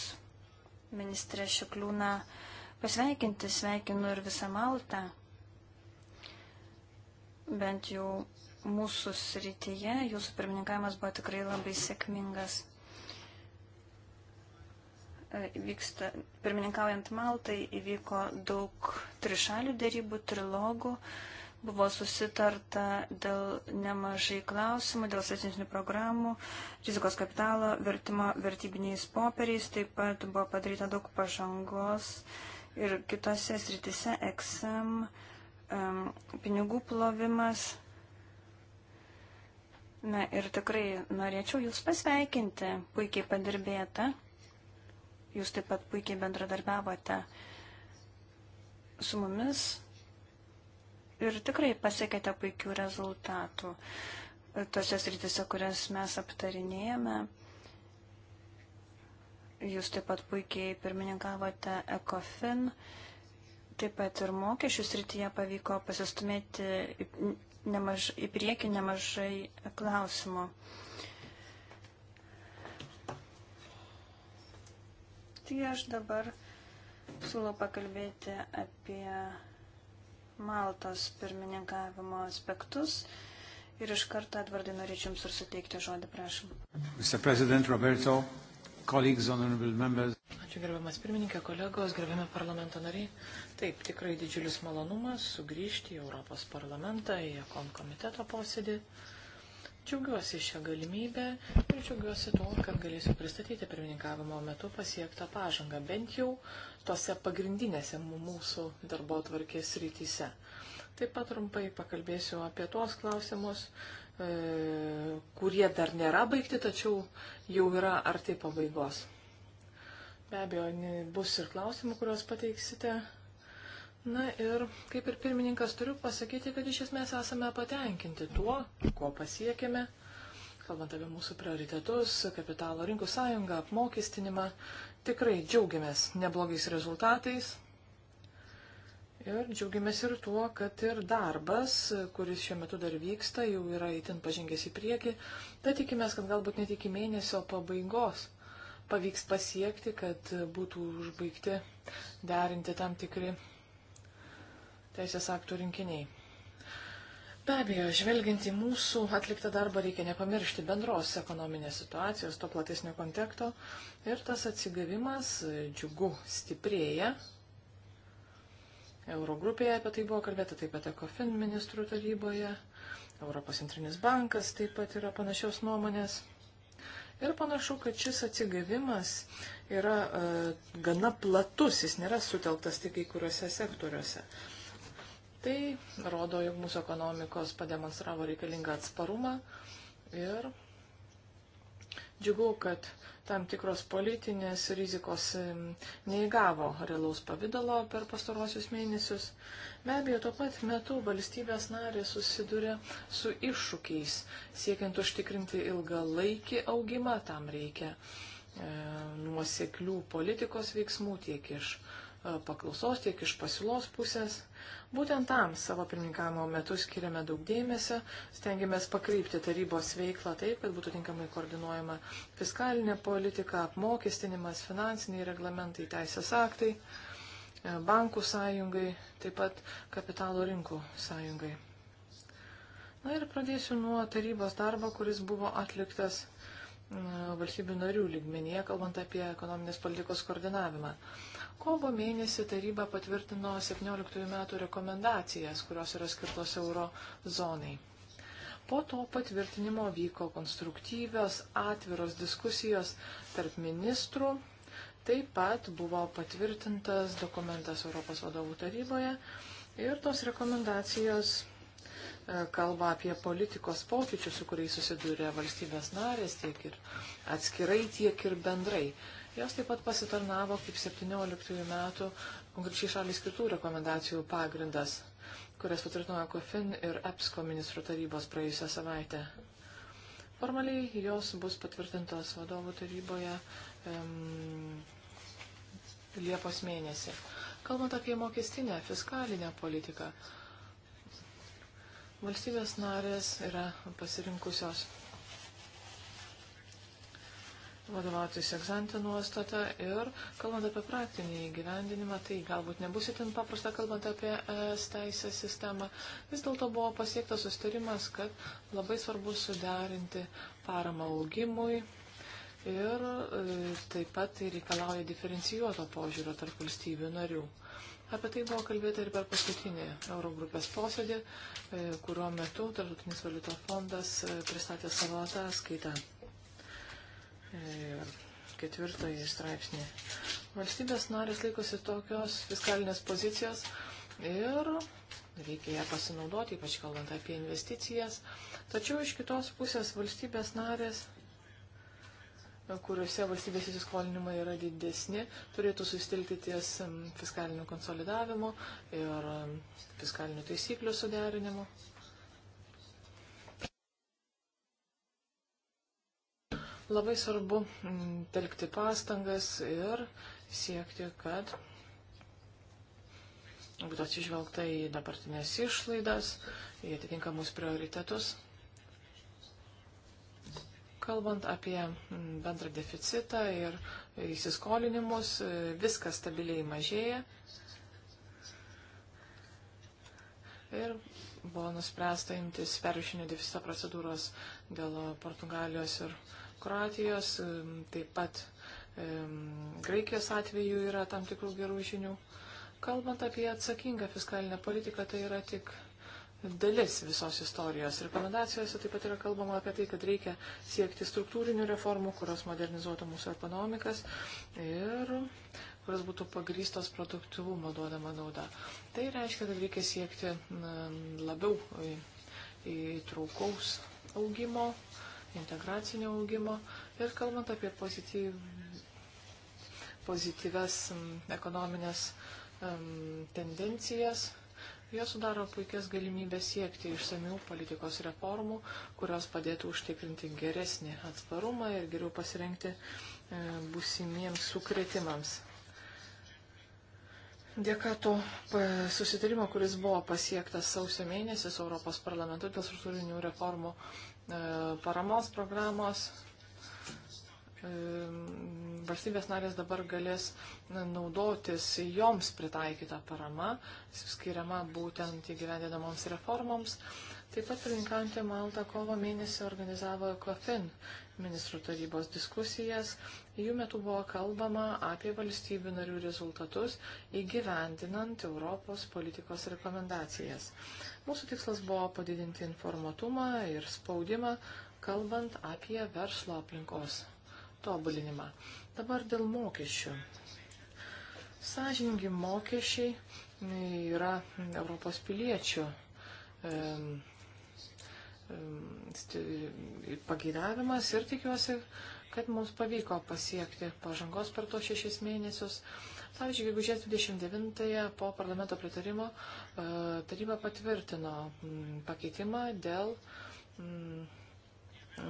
Speaker 3: ministrė Šikliūna, pasveikinti, sveikinu ir visą Maltą bent jau mūsų srityje jūsų pirmininkavimas buvo tikrai labai sėkmingas. E, vyksta, pirmininkaujant Maltai įvyko daug trišalių dėrybų, trilogų, buvo susitarta dėl nemažai klausimų, dėl statistinių programų, rizikos kapitalo, vertimo vertybiniais popieriais, taip pat buvo padaryta daug pažangos ir kitose srityse XM. EXAM um, pinigų plovimas. Na ir tikrai norėčiau Jūs pasveikinti, puikiai padirbėta. Jūs taip pat puikiai bendradarbiavote su mumis ir tikrai pasiekėte puikių rezultatų tose sritise, kurias mes aptarinėjame. Jūs taip pat puikiai pirmininkavote ECOFIN. Uh, Taip pat ir mokesčių srityje pavyko pasistumėti nemaž, į priekį nemažai klausimų. Tai aš dabar siūlau pakalbėti apie Maltos pirmininkavimo aspektus. Ir iš karto, Edvardai, norėčiau Jums ir suteikti žodį, prašom.
Speaker 2: Mr. President Roberto, Ačiū
Speaker 1: gerbiamas pirmininkė, kolegos, gerbiami parlamento nariai. Taip, tikrai didžiulis malonumas sugrįžti į Europos parlamentą, į Ekon komiteto posėdį. Džiaugiuosi šią galimybę ir džiaugiuosi tuo, kad galėsiu pristatyti pirmininkavimo metu pasiektą pažangą, bent jau tose pagrindinėse mūsų darbo tvarkės rytise. Taip pat trumpai pakalbėsiu apie tuos klausimus, E, kurie dar nėra baigti, tačiau jau yra arti pabaigos. Be abejo, bus ir klausimų, kuriuos pateiksite. Na ir kaip ir pirmininkas turiu pasakyti, kad iš esmės esame patenkinti tuo, ko pasiekėme, kalbant apie mūsų prioritetus, kapitalo rinkų sąjungą, apmokestinimą. Tikrai džiaugiamės neblogais rezultatais. Ir džiaugiamės ir tuo, kad ir darbas, kuris šiuo metu dar vyksta, jau yra įtin pažengęs į priekį. Tad tikimės, kad galbūt net iki mėnesio pabaigos pavyks pasiekti, kad būtų užbaigti derinti tam tikri teisės aktų rinkiniai. Be abejo, žvelgiant į mūsų atliktą darbą, reikia nepamiršti bendros ekonominės situacijos, to platesnio konteksto ir tas atsigavimas džiugu stiprėja, Eurogrupėje apie tai buvo kalbėta, taip pat ECOFIN ministrų taryboje, Europos centrinis bankas taip pat yra panašios nuomonės. Ir panašu, kad šis atsigavimas yra uh, gana platus, jis nėra sutelktas tik kai kuriuose sektoriuose. Tai rodo, jog mūsų ekonomikos pademonstravo reikalingą atsparumą ir Džiugu, kad tam tikros politinės rizikos neįgavo realaus pavydalo per pastarosius mėnesius. Be abejo, tuo pat metu valstybės narė susiduria su iššūkiais, siekiant užtikrinti ilgalaikį augimą, tam reikia e, nuoseklių politikos veiksmų tiek iš paklausos, tiek iš pasiūlos pusės. Būtent tam savo pirmininkavimo metu skiriame daug dėmesio, stengiamės pakreipti tarybos veiklą taip, kad būtų tinkamai koordinuojama fiskalinė politika, apmokestinimas, finansiniai reglamentai, teisės aktai, bankų sąjungai, taip pat kapitalo rinkų sąjungai. Na ir pradėsiu nuo tarybos darbo, kuris buvo atliktas valstybių narių lygmenyje, kalbant apie ekonominės politikos koordinavimą. Kovo mėnesį taryba patvirtino 17 metų rekomendacijas, kurios yra skirtos euro zonai. Po to patvirtinimo vyko konstruktyvios, atviros diskusijos tarp ministrų. Taip pat buvo patvirtintas dokumentas Europos vadovų taryboje ir tos rekomendacijos e, kalba apie politikos pokyčius, su kuriais susidūrė valstybės narės tiek ir atskirai, tiek ir bendrai. Jos taip pat pasitarnavo kaip 17 metų konkrečiai šaliai skirtų rekomendacijų pagrindas, kurias patvirtino COFIN ir EPSCO ministrų tarybos praėjusią savaitę. Formaliai jos bus patvirtintos vadovų taryboje um, Liepos mėnesį. Kalbant apie mokestinę, fiskalinę politiką, valstybės narės yra pasirinkusios vadovautis egzantę nuostatą ir kalbant apie praktinį įgyvendinimą, tai galbūt nebus itin paprasta kalbant apie ES teisės sistemą. Vis dėlto buvo pasiektas sustarimas, kad labai svarbu suderinti paramą augimui ir e, taip pat tai reikalauja diferencijuoto požiūrio tarp valstybių narių. Apie tai buvo kalbėta ir per paskutinį Eurogrupės posėdį, e, kurio metu Tarptautinis valiuto fondas e, pristatė savo ataskaitą ketvirtąjį straipsnį. Valstybės narės laikosi tokios fiskalinės pozicijos ir reikia ją pasinaudoti, ypač kalbant apie investicijas. Tačiau iš kitos pusės valstybės narės kuriuose valstybės įsiskolinimai yra didesni, turėtų sustilti ties mm, fiskaliniu konsolidavimu ir mm, fiskaliniu taisyklių suderinimu. Labai svarbu mm, telkti pastangas ir siekti, kad būtų atsižvelgta į dabartinės išlaidas, į atitinkamus prioritetus. Kalbant apie mm, bendrą deficitą ir įsiskolinimus, e, viskas stabiliai mažėja. Ir buvo nuspręsta imtis pervišinio deficito procedūros dėl Portugalijos ir Kroatijos, taip pat Graikijos atveju yra tam tikrų gerų žinių. Kalbant apie atsakingą fiskalinę politiką, tai yra tik dalis visos istorijos. Rekomendacijose taip pat yra kalbama apie tai, kad reikia siekti struktūrinių reformų, kurios modernizuotų mūsų ekonomikas ir kurios būtų pagrystos produktivumo duodama nauda. Tai reiškia, kad reikia siekti labiau įtraukaus augimo, integracinio augimo ir kalbant apie pozityv... pozityves ekonominės um, tendencijas. Jie sudaro puikias galimybės siekti išsamių politikos reformų, kurios padėtų užtikrinti geresnį atsparumą ir geriau pasirengti e, būsimiems sukretimams. Dėka to susitarimo, kuris buvo pasiektas sausio mėnesį su Europos parlamentu dėl struktūrinių reformų E, paramos programos. E, valstybės narės dabar galės naudotis joms pritaikytą paramą, skiriama būtent įgyvendinamoms reformoms. Taip pat rinkantė Malta kovo mėnesį organizavo ECOFIN ministrų tarybos diskusijas. Jų metu buvo kalbama apie valstybių narių rezultatus įgyvendinant Europos politikos rekomendacijas. Mūsų tikslas buvo padidinti informatumą ir spaudimą, kalbant apie verslo aplinkos tobulinimą. Dabar dėl mokesčių. Sažiningi mokesčiai yra Europos piliečių pageidavimas ir tikiuosi, kad mums pavyko pasiekti pažangos per tos šešis mėnesius. Pavyzdžiui, gegužės 29-ąją po parlamento pritarimo e, taryba patvirtino mm, pakeitimą dėl mm,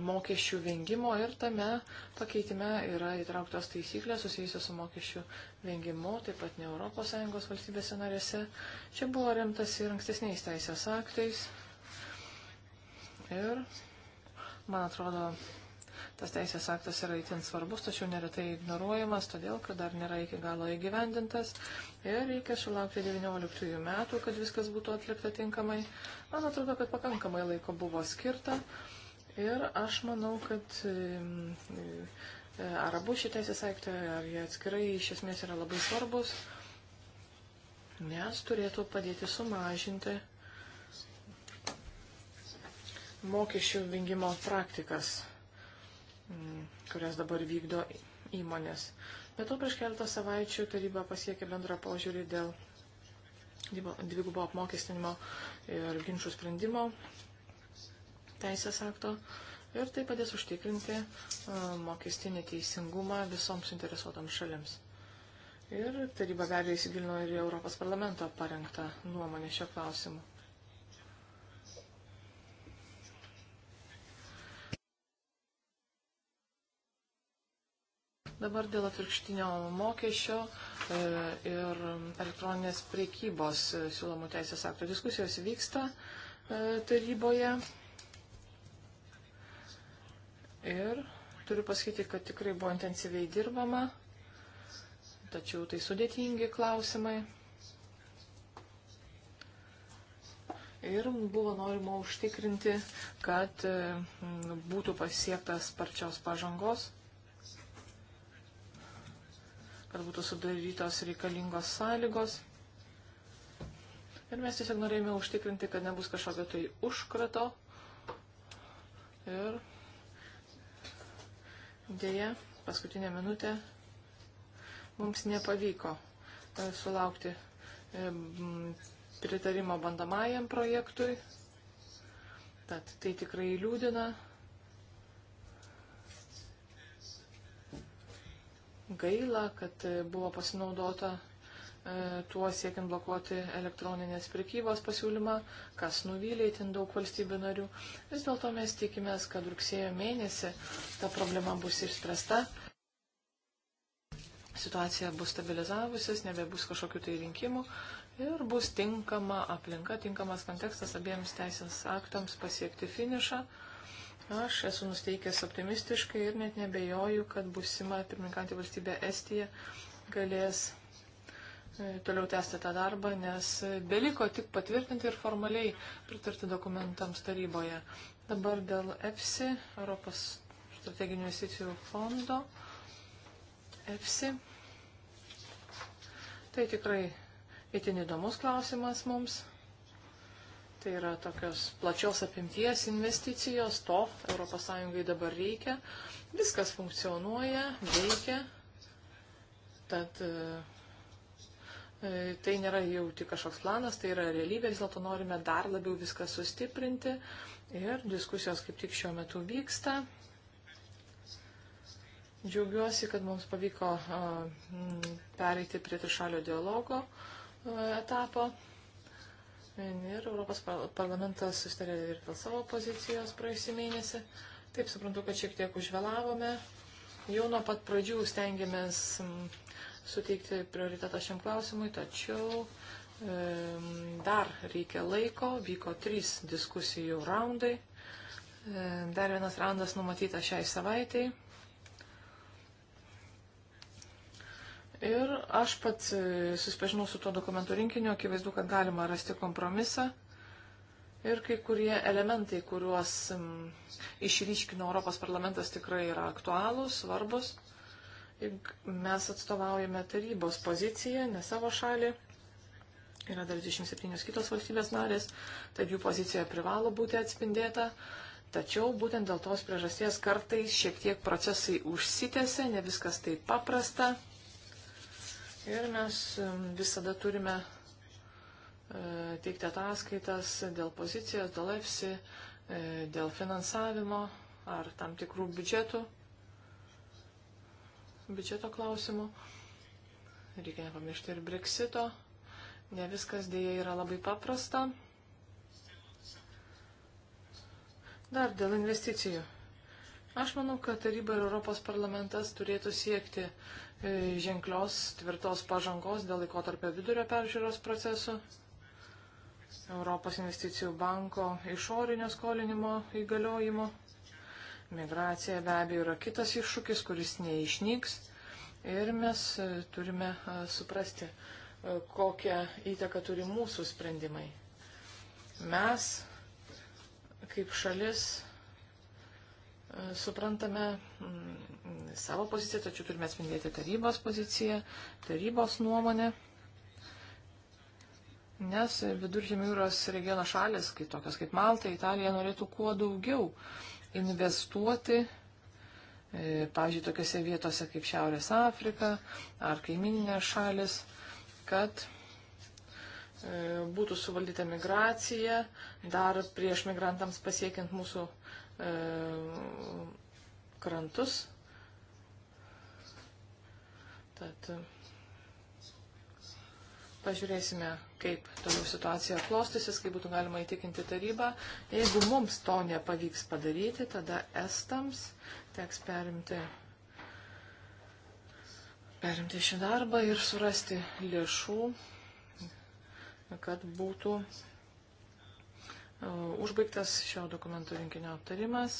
Speaker 1: mokesčių vengimo ir tame pakeitime yra įtrauktos taisyklės susijusios su mokesčių vengimu, taip pat ne ES valstybėse narėse. Čia buvo remtas ir ankstesniais teisės aktais. Ir, man atrodo, Tas teisės aktas yra įtin svarbus, tačiau neretai ignoruojamas, todėl, kad dar nėra iki galo įgyvendintas ir reikia sulaukti 19 metų, kad viskas būtų atlikta tinkamai. Man atrodo, kad pakankamai laiko buvo skirta ir aš manau, kad e, ar abu šie teisės aktai, ar jie atskirai iš esmės yra labai svarbus, nes turėtų padėti sumažinti mokesčių vengimo praktikas Mm, kurias dabar vykdo įmonės. Be to, prieš keletą savaičių taryba pasiekė bendrą požiūrį dėl dvigubo apmokestinimo ir ginčių sprendimo teisės akto. Ir tai padės užtikrinti mokestinį teisingumą visoms interesuotams šalims. Ir taryba be abejo įsigilino ir Europos parlamento parengtą nuomonę šio klausimu. Dabar dėl atvirkštinio mokesčio e, ir elektroninės priekybos e, siūlomų teisės aktų diskusijos vyksta e, taryboje. Ir turiu pasakyti, kad tikrai buvo intensyviai dirbama, tačiau tai sudėtingi klausimai. Ir buvo norima užtikrinti, kad būtų pasiektas sparčios pažangos kad būtų sudarytos reikalingos sąlygos. Ir mes tiesiog norėjome užtikrinti, kad nebus kažkokio tai užkrato. Ir dėja, paskutinė minutė mums nepavyko e, sulaukti e, pritarimo bandomajam projektui. Tad tai tikrai liūdina. gaila, kad e, buvo pasinaudota e, tuo siekiant blokuoti elektroninės prekybos pasiūlymą, kas nuvylė itin daug valstybių narių. Vis dėlto mes tikimės, kad rugsėjo mėnesį ta problema bus išspręsta. Situacija bus stabilizavusis, nebebus kažkokių tai rinkimų ir bus tinkama aplinka, tinkamas kontekstas abiems teisės aktams pasiekti finišą. Aš esu nusteikęs optimistiškai ir net nebejoju, kad busima pirmininkantį valstybę Estiją galės e, toliau tęsti tą darbą, nes beliko tik patvirtinti ir formaliai pritarti dokumentams taryboje. Dabar dėl EFSI, Europos strateginių investicijų fondo, EFSI. Tai tikrai itin įdomus klausimas mums. Tai yra tokios plačios apimties investicijos, to ES dabar reikia. Viskas funkcionuoja, veikia. Tad e, e, tai nėra jau tik kažkoks planas, tai yra realybė, vis dėlto norime dar labiau viską sustiprinti. Ir diskusijos kaip tik šiuo metu vyksta. Džiaugiuosi, kad mums pavyko pereiti prie trišalio dialogo etapo. Ir Europos parlamentas sustarė ir dėl savo pozicijos praėjusį mėnesį. Taip suprantu, kad šiek tiek užvėlavome. Jau nuo pat pradžių stengiamės suteikti prioritetą šiam klausimui, tačiau e, dar reikia laiko. Vyko trys diskusijų raundai. E, dar vienas raundas numatytas šiai savaitai. Ir aš pats e, susipažinau su tuo dokumentų rinkiniu, akivaizdu, kad galima rasti kompromisą. Ir kai kurie elementai, kuriuos m, išryškino Europos parlamentas, tikrai yra aktualūs, svarbus. Ir mes atstovaujame tarybos poziciją, ne savo šalį. Yra dar 27 kitos valstybės narės, tad jų pozicija privalo būti atspindėta. Tačiau būtent dėl tos priežasties kartais šiek tiek procesai užsitęsia, ne viskas taip paprasta. Ir mes visada turime e, teikti ataskaitas dėl pozicijos, dėl EFSI, e, dėl finansavimo ar tam tikrų biudžetų, biudžeto klausimų. Reikia nepamiršti ir Brexito. Ne viskas dėja yra labai paprasta. Dar dėl investicijų. Aš manau, kad taryba ir Europos parlamentas turėtų siekti E, ženklios tvirtos pažangos dėl laikotarpio vidurio peržiūros procesų, Europos investicijų banko išorinio skolinimo įgaliojimo. Migracija be abejo yra kitas iššūkis, kuris neišnyks ir mes e, turime e, suprasti, kokią įtaką turi mūsų sprendimai. Mes, kaip šalis, suprantame mm, savo poziciją, tačiau turime atspindėti tarybos poziciją, tarybos nuomonę. Nes viduržėmio jūros regiono šalis, kaip tokios kaip Malta, Italija, norėtų kuo daugiau investuoti, e, pavyzdžiui, tokiose vietose kaip Šiaurės Afrika ar kaimininės šalis, kad e, būtų suvaldyta migracija, dar prieš migrantams pasiekiant mūsų E, krantus. Tad pažiūrėsime, kaip toliau situacija klostysis, kaip būtų galima įtikinti tarybą. Jeigu mums to nepavyks padaryti, tada estams teks perimti, perimti šį darbą ir surasti lėšų, kad būtų Uh, užbaigtas šio dokumentų rinkinio aptarimas.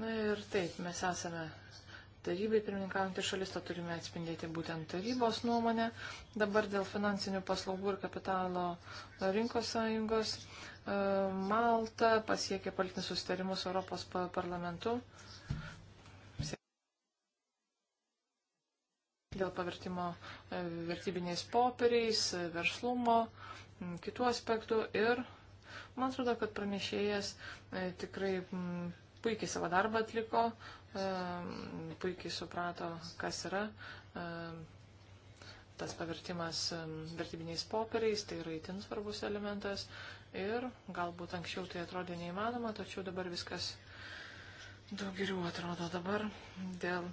Speaker 1: Na ir taip, mes esame tarybai pirmininkaujantį šalis, tą turime atspindėti būtent tarybos nuomonę. Dabar dėl finansinių paslaugų ir kapitalo rinkos sąjungos uh, Malta pasiekė politinį susitarimus Europos parlamentu. dėl pavertimo e, vertybiniais popieriais, e, verslumo, kitų aspektų. Ir man atrodo, kad pranešėjas e, tikrai puikiai savo darbą atliko, puikiai suprato, kas yra tas pavertimas vertybiniais popieriais, tai yra itin svarbus elementas. Ir galbūt anksčiau tai atrodė neįmanoma, tačiau dabar viskas daug geriau atrodo dabar dėl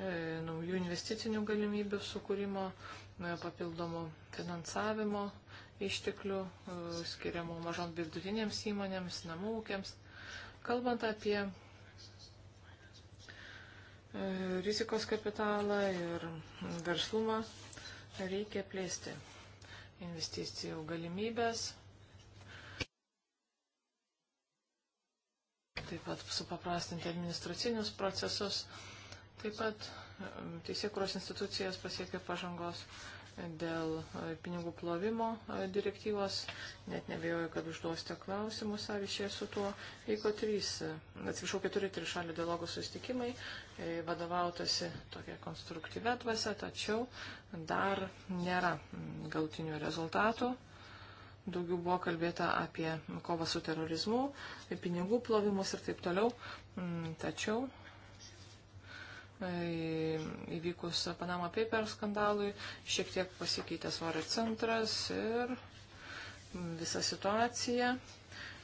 Speaker 1: E, naujų investicinių galimybių sukūrimo, e, papildomų finansavimo išteklių e, skiriamų mažoms vidutinėms įmonėms, namų ūkiams. Kalbant apie rizikos kapitalą ir verslumą, reikia plėsti investicijų galimybės. Taip pat supaprastinti administracinius procesus. Taip pat teisėkuros institucijas pasiekė pažangos dėl e, pinigų plovimo e, direktyvos. Net nebejoju, kad užduosite klausimus sąvyšėje su tuo. Vyko trys, e, atsiprašau, keturi trišalių dialogų susitikimai, vadovautasi tokia konstruktyvė dvasia, tačiau dar nėra galtinių rezultatų. Daugiau buvo kalbėta apie kovą su terorizmu, pinigų plovimus ir taip toliau. Tačiau įvykus Panama Paper skandalui, šiek tiek pasikeitė svorio centras ir visa situacija.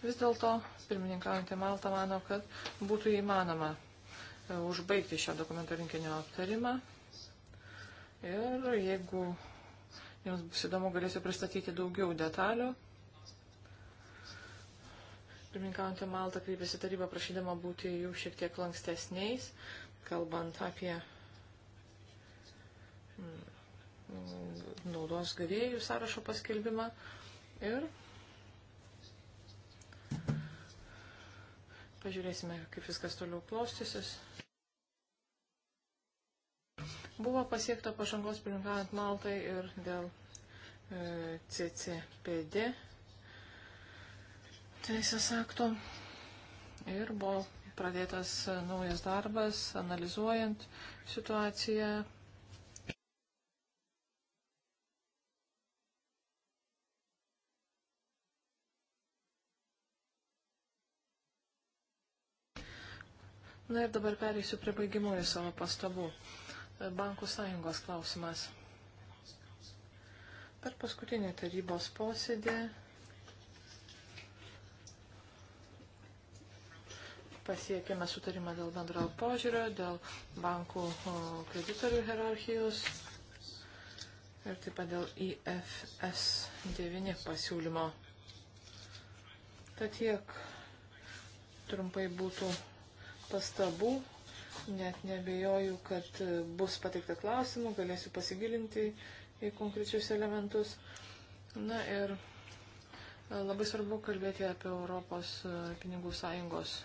Speaker 1: Vis dėlto pirmininkaujantį Maltą mano, kad būtų įmanoma e, užbaigti šio dokumento rinkinio aptarimą. Ir jeigu jums bus įdomu, galėsiu pristatyti daugiau detalių. Pirmininkaujantį Maltą kreipėsi tarybą prašydama būti jų šiek tiek lankstesniais kalbant apie mm, naudos gavėjų sąrašo paskelbimą. Ir pažiūrėsime, kaip viskas toliau klostysis. Buvo pasiekta pažangos pirmkant Maltai ir dėl e, CCPD teisės akto. Ir buvo pradėtas e, naujas darbas, analizuojant situaciją. Na ir dabar pereisiu prie baigimųjų savo pastabų. E, Bankų sąjungos klausimas. Per paskutinį tarybos posėdį pasiekėme sutarimą dėl bendro požiūrio, dėl bankų kreditorių hierarchijos ir taip pat dėl IFS 9 pasiūlymo. Tad tiek trumpai būtų pastabų, net nebejoju, kad bus pateikta klausimų, galėsiu pasigilinti į konkrečius elementus. Na ir e, labai svarbu kalbėti apie Europos e, pinigų sąjungos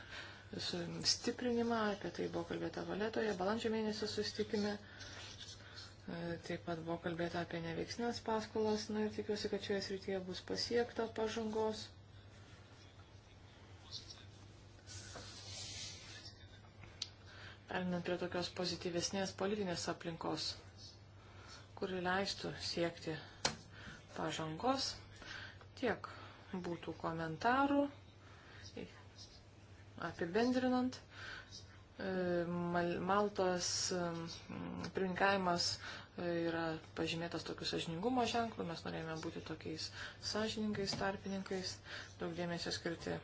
Speaker 1: stiprinimą, apie tai buvo kalbėta valetoje, balandžio mėnesio sustikime. E, taip pat buvo kalbėta apie neveiksnės paskolas, na ir tikiuosi, kad šioje srityje bus pasiekta pažangos. Perinant prie tokios pozityvesnės politinės aplinkos, kuri leistų siekti pažangos, tiek būtų komentarų. Apibendrinant, e, Mal Maltos e, pirmininkavimas e, yra pažymėtas tokiu sažiningumo ženklu, mes norėjome būti tokiais sažiningais tarpininkais, daug dėmesio skirti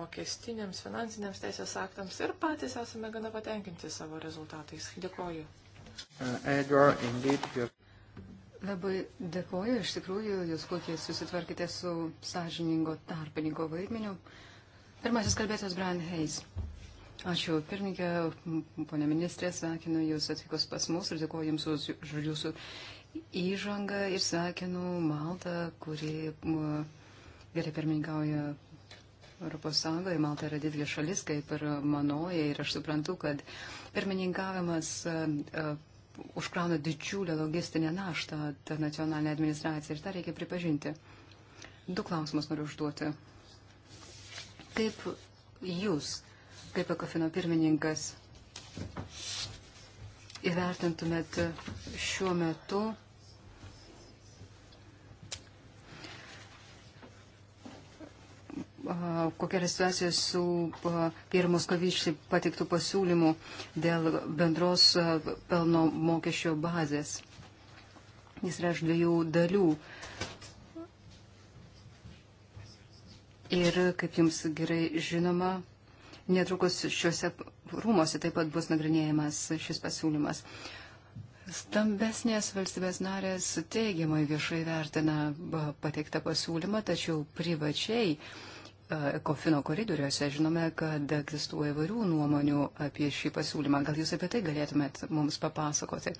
Speaker 1: mokestiniams, finansiniams teisės aktams ir patys esame gana patenkinti savo rezultatais. Dėkoju. Uh, Edgar, indeed, your...
Speaker 2: Labai dėkoju, iš tikrųjų, jūs puikiai susitvarkite su sąžiningo tarpininko vaidmeniu. Pirmasis kalbėtas Brian Hayes. Ačiū, pirmininkė, ponė ministrė, sveikinu Jūs atvykus pas mus ir dėkuoju Jums už Jūsų įžangą ir sveikinu Maltą, kuri gerai pirmininkauja Europos Sąjungoje. Malta yra didelė šalis, kaip ir manoja, ir aš suprantu, kad pirmininkavimas e, užkrauna didžiulę logistinę naštą nacionalinę administraciją ir tą reikia pripažinti. Du klausimus noriu užduoti. Kaip jūs, kaip ekofino pirmininkas, įvertintumėt šiuo metu kokia yra situacija su Pierre Moskovičiai patiktų pasiūlymų dėl bendros pelno mokesčio bazės. Jis yra iš dviejų dalių. Ir, kaip jums gerai žinoma, netrukus šiuose rūmose taip pat bus nagrinėjamas šis pasiūlymas. Stambesnės valstybės narės teigiamai viešai vertina pateiktą pasiūlymą, tačiau privačiai e, Kofino koridoriuose žinome, kad egzistuoja įvairių nuomonių apie šį pasiūlymą. Gal jūs apie tai galėtumėt mums papasakoti?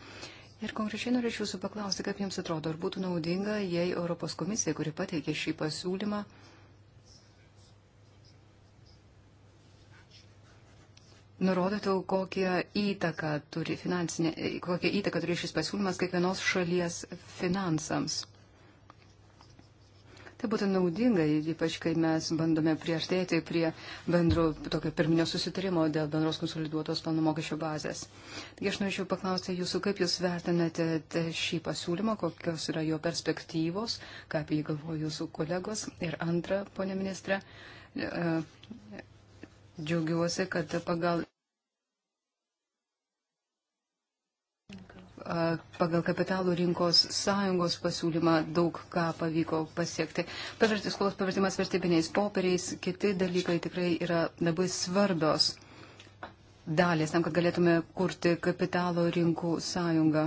Speaker 2: Ir konkrečiai norėčiau jūsų paklausti, kaip jums atrodo, ar būtų naudinga, jei Europos komisija, kuri pateikė šį pasiūlymą, uh, nurodytų, kokią įtaką turi, kokią įtaką turi šis pasiūlymas kiekvienos šalies finansams. Tai būtų naudinga, ypač kai mes bandome priartėti prie bendro tokio pirminio susitarimo dėl bendros konsoliduotos pelno mokesčio bazės. Taigi aš norėčiau paklausti jūsų, kaip jūs vertinate šį pasiūlymą, kokios yra jo perspektyvos, ką apie jį galvoja jūsų kolegos. Ir antra, ponė ministrė, e, Džiaugiuosi, kad pagal, pagal kapitalų rinkos sąjungos pasiūlymą daug ką pavyko pasiekti. Pavertis skolos pavertimas vertybiniais popieriais, kiti dalykai tikrai yra labai svarbios dalis tam, kad galėtume kurti kapitalo rinkų sąjungą.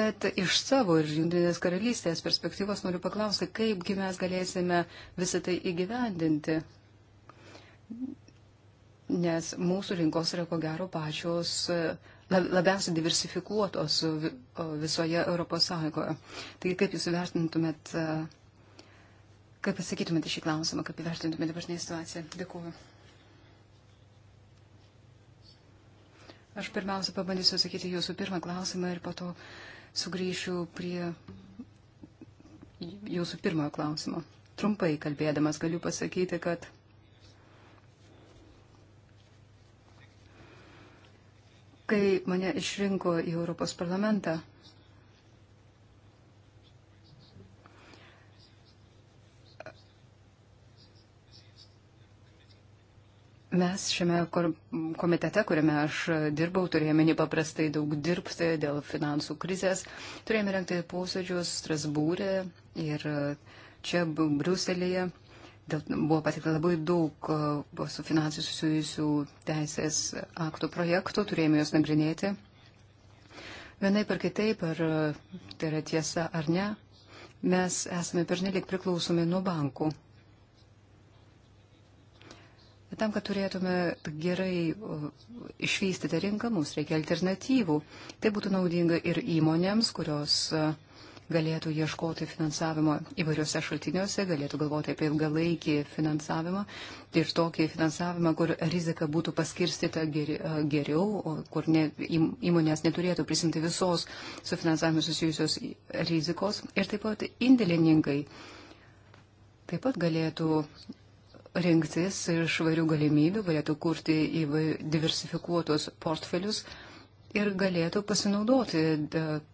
Speaker 2: Bet iš savo ir Junktinės karalystės perspektyvos noriu paklausti, kaipgi mes galėsime visą tai įgyvendinti nes mūsų rinkos yra ko gero pačios e, labiausiai diversifikuotos visoje Europos Sąjungoje. Taigi kaip jūs vertintumėt, e, kaip atsakytumėte šį klausimą, kaip vertintumėte dabartinę situaciją? Dėkuoju. Aš pirmiausia pabandysiu atsakyti jūsų pirmą klausimą ir po to sugrįšiu prie jūsų pirmojo klausimo. Trumpai kalbėdamas galiu pasakyti, kad kai mane išrinko į Europos parlamentą. Mes šiame komitete, kuriame aš dirbau, turėjome nepaprastai daug dirbti dėl finansų krizės, turėjome renkti posėdžius Strasbūrė ir čia Briuselėje. Dėl, buvo patikta labai daug e, su finansų susijusių teisės aktų projektų, turėjome juos nagrinėti. Vienai per kitaip, ar e, tai yra tiesa ar ne, mes esame pernelik priklausomi nuo bankų. Tam, kad turėtume gerai išvystyti rinką, mums reikia alternatyvų. Tai būtų naudinga ir įmonėms, kurios uh, galėtų ieškoti finansavimo įvairiuose šaltiniuose, galėtų galvoti apie ilgalaikį finansavimą ir tokį finansavimą, kur rizika būtų paskirstita geriau, kur ne, įmonės neturėtų prisimti visos su finansavimu susijusios rizikos. Ir taip pat indėlininkai taip pat galėtų rinktis iš varių galimybių, galėtų kurti diversifikuotus portfelius ir galėtų pasinaudoti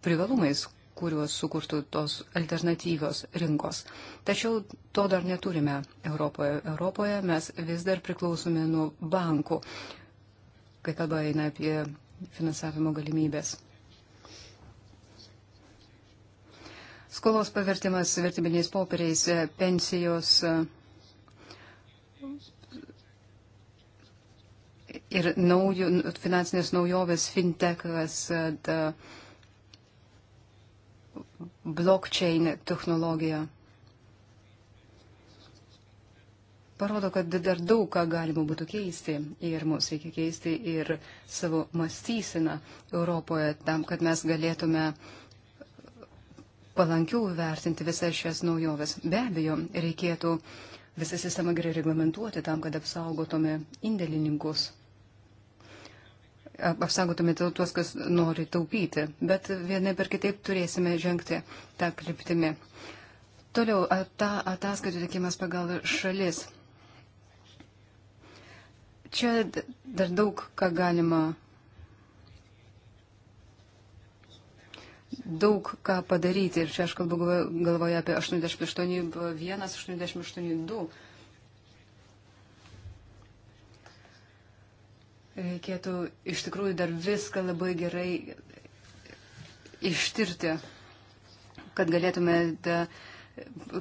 Speaker 2: privalumais, kuriuos sukurtų tos alternatyvios rinkos. Tačiau to dar neturime Europoje. Europoje mes vis dar priklausome nuo bankų, kai kalba eina apie finansavimo galimybės. Skolos pavertimas vertybiniais popieriais, pensijos ir naujų, finansinės naujovės, fintechas. Da, blockchain technologija parodo, kad dar daug ką galima būtų keisti ir mums reikia keisti ir savo mąstyseną Europoje tam, kad mes galėtume palankiau vertinti visas šias naujoves. Be abejo, reikėtų visą sistemą gerai reglamentuoti tam, kad apsaugotume indėlininkus apsaugotume tuos, kas nori taupyti, bet vienai per kitaip turėsime žengti tą kryptimį. Toliau, ta ataskaitų tikimas pagal šalis. Čia dar daug ką galima, daug ką padaryti. Ir čia aš kalbu galvoje apie 88.1, 88.2 reikėtų iš tikrųjų dar viską labai gerai ištirti, kad galėtume, da,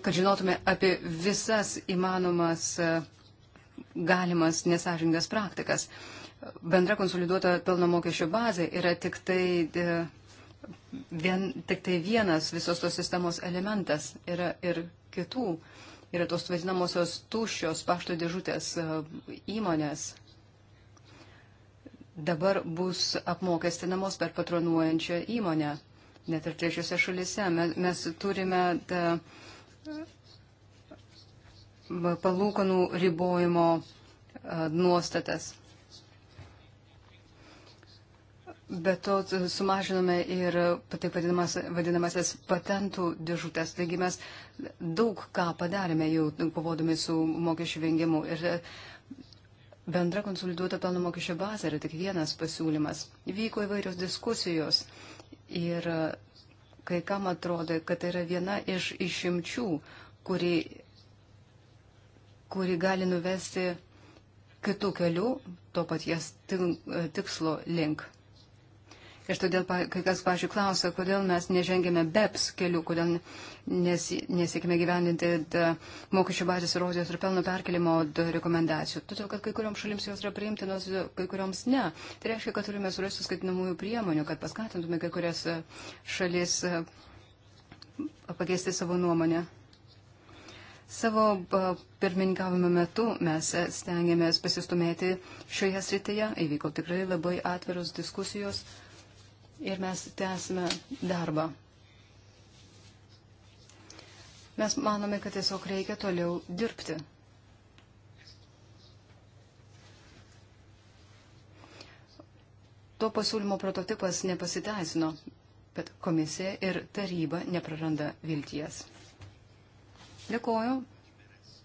Speaker 2: kad žinotume apie visas įmanomas galimas nesažingas praktikas. Bendra konsoliduota pelno mokesčio bazė yra tik tai, vien, tik tai vienas visos tos sistemos elementas yra ir kitų. Yra tos vadinamosios tuščios pašto dėžutės įmonės, dabar bus apmokestinamos per patronuojančią įmonę, net ir trečiose šalise. Mes, mes turime da, palūkanų ribojimo nuostatas. Be to sumažinome ir taip vadinamas, vadinamasis patentų dėžutės. Taigi mes daug ką padarėme jau kovodami su mokesčių vengimu. Ir Bendra konsoliduota pelno mokesčio bazė yra tik vienas pasiūlymas. Vyko įvairios diskusijos ir e, kai kam atrodo, kad tai yra viena iš išimčių, kuri, kuri gali nuvesti kitų kelių to paties e, tikslo link. Ir todėl kai kas, pažiūrėjau, klausia, kodėl mes nežengėme BEPS kelių, kodėl nes, nesiekime gyveninti mokesčių bazės erozijos ir pelno perkelimo rekomendacijų. Todėl, kad kai kurioms šalims jos yra priimtinos, kai kurioms ne. Tai reiškia, kad turime surasti skaitinamųjų priemonių, kad paskatintume kai kurias šalis pakeisti savo nuomonę. Savo pirmininkavimo metu mes stengiamės pasistumėti šioje srityje. Įvyko tikrai labai atviros diskusijos ir mes tęsime darbą. Mes manome, kad tiesiog reikia toliau dirbti. To pasiūlymo prototipas nepasiteisino, bet komisija ir taryba nepraranda vilties. Dėkoju.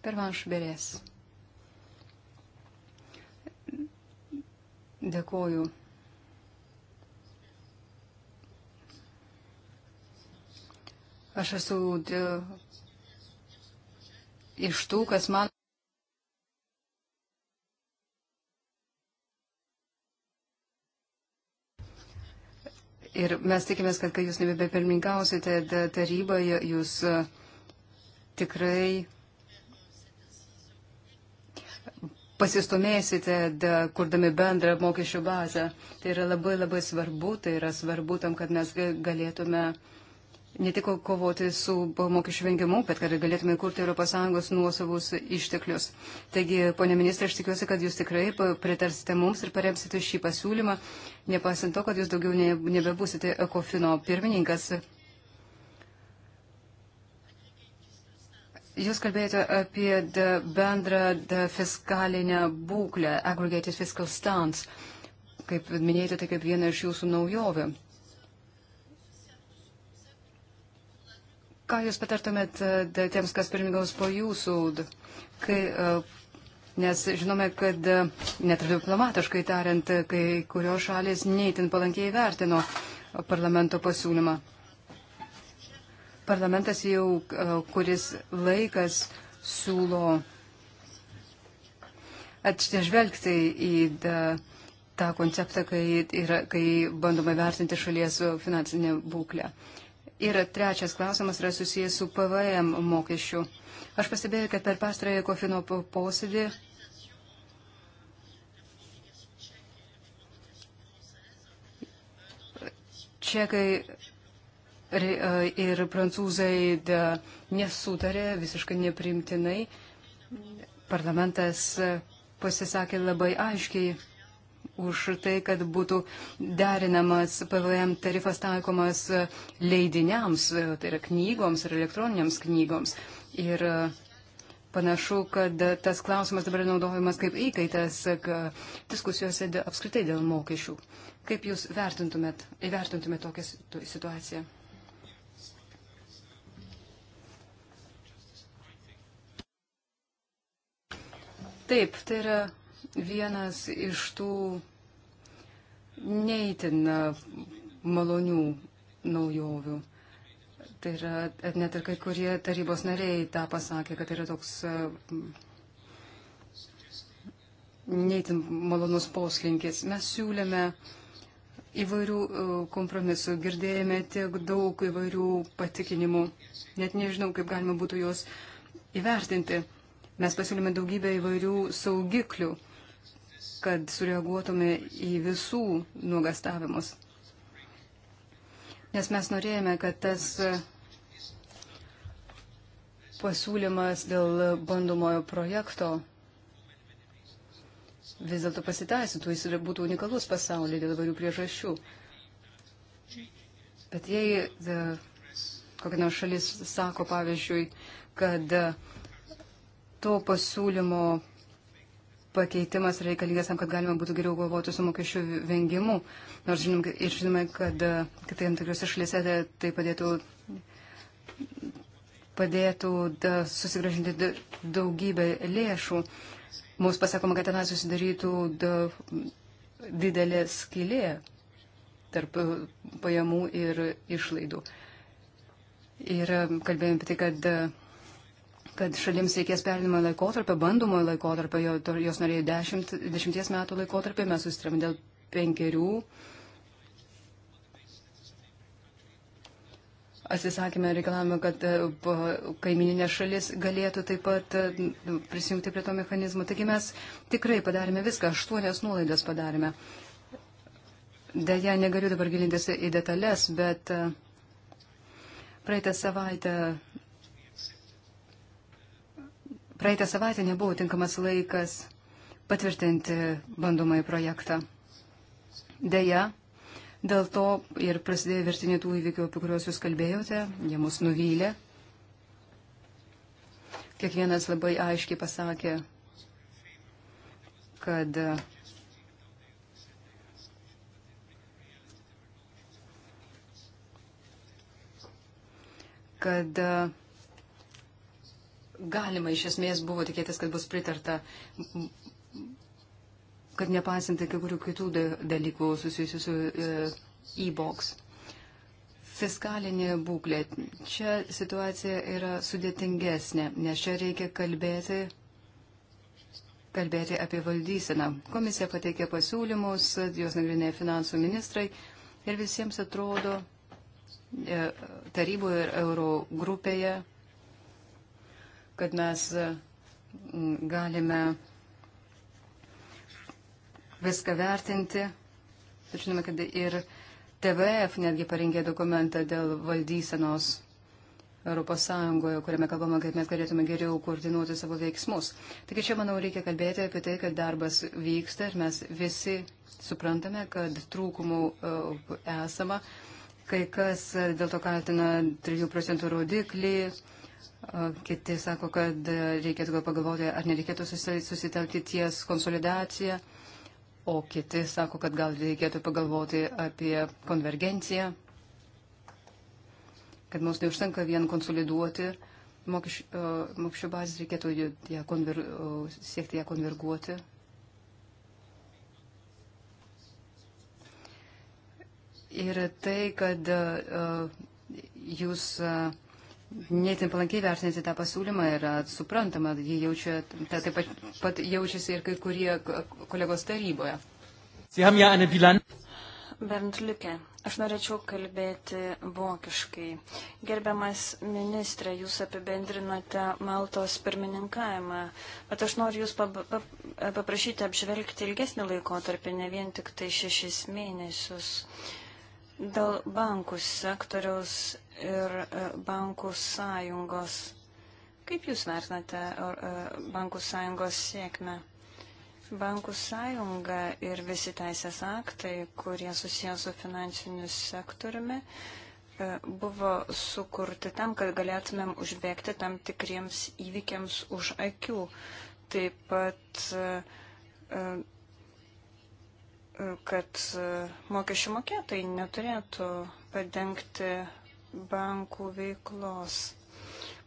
Speaker 2: Pervanš Berės. Dėkoju. Aš esu e, iš tų, kas man. Ir mes tikimės, kad kai jūs nebepirminkausite taryboje, jūs e, tikrai pasistumėsite, kurdami bendrą mokesčių bazę. Tai yra labai labai svarbu, tai yra svarbu tam, kad mes galėtume uh, ne tik kovoti su mokesčių vengimu, bet kad galėtume kurti ES nuosavus išteklius. Taigi, ponė ministrė, aš tikiuosi, kad jūs tikrai pritarsite mums ir paremsite šį pasiūlymą, nepaisant to, kad jūs daugiau ne, nebebūsite Ekofino pirmininkas. Jūs kalbėjote apie da bendrą da fiskalinę būklę, aggregated fiscal stance, kaip minėjote, tai kaip vieną iš jūsų naujovių. Ką Jūs patartumėt e, tiems, kas pirmininkaus po Jūsų, kai, e, nes žinome, kad e, net ir diplomatiškai tariant, kai kurios šalis neįtin palankiai vertino parlamento pasiūlymą. Parlamentas jau kuris laikas siūlo atsižvelgti į tą konceptą, kai, yra, kai bandoma vertinti šalies finansinę būklę. Uh, Ir trečias klausimas yra susijęs su PVM mokesčiu. Aš pastebėjau, kad per pastarąjį kofino posėdį čekai e, ir prancūzai nesutarė visiškai neprimtinai. Parlamentas e, pasisakė labai aiškiai už tai, kad būtų derinamas PVM tarifas taikomas leidiniams, tai yra knygoms ir elektroniniams knygoms. Ir e, panašu, kad tas klausimas dabar naudojamas kaip įkaitas e, diskusijose apskritai dėl mokesčių. Kaip Jūs vertintumėt, įvertintumėt tokią situaciją? Taip, tai yra vienas iš tų neįtin e, malonių naujovių. Tai yra, e, net ir kai kurie tarybos nariai tą pasakė, kad yra toks e, neįtin malonus poslinkis. Mes siūlėme įvairių kompromisų, girdėjome tiek daug įvairių patikinimų, net nežinau, kaip galima būtų juos įvertinti. Mes pasiūlėme daugybę įvairių saugiklių kad sureaguotume į visų nuogastavimus. Nes mes norėjome, kad tas pasiūlymas dėl bandomojo projekto vis dėlto pasitaisytų, jis būtų unikalus pasaulyje dėl varių priežasčių. Bet jei e, kokia nors šalis sako, pavyzdžiui, kad to pasiūlymo pakeitimas reikalingas tam, kad galima būtų geriau kovoti su mokesčių vengimu. Nors žinom, ir žinome, kad, e, kad tai tam tikrose šalyse tai, tai padėtų, padėtų da, e, susigražinti da, daugybę lėšų. Mums pasakoma, kad ten susidarytų da, didelė skylė tarp e, pajamų ir išlaidų. Ir kalbėjome apie tai, kad kad šalims reikės perinimo laikotarpio, bandomojo laikotarpio, jos norėjo dešimt, dešimties metų laikotarpio, mes sustrėm dėl penkerių. Atsisakėme reikalavimą, kad e, kaimininė šalis galėtų taip pat e, prisijungti prie to mechanizmo. Taigi mes tikrai padarėme viską, aštuonias nuolaidas padarėme. Deja, negaliu dabar gilintis į detalės, bet e, praeitą savaitę Praeitą savaitę nebuvo tinkamas laikas patvirtinti bandomąjį projektą. Deja, dėl to ir prasidėjo vertinė tų įvykių, apie kuriuos jūs kalbėjote, jie mus nuvylė. Kiekvienas labai aiškiai pasakė, kad kad galima iš esmės buvo tikėtis, kad bus pritarta, kad nepaisant kai kurių kitų dalykų susijusių su e, e-box. Fiskalinė būklė. Čia situacija yra sudėtingesnė, nes čia reikia kalbėti kalbėti apie valdyseną. Komisija pateikė pasiūlymus, juos nagrinėjo finansų ministrai ir visiems atrodo e, taryboje ir euro grupėje kad mes e, galime viską vertinti. Žinome, kad ir TVF netgi parengė dokumentą dėl valdysenos Europos Sąjungoje, kuriame kalbama, kaip mes galėtume geriau koordinuoti savo veiksmus. Taigi čia, manau, reikia kalbėti apie tai, kad darbas vyksta ir mes visi suprantame, kad trūkumų e, esama. Kai kas e, dėl to kaltina 3 procentų rodiklį, Kiti sako, kad reikėtų gal pagalvoti, ar nereikėtų susitelkti ties konsolidacija. O kiti sako, kad gal reikėtų pagalvoti apie konvergenciją, kad mums neužtenka vien konsoliduoti mokesčių bazės, reikėtų ją konver, siekti ją konverguoti. Ir tai, kad uh, jūs uh, netin palankiai vertinti tą pasiūlymą yra suprantama, jie jaučia, ta, taip pat, pat jaučiasi ir kai kurie kolegos taryboje.
Speaker 3: Bernd Liukė, aš norėčiau kalbėti vokiškai. Gerbiamas ministrė, jūs apibendrinote Maltos pirmininkavimą, bet aš noriu jūs paprašyti apžvelgti ilgesnį laikotarpį, ne vien tik tai šešis mėnesius. Uh, Dėl bankų sektoriaus ir e, bankų sąjungos. Kaip Jūs vertinate e, e, bankų sąjungos sėkmę? Bankų sąjunga ir visi teisės aktai, kurie susijęs su finansiniu sektoriumi, buvo sukurti tam, kad galėtumėm užbėgti tam tikriems įvykiams už akių. Taip pat kad e, mokesčių mokėtai neturėtų padengti bankų veiklos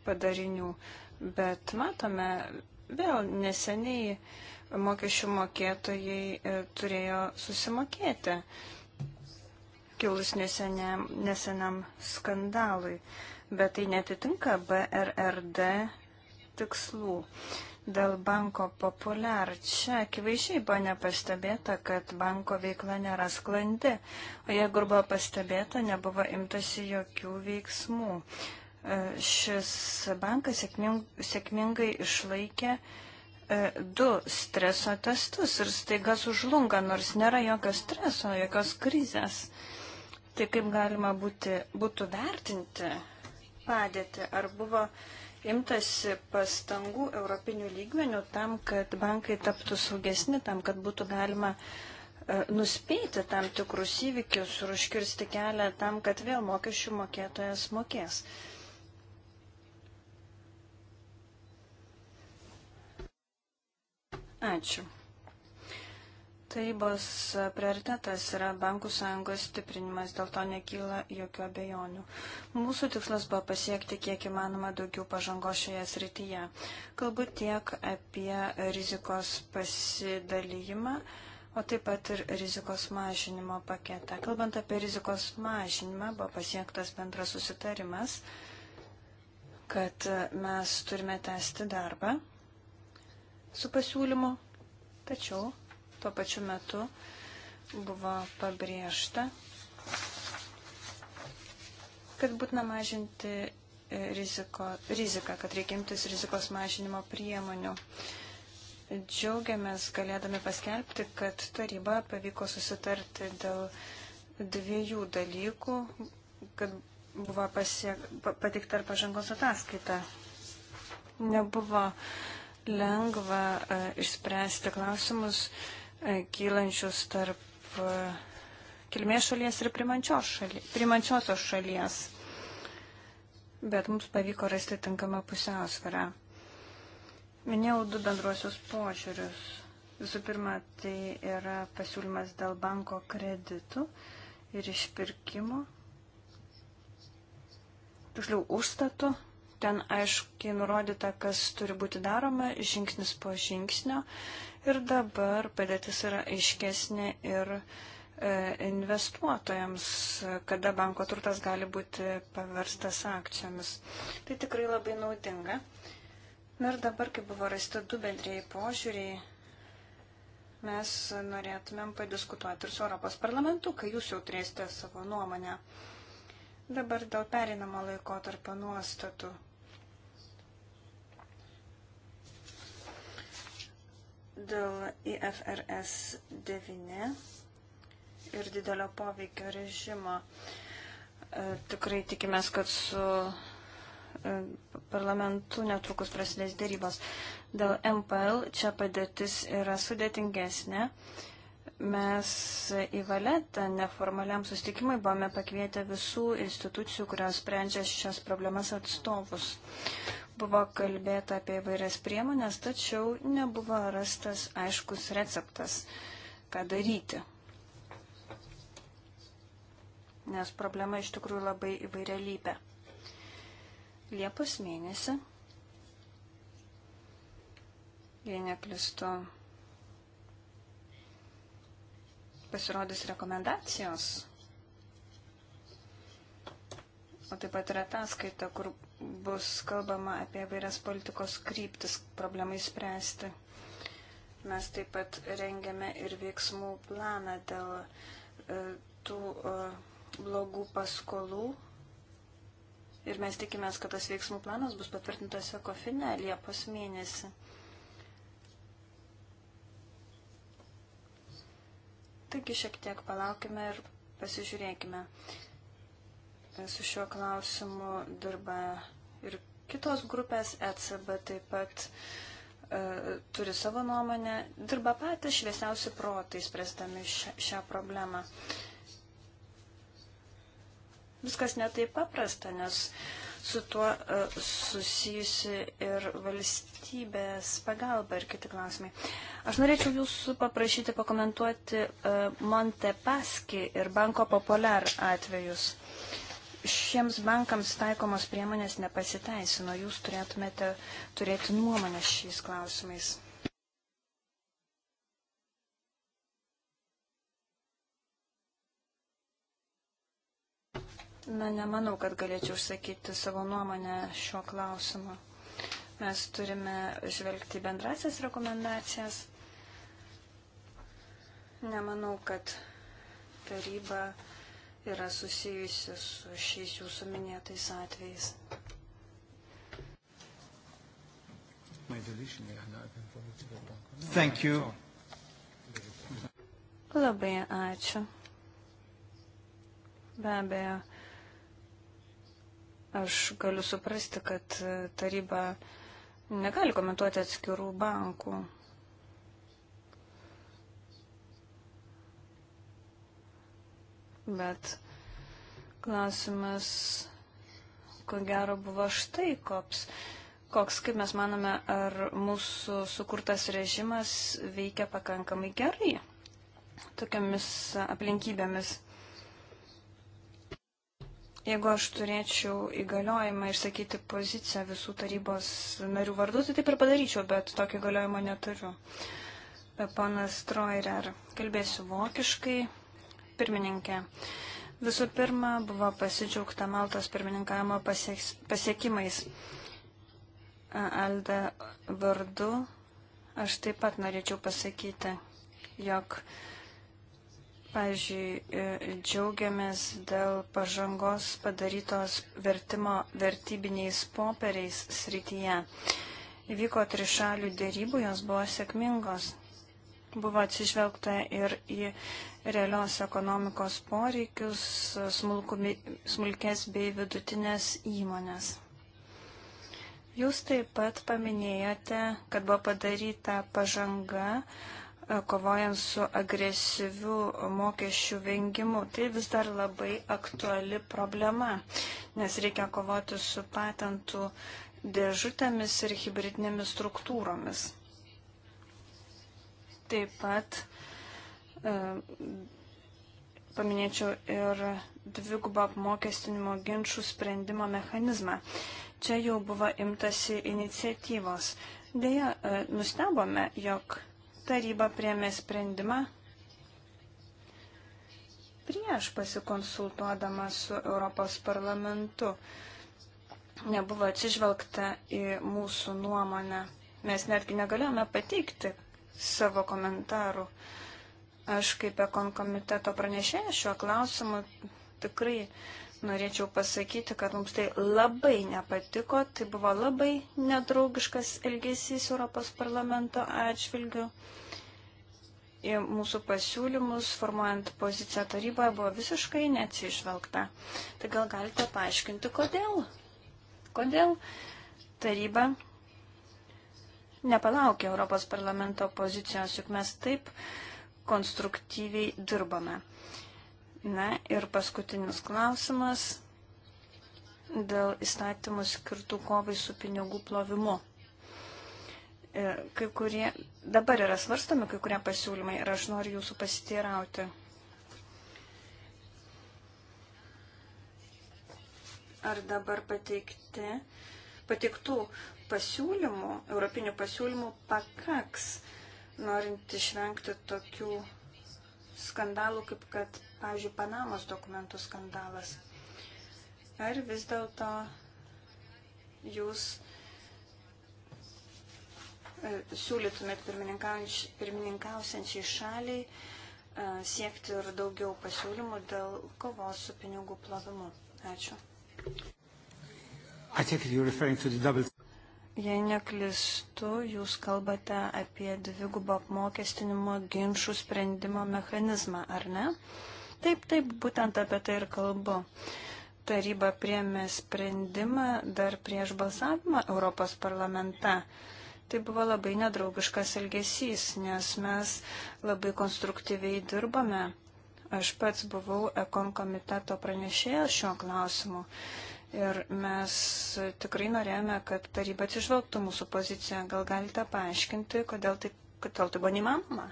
Speaker 3: padarinių. Bet matome, vėl neseniai mokesčių mokėtojai e, turėjo susimokėti kilus neseniam, neseniam skandalui, bet tai netitinka BRRD tikslų. Dėl banko populiar čia akivaizdžiai buvo nepastebėta, kad banko veikla nėra sklandi, o jeigu buvo pastebėta, nebuvo imtasi jokių veiksmų. E, šis bankas sėkmingai išlaikė e, du streso testus ir staiga sužlunga, nors nėra jokio streso, jokios krizės. Tai kaip galima būti, būtų vertinti padėti, ar buvo uh, imtasi pastangų europinių lygmenių tam, kad bankai taptų saugesni, tam, kad būtų galima e, nuspėti tam tikrus įvykius ir užkirsti kelią tam, kad vėl mokesčių mokėtojas mokės. Ačiū. Tarybos prioritetas yra bankų sąjungos stiprinimas, dėl to nekyla jokių abejonių. Mūsų tikslas buvo pasiekti kiek įmanoma daugiau pažango šioje srityje. Kalbu tiek apie rizikos pasidalyjimą, o taip pat ir rizikos mažinimo paketą. Kalbant apie rizikos mažinimą, buvo pasiektas bendras susitarimas, kad mes turime tęsti darbą su pasiūlymu, tačiau Tuo pačiu metu buvo pabrėžta, kad būtina mažinti e, riziko, riziką, kad reikia imtis rizikos mažinimo priemonių. Džiaugiamės galėdami paskelbti, kad taryba pavyko susitarti dėl dviejų dalykų, kad buvo pasiek, patikta ir pažangos ataskaita. Nebuvo lengva e, išspręsti klausimus, e, E, kylančius tarp e, kilmės šalies ir primančios šalies, primančiosios šalies. Bet mums pavyko rasti tinkamą pusiausvyrą. Minėjau du bendruosius požiūrius. Visų pirma, tai yra pasiūlymas dėl banko kreditų ir išpirkimo. Tiksliau, užstatų. Ten aiškiai nurodyta, kas turi būti daroma žingsnis po žingsnio Ir dabar padėtis yra aiškesnė ir e, investuotojams, kada banko turtas gali būti paverstas akcijomis. Tai tikrai labai naudinga. Na ir dabar, kai buvo rasti du bendrėjai požiūriai, mes norėtumėm padiskutuoti ir su Europos parlamentu, kai jūs jau turėsite savo nuomonę. Dabar dėl perinamo laiko tarp nuostatų dėl IFRS 9 ir didelio poveikio režimo. E, tikrai tikimės, kad su e, parlamentu netrukus prasidės dėrybos. Dėl MPL čia padėtis yra sudėtingesnė. Mes į valetą neformaliam sustikimui buvome pakvietę visų institucijų, kurios sprendžia šias problemas atstovus. Buvo kalbėta apie vairias priemonės, tačiau nebuvo rastas aiškus receptas, ką daryti. Nes problema iš tikrųjų labai įvairialypė. Liepos mėnesį, jei neklistu, pasirodys rekomendacijos, o taip pat yra ataskaita, kur bus kalbama apie vairias politikos kryptis problemai spręsti. Mes taip pat rengiame ir veiksmų planą dėl e, tų e, blogų paskolų. Ir mes tikimės, kad tas veiksmų planas bus patvirtintas ekofine Liepos mėnesį. Taigi šiek tiek palaukime ir pasižiūrėkime. Su šiuo klausimu dirba ir kitos grupės, ECB taip pat e, turi savo nuomonę, dirba patys šviesiausi protai, spręsdami šią, šią problemą. Viskas netai paprasta, nes su tuo e, susijusi ir valstybės pagalba ir kiti klausimai. Aš norėčiau jūsų paprašyti pakomentuoti e, Montepaski ir Banko Popular atvejus. E, šiems bankams taikomos priemonės nepasiteisino. Jūs turėtumėte turėti nuomonę šiais klausimais. Na, nemanau, kad galėčiau užsakyti savo nuomonę šiuo klausimu. Mes turime žvelgti bendrasias rekomendacijas. Nemanau, kad taryba yra susijusi su šiais jūsų minėtais atvejais. Thank you. Labai ačiū. Be abejo, aš galiu suprasti, kad taryba negali komentuoti atskirų bankų bet klausimas, ko gero, buvo štai koks. Koks, kaip mes manome, ar mūsų sukurtas režimas veikia pakankamai gerai tokiamis aplinkybėmis. Jeigu aš turėčiau įgaliojimą išsakyti poziciją visų tarybos narių vardu, tai taip ir padaryčiau, bet tokio įgaliojimo neturiu. Panas Troirer, kalbėsiu vokiškai pirmininkė. Visų pirma, buvo pasidžiaugta Maltos pirmininkavimo pasiekimais. Alda vardu aš taip pat norėčiau pasakyti, jog, pavyzdžiui, e, džiaugiamės dėl pažangos padarytos vertimo vertybiniais popieriais srityje. Įvyko trišalių dėrybų, jos buvo sėkmingos. Buvo atsižvelgta ir į realios ekonomikos poreikius smulku, smulkės bei vidutinės įmonės. Jūs taip pat paminėjote, kad buvo padaryta pažanga e, kovojant su agresyviu mokesčių vengimu. Tai vis dar labai aktuali problema, nes reikia kovoti su patentų dėžutėmis ir hybridinėmis struktūromis. Taip pat uh, E, paminėčiau ir dvigubą apmokestinimo ginčių sprendimo mechanizmą. Čia jau buvo imtasi iniciatyvos. Deja, e, nustebome, jog taryba priemė sprendimą prieš pasikonsultuodama su Europos parlamentu. Nebuvo atsižvelgta į mūsų nuomonę. Mes netgi negalėjome pateikti savo komentarų. Uh, Aš kaip ekon komiteto pranešėjas šiuo klausimu tikrai norėčiau pasakyti, kad mums tai labai nepatiko, tai buvo labai nedraugiškas elgesys Europos parlamento atžvilgiu. Į mūsų pasiūlymus, formuojant poziciją taryboje, buvo visiškai neatsižvelgta. Tai gal galite paaiškinti, kodėl? Kodėl taryba nepalaukė Europos parlamento pozicijos, juk mes taip uh, konstruktyviai dirbame. Na ir paskutinis klausimas dėl įstatymų skirtų kovai su pinigų plovimu. E, kai kurie, dabar yra svarstami kai kurie pasiūlymai ir aš noriu jūsų pasiteirauti. Ar dabar pateikti, pateiktų pasiūlymų, europinių pasiūlymų pakaks, uh, norint išvengti tokių skandalų, kaip kad, pavyzdžiui, Panamos dokumentų skandalas. Ar vis dėlto jūs e, siūlytumėt pirmininkausiančiai šaliai e, siekti ir daugiau pasiūlymų dėl kovos su pinigų plovimu. Ačiū. Double... Jei neklistu, jūs kalbate apie dvigubą apmokestinimo ginčių sprendimo mechanizmą, ar ne? Taip, taip, būtent apie tai ir kalbu. Taryba priemė sprendimą dar prieš balsavimą Europos parlamente. Tai buvo labai nedraugiškas elgesys, nes mes labai konstruktyviai dirbame. Aš pats buvau ekon komiteto pranešėjęs šiuo klausimu. Ir mes tikrai norėjome, kad taryba atsižvelgtų mūsų poziciją. Gal galite paaiškinti, kodėl tai, kodėl tai buvo neįmanoma?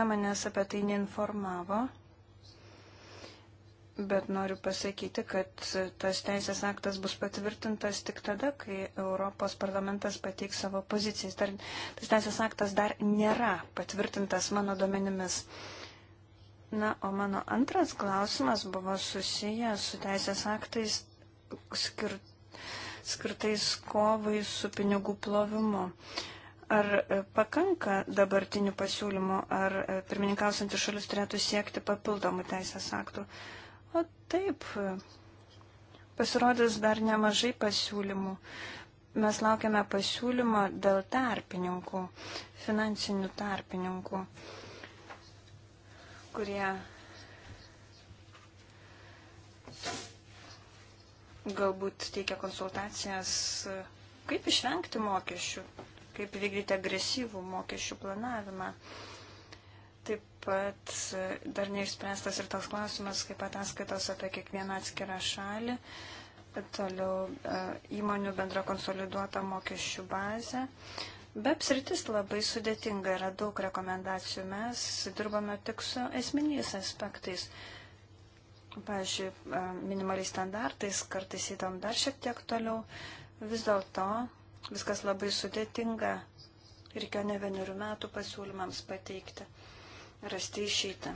Speaker 3: Na, manęs apie tai neinformavo, bet noriu pasakyti, kad tas teisės aktas bus patvirtintas tik tada, kai Europos parlamentas pateiks savo pozicijas. Dar, tas teisės aktas dar nėra patvirtintas mano domenimis. Uh, Na, o mano antras klausimas buvo susijęs su teisės aktais skir... skirtais kovai su pinigų plovimu. Ar e, pakanka dabartinių pasiūlymų, ar e, pirmininkausiantis šalis turėtų siekti papildomų teisės aktų? O taip, e, pasirodys dar nemažai pasiūlymų. Mes laukiame pasiūlymo dėl tarpininkų, finansinių tarpininkų. Uh, kurie galbūt teikia konsultacijas, kaip išvengti mokesčių, kaip vykdyti agresyvų mokesčių planavimą. Taip pat dar neišspręstas ir tas klausimas, kaip ataskaitos apie kiekvieną atskirą šalį, toliau e, įmonių bendra konsoliduota mokesčių bazė. BEPS rytis labai sudėtinga, yra daug rekomendacijų. Mes dirbame tik su esminiais aspektais. Pavyzdžiui, minimaliai standartais, kartais įdom dar šiek tiek toliau. Vis dėlto viskas labai sudėtinga. Reikėjo ne vienerių metų pasiūlymams pateikti, rasti išeitą.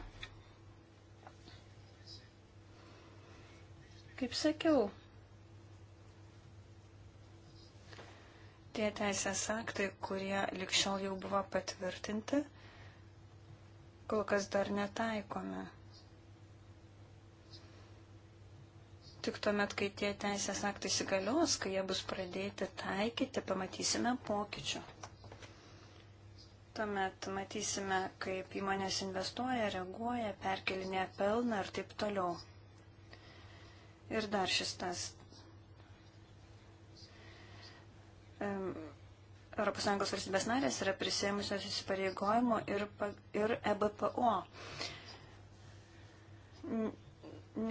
Speaker 3: Kaip sakiau, Tie teisės aktai, kurie likščiau jau buvo patvirtinti, kol kas dar netaikome. Tik tuomet, kai tie teisės aktai įsigalios, kai jie bus pradėti taikyti, pamatysime pokyčių. Tuomet matysime, kaip įmonės investuoja, reaguoja, perkelinėja pelną ir taip toliau. Ir dar šis tas ES valstybės narės yra prisėmusios įsipareigojimo ir, ir EBPO.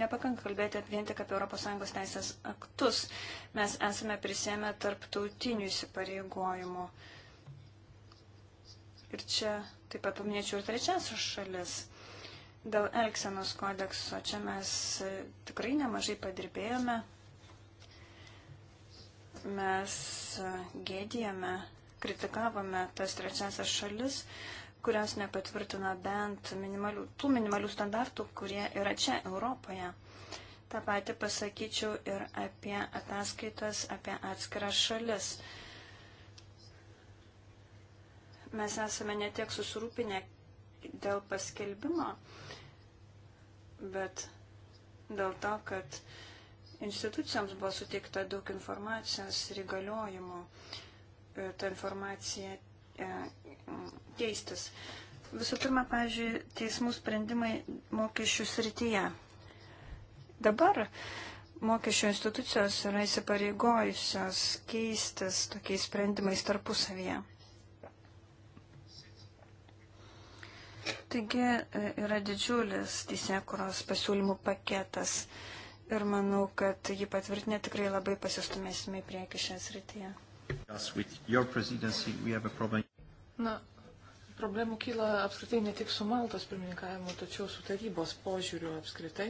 Speaker 3: Nepakanka kalbėti vien tik apie ES teisės aktus. Mes esame prisėmę tarptautinių įsipareigojimų. Ir čia taip pat paminėčiau ir trečiasios šalis. Dėl Elksenos kodekso čia mes e, tikrai nemažai padirbėjome, Mes gėdijame, kritikavome tas trečiasias šalis, kurios nepatvirtina bent minimalių, tų minimalių standartų, kurie yra čia Europoje. Ta pati pasakyčiau ir apie ataskaitas, apie atskiras šalis. Mes esame ne tiek susirūpinę dėl paskelbimo, bet dėl to, kad uh, Institucijoms buvo suteikta daug informacijos ir įgaliojimų tą informaciją e, keistis. Visų pirma, pavyzdžiui, teismų sprendimai mokesčių srityje. Dabar mokesčio institucijos yra įsipareigojusios keistis tokiais sprendimais tarpusavyje. Taigi e, yra didžiulis teisėkuros pasiūlymų paketas. Uh, ir manau, kad jį patvirtinę tikrai labai pasistumėsime į priekį šią
Speaker 1: srityje. Na, problemų kyla apskritai ne tik su Maltos pirmininkavimu, tačiau su tarybos požiūriu apskritai,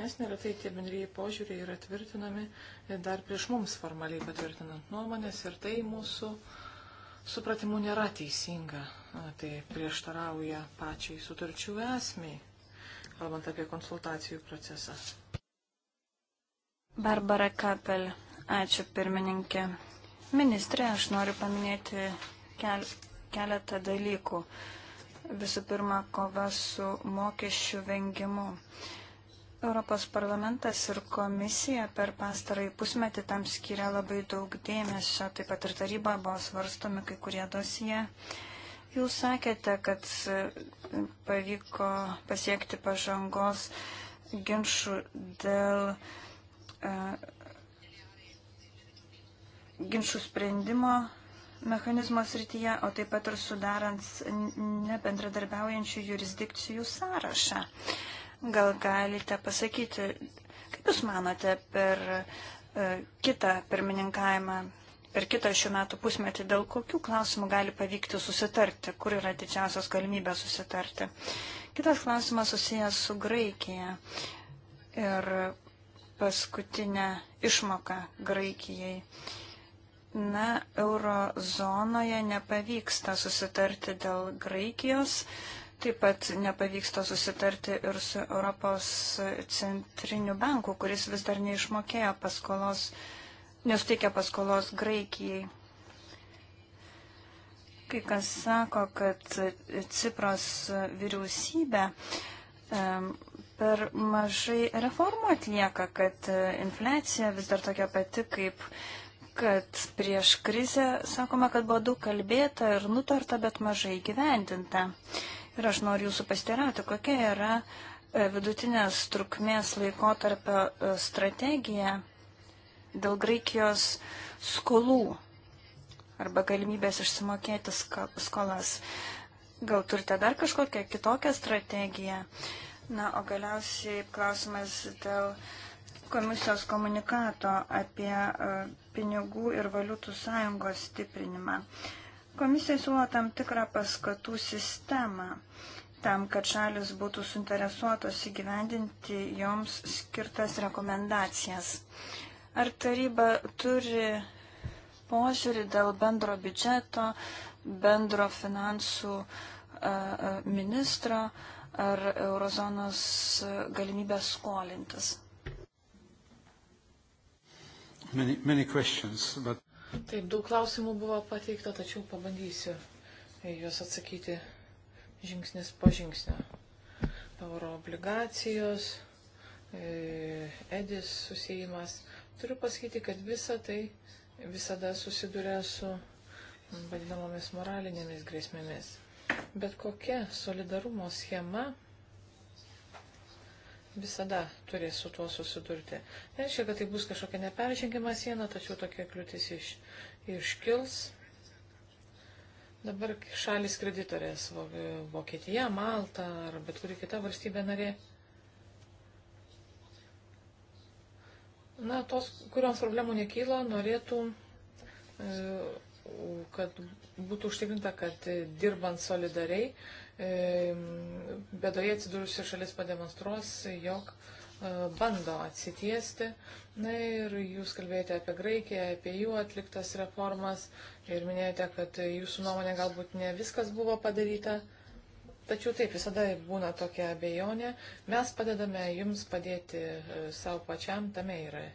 Speaker 1: nes neretai tie bendrėjai požiūriai yra tvirtinami dar prieš mums formaliai patvirtinant nuomonės ir tai mūsų supratimu nėra teisinga. Tai prieštarauja pačiai sutarčių esmiai, kalbant apie konsultacijų procesą.
Speaker 3: Barbara Kapel. Ačiū pirmininkė. Ministrė, aš noriu paminėti kel, keletą dalykų. Visų pirma, kova su mokesčių vengimu. Europos parlamentas ir komisija per pastarąjį pusmetį tam skiria labai daug dėmesio, taip pat ir taryba buvo svarstomi kai kurie dosije. Jūs sakėte, kad pavyko pasiekti pažangos ginčių dėl uh, E, ginčių sprendimo mechanizmo srityje, o taip pat ir sudarant nebendradarbiaujančių jurisdikcijų sąrašą. Gal galite pasakyti, kaip Jūs manote per e, kitą pirmininkavimą, per kitą šių metų pusmetį, dėl kokių klausimų gali pavykti susitarti, kur yra didžiausios galimybės susitarti. Kitas klausimas susijęs su Graikija ir paskutinę išmoką Graikijai. Na, eurozonoje nepavyksta susitarti dėl Graikijos, taip pat nepavyksta susitarti ir su Europos centriniu banku, kuris vis dar neišmokėjo paskolos, nesuteikė paskolos Graikijai. Kai kas sako, kad Cipros vyriausybė per mažai reformų atlieka, kad e, infliacija vis dar tokia pati kaip kad prieš krizę sakoma, kad buvo daug kalbėta ir nutarta, bet mažai gyvendinta. Ir aš noriu jūsų pastirauti, kokia yra e, vidutinės trukmės laikotarpio e, strategija dėl Graikijos skolų arba galimybės išsimokėti skolas. Gal turite dar kažkokią kitokią strategiją? Uh, Na, o galiausiai klausimas dėl komisijos komunikato apie e, pinigų ir valiutų sąjungos stiprinimą. Komisija siūlo tam tikrą paskatų sistemą tam, kad šalis būtų suinteresuotos įgyvendinti joms skirtas rekomendacijas. Ar taryba turi požiūrį dėl bendro biudžeto, bendro finansų e, e, ministro? Uh, ar eurozonos galimybę skolintis. Many, many but...
Speaker 1: Taip, daug klausimų buvo pateikta, tačiau pabandysiu juos atsakyti žingsnis po žingsnio. Euro obligacijos, e, edis susijimas. Turiu pasakyti, kad visa tai visada susiduria su vadinamomis moralinėmis grėsmėmis. Bet kokia solidarumo schema visada turės su tuo susidurti. Nereiškia, kad tai bus kažkokia neperžengiama siena, tačiau tokia kliūtis iš, iškils. Dabar šalis kreditorės - Vokietija, Malta ar bet kuri kita valstybė narė. Na, tos, kurioms problemų nekyla, norėtų e, kad būtų užtikrinta, kad dirbant solidariai, e, bedoje atsidūrusi šalis pademonstruos, jog e, bando atsitiesti. Na ir jūs kalbėjote apie Graikiją, apie jų atliktas reformas ir minėjote, kad jūsų nuomonė galbūt ne viskas buvo padaryta. Tačiau taip visada būna tokia abejonė. Mes padedame jums padėti e, savo pačiam, tame yra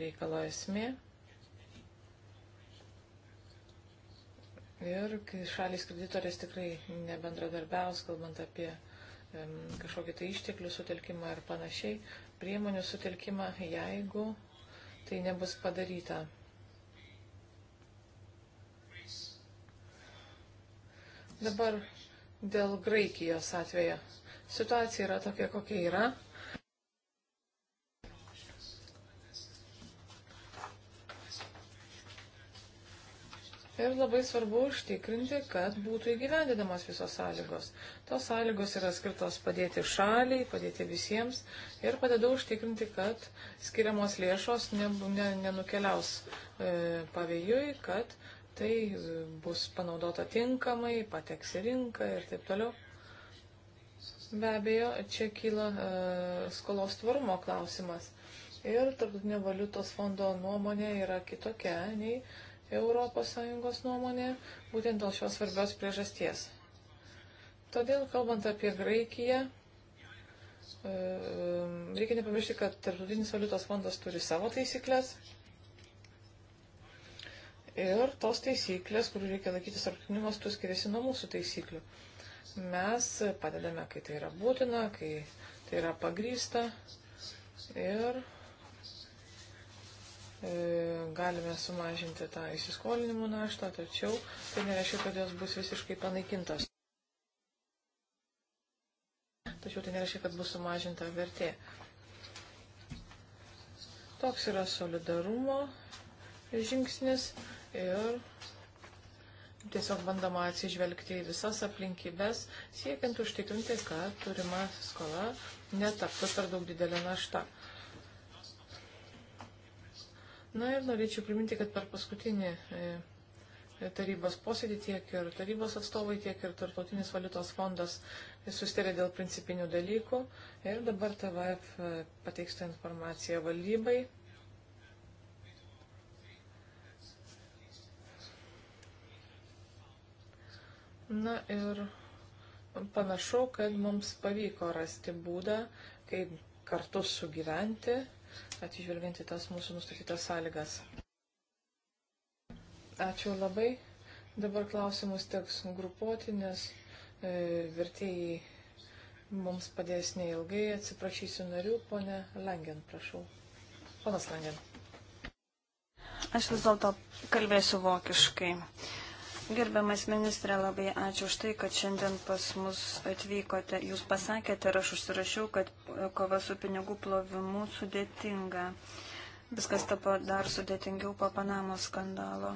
Speaker 1: reikalo esmė. Ir kai šalis kreditorės tikrai nebendradarbiaus, kalbant apie um, kažkokį tai išteklių sutelkimą ir panašiai, priemonių sutelkimą, jeigu tai nebus padaryta. Dabar dėl Graikijos atveju. Situacija yra tokia, kokia yra. Ir labai svarbu užtikrinti, kad būtų įgyvendinamos visos sąlygos. Tos sąlygos yra skirtos padėti šaliai, padėti visiems ir padedu užtikrinti, kad skiriamos lėšos ne, ne, nenukeliaus e, pavėjui, kad tai bus panaudota tinkamai, pateks į rinką ir taip toliau. Be abejo, čia kyla e, skolos tvarumo klausimas. Ir tarptautinio valiutos fondo nuomonė yra kitokia nei ES nuomonė, būtent dėl šios svarbios priežasties. Todėl, kalbant apie Graikiją, e, reikia nepamiršti, kad Tarptautinis valiutos fondas turi savo taisyklės. Ir tos taisyklės, kurių reikia laikytis tarptautiniu mastu, skiriasi nuo mūsų taisyklių. Mes padedame, kai tai yra būtina, kai tai yra pagrysta. Ir E, galime sumažinti tą įsiskolinimų naštą, tačiau tai nereiškia, kad jos bus visiškai panaikintos. Tačiau tai nereiškia, kad bus sumažinta vertė. Toks yra solidarumo žingsnis ir tiesiog bandama atsižvelgti į visas aplinkybės, siekiant užtikrinti, kad turima skola netaptų per daug didelė našta. Na ir norėčiau priminti, kad per paskutinį e, e, tarybos posėdį tiek ir tarybos atstovai, tiek ir Tartautinis valiutos fondas sustarė dėl principinių dalykų ir dabar TVF e, pateiks tą informaciją valdybai. Na ir panašu, kad mums pavyko rasti būdą, kaip kartu sugyventi atsižvelgiant į tas mūsų nustatytas sąlygas. Ačiū labai. Dabar klausimus teks grupuoti, nes e, vertėjai mums padės neilgai. Atsiprašysiu narių, ponė Langen, prašau. Ponas Langen.
Speaker 3: Aš vis dėlto kalbėsiu vokiškai. E, Gerbiamas ministrė, labai ačiū už tai, kad šiandien pas mus atvykote. Jūs pasakėte ir aš užsirašiau, kad kova su pinigų plovimu sudėtinga. Viskas tapo dar sudėtingiau po Panamos skandalo.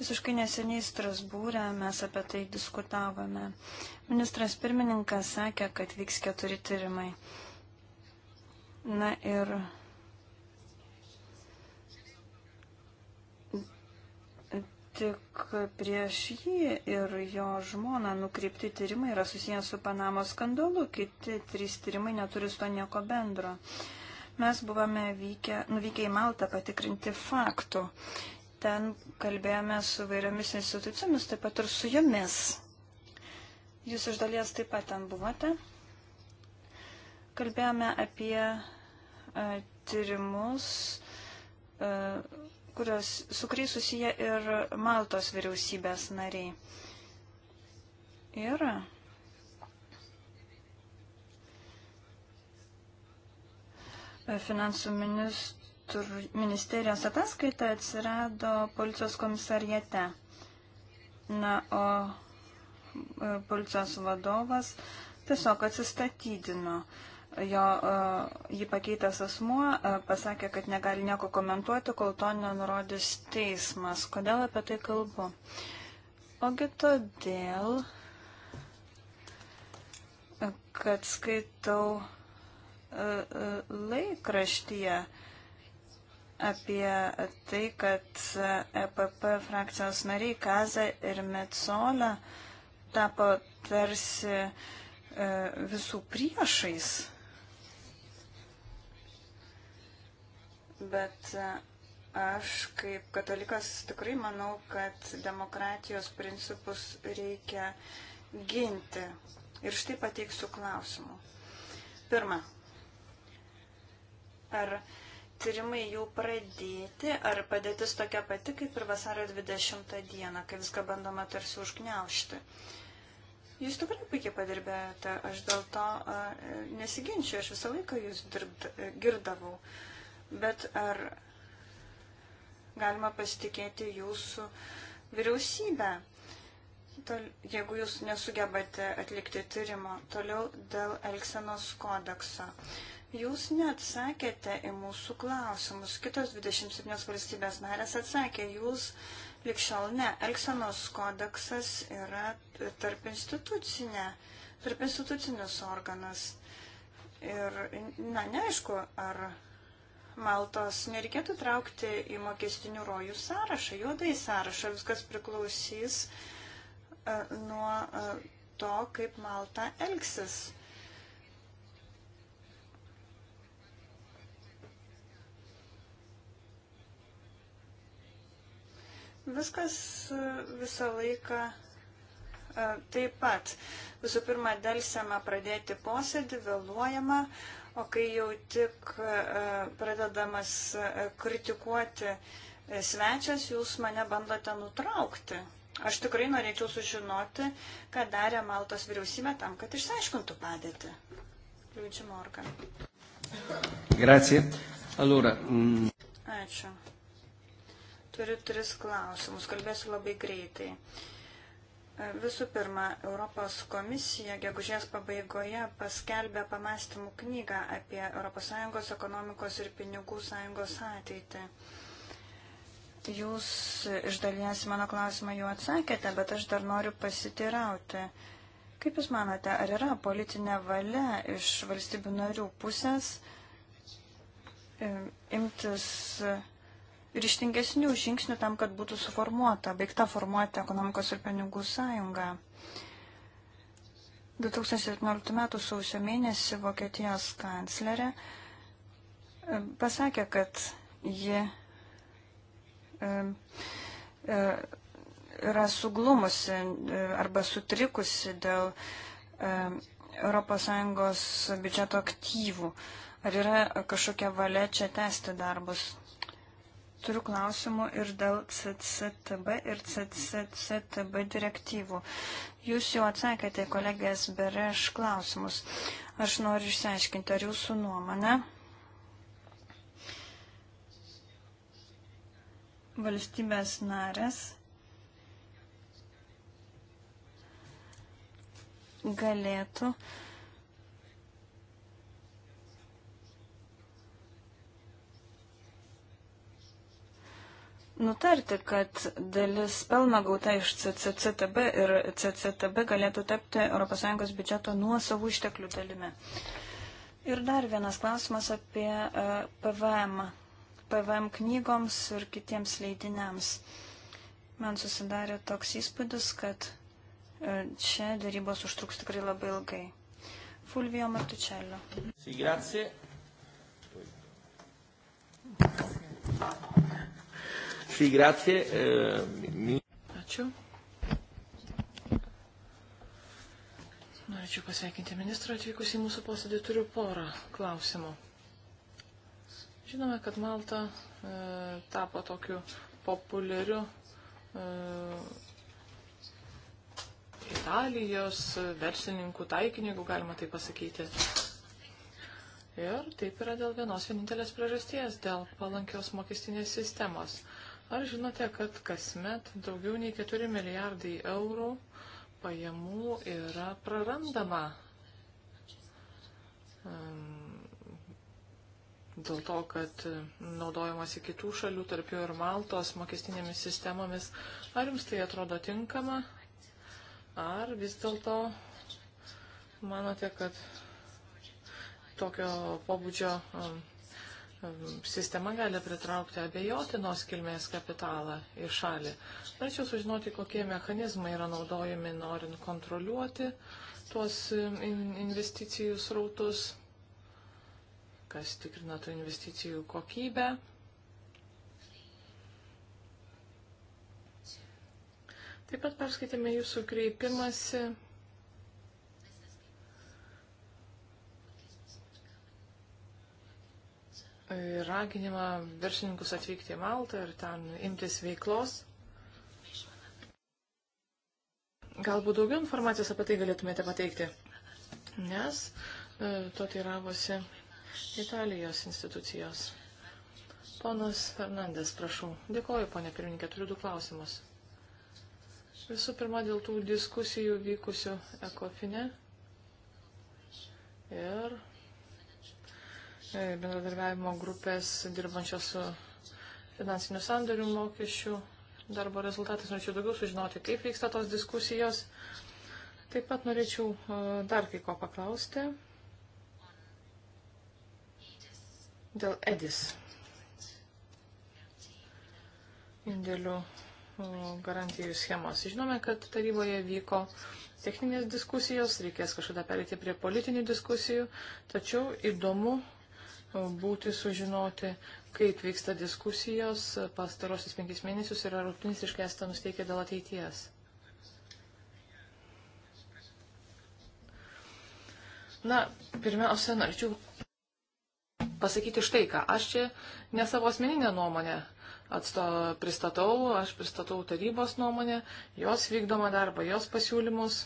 Speaker 3: Visiškai neseniai Strasbūrė mes apie tai diskutavome. Ministras pirmininkas sakė, kad vyks keturi tyrimai. Na ir tik prieš jį ir jo žmoną nukreipti tyrimai yra susijęs su Panamos skandalu, kiti trys tyrimai neturi su to nieko bendro. Mes buvome vykę, nuvykę į Maltą patikrinti faktų. Ten kalbėjome su vairiomis institucijomis, taip pat ir su jumis. Jūs iš dalies taip pat ten buvote. Kalbėjome apie e, tyrimus e, kurios, su kuriais susiję ir Maltos vyriausybės nariai. Ir finansų ministr, ministerijos ataskaita atsirado policijos komisariete. Na, o e, policijos vadovas tiesiog atsistatydino. Uh, jo, e, jį pakeitęs asmuo e, pasakė, kad negali nieko komentuoti, kol to nenurodys teismas. Kodėl apie tai kalbu? Ogi todėl, kad skaitau e, laikraštyje apie tai, kad EPP frakcijos nariai Kaza ir Metsola tapo tarsi visų priešais bet e, aš kaip katalikas tikrai manau, kad demokratijos principus reikia ginti. Ir štai pateiksiu klausimų. Pirma, ar tyrimai jau pradėti, ar padėtis tokia pati kaip ir vasario 20 dieną, kai viską bandoma tarsi užgneušti. Jūs tikrai puikiai padirbėjote, aš dėl to a, e, nesiginčiu, aš visą laiką jūs dirbd, e, girdavau. A, bet ar galima pasitikėti jūsų vyriausybę, jeigu jūs nesugebate atlikti tyrimo toliau dėl Elksenos kodekso. Jūs neatsakėte į mūsų klausimus. Kitos 27 valstybės narės atsakė, jūs likščiau ne. Elksenos kodeksas yra tarp institucinė, tarp institucinis organas. Ir, na, neaišku, ar Maltos nereikėtų traukti į mokestinių rojų sąrašą, juodai sąrašą. Viskas priklausys e, nuo e, to, kaip Malta elgsis. Viskas e, visą laiką taip pat. Visų pirma, dėlsiama pradėti posėdį, vėluojama, O kai jau tik e, pradedamas e, kritikuoti e, svečias, jūs mane bandote nutraukti. Aš tikrai norėčiau sužinoti, ką darė Maltos vyriausybė tam, kad išsiaiškintų padėtį. Liūdžiu Morgan. Grazie. Allora, mm. Ačiū. Turiu tris klausimus. Kalbėsiu labai greitai. Uh, Visų pirma, Europos komisija gegužės pabaigoje paskelbė pamastymų knygą apie ES ekonomikos ir pinigų sąjungos ateitį. Jūs iš dalies mano klausimą jau atsakėte, bet aš dar noriu pasitirauti. Kaip Jūs manote, ar yra politinė valia iš valstybių narių pusės e, imtis ryštingesnių žingsnių tam, kad būtų suformuota, baigta formuoti ekonomikos ir pinigų sąjungą. 2017 m. sausio mėnesį Vokietijos kanclerė e, pasakė, kad ji e, e, yra suglumusi e, arba sutrikusi dėl ES biudžeto aktyvų. Ar yra kažkokia valia čia tęsti darbus? Turiu klausimų ir dėl CCTB ir CCCTB direktyvų. Jūs jau atsakėte kolegės Bereš klausimus. Aš noriu išsiaiškinti, ar jūsų nuomonė valstybės narės galėtų uh, nutarti, kad dalis pelno gauta iš CCCTB ir CCTB galėtų tapti ES biudžeto nuosavų išteklių dalimi. Ir dar vienas klausimas apie e, PVM. PVM knygoms ir kitiems leidiniams. Man susidarė toks įspūdis, kad e, čia darybos užtruks tikrai labai ilgai. Fulvio Martučelio. Sì, grazie. Grazie. Sì, grazie.
Speaker 1: Eh, Ačiū. Norėčiau pasveikinti ministrą atvykus į mūsų posėdį. Turiu porą klausimų. Žinome, kad Malta e, tapo tokiu populiariu e, Italijos verslininkų taikiniu, jeigu galima tai pasakyti. Ir taip yra dėl vienos vienintelės priežasties, dėl palankios mokestinės sistemos. Ar žinote, kad kasmet daugiau nei 4 milijardai eurų pajamų yra prarandama dėl to, kad naudojamasi kitų šalių, tarp jų ir Maltos, mokestinėmis sistemomis. Ar jums tai atrodo tinkama? Ar vis dėlto manote, kad tokio pobūdžio sistema gali pritraukti abejotinos kilmės kapitalą į šalį. Norėčiau sužinoti, kokie mechanizmai yra naudojami norint kontroliuoti tuos investicijų srautus, kas tikrina tų investicijų kokybę. Taip pat perskaitėme jūsų kreipimąsi raginimą viršininkus atvykti į Maltą ir ten imtis veiklos. Galbūt daugiau informacijos apie tai galėtumėte pateikti, nes e, to teiravosi Italijos institucijos. Ponas Fernandes, prašau. Dėkoju, ponė pirmininkė, turiu du klausimus. Visų pirma, dėl tų diskusijų vykusių ekofine ir E, bendradarbiavimo grupės dirbančios su finansinių sandorių mokesčių darbo rezultatais. Norėčiau daugiau sužinoti, kaip vyksta tos diskusijos. Taip pat norėčiau e, dar kai ko paklausti. Dėl EDIS. Indėlių e, garantijų schemos. Žinome, kad taryboje vyko techninės diskusijos, reikės kažkada perėti prie politinių diskusijų, tačiau įdomu būti sužinoti, kaip vyksta diskusijos pastarosius penkis mėnesius ir ar optimistiškai esate nusteikę dėl ateities. Na, pirmiausia, norėčiau pasakyti štai ką. Aš čia ne savo asmeninę nuomonę atsto, pristatau, aš pristatau tarybos nuomonę, jos vykdomą darbą, jos pasiūlymus.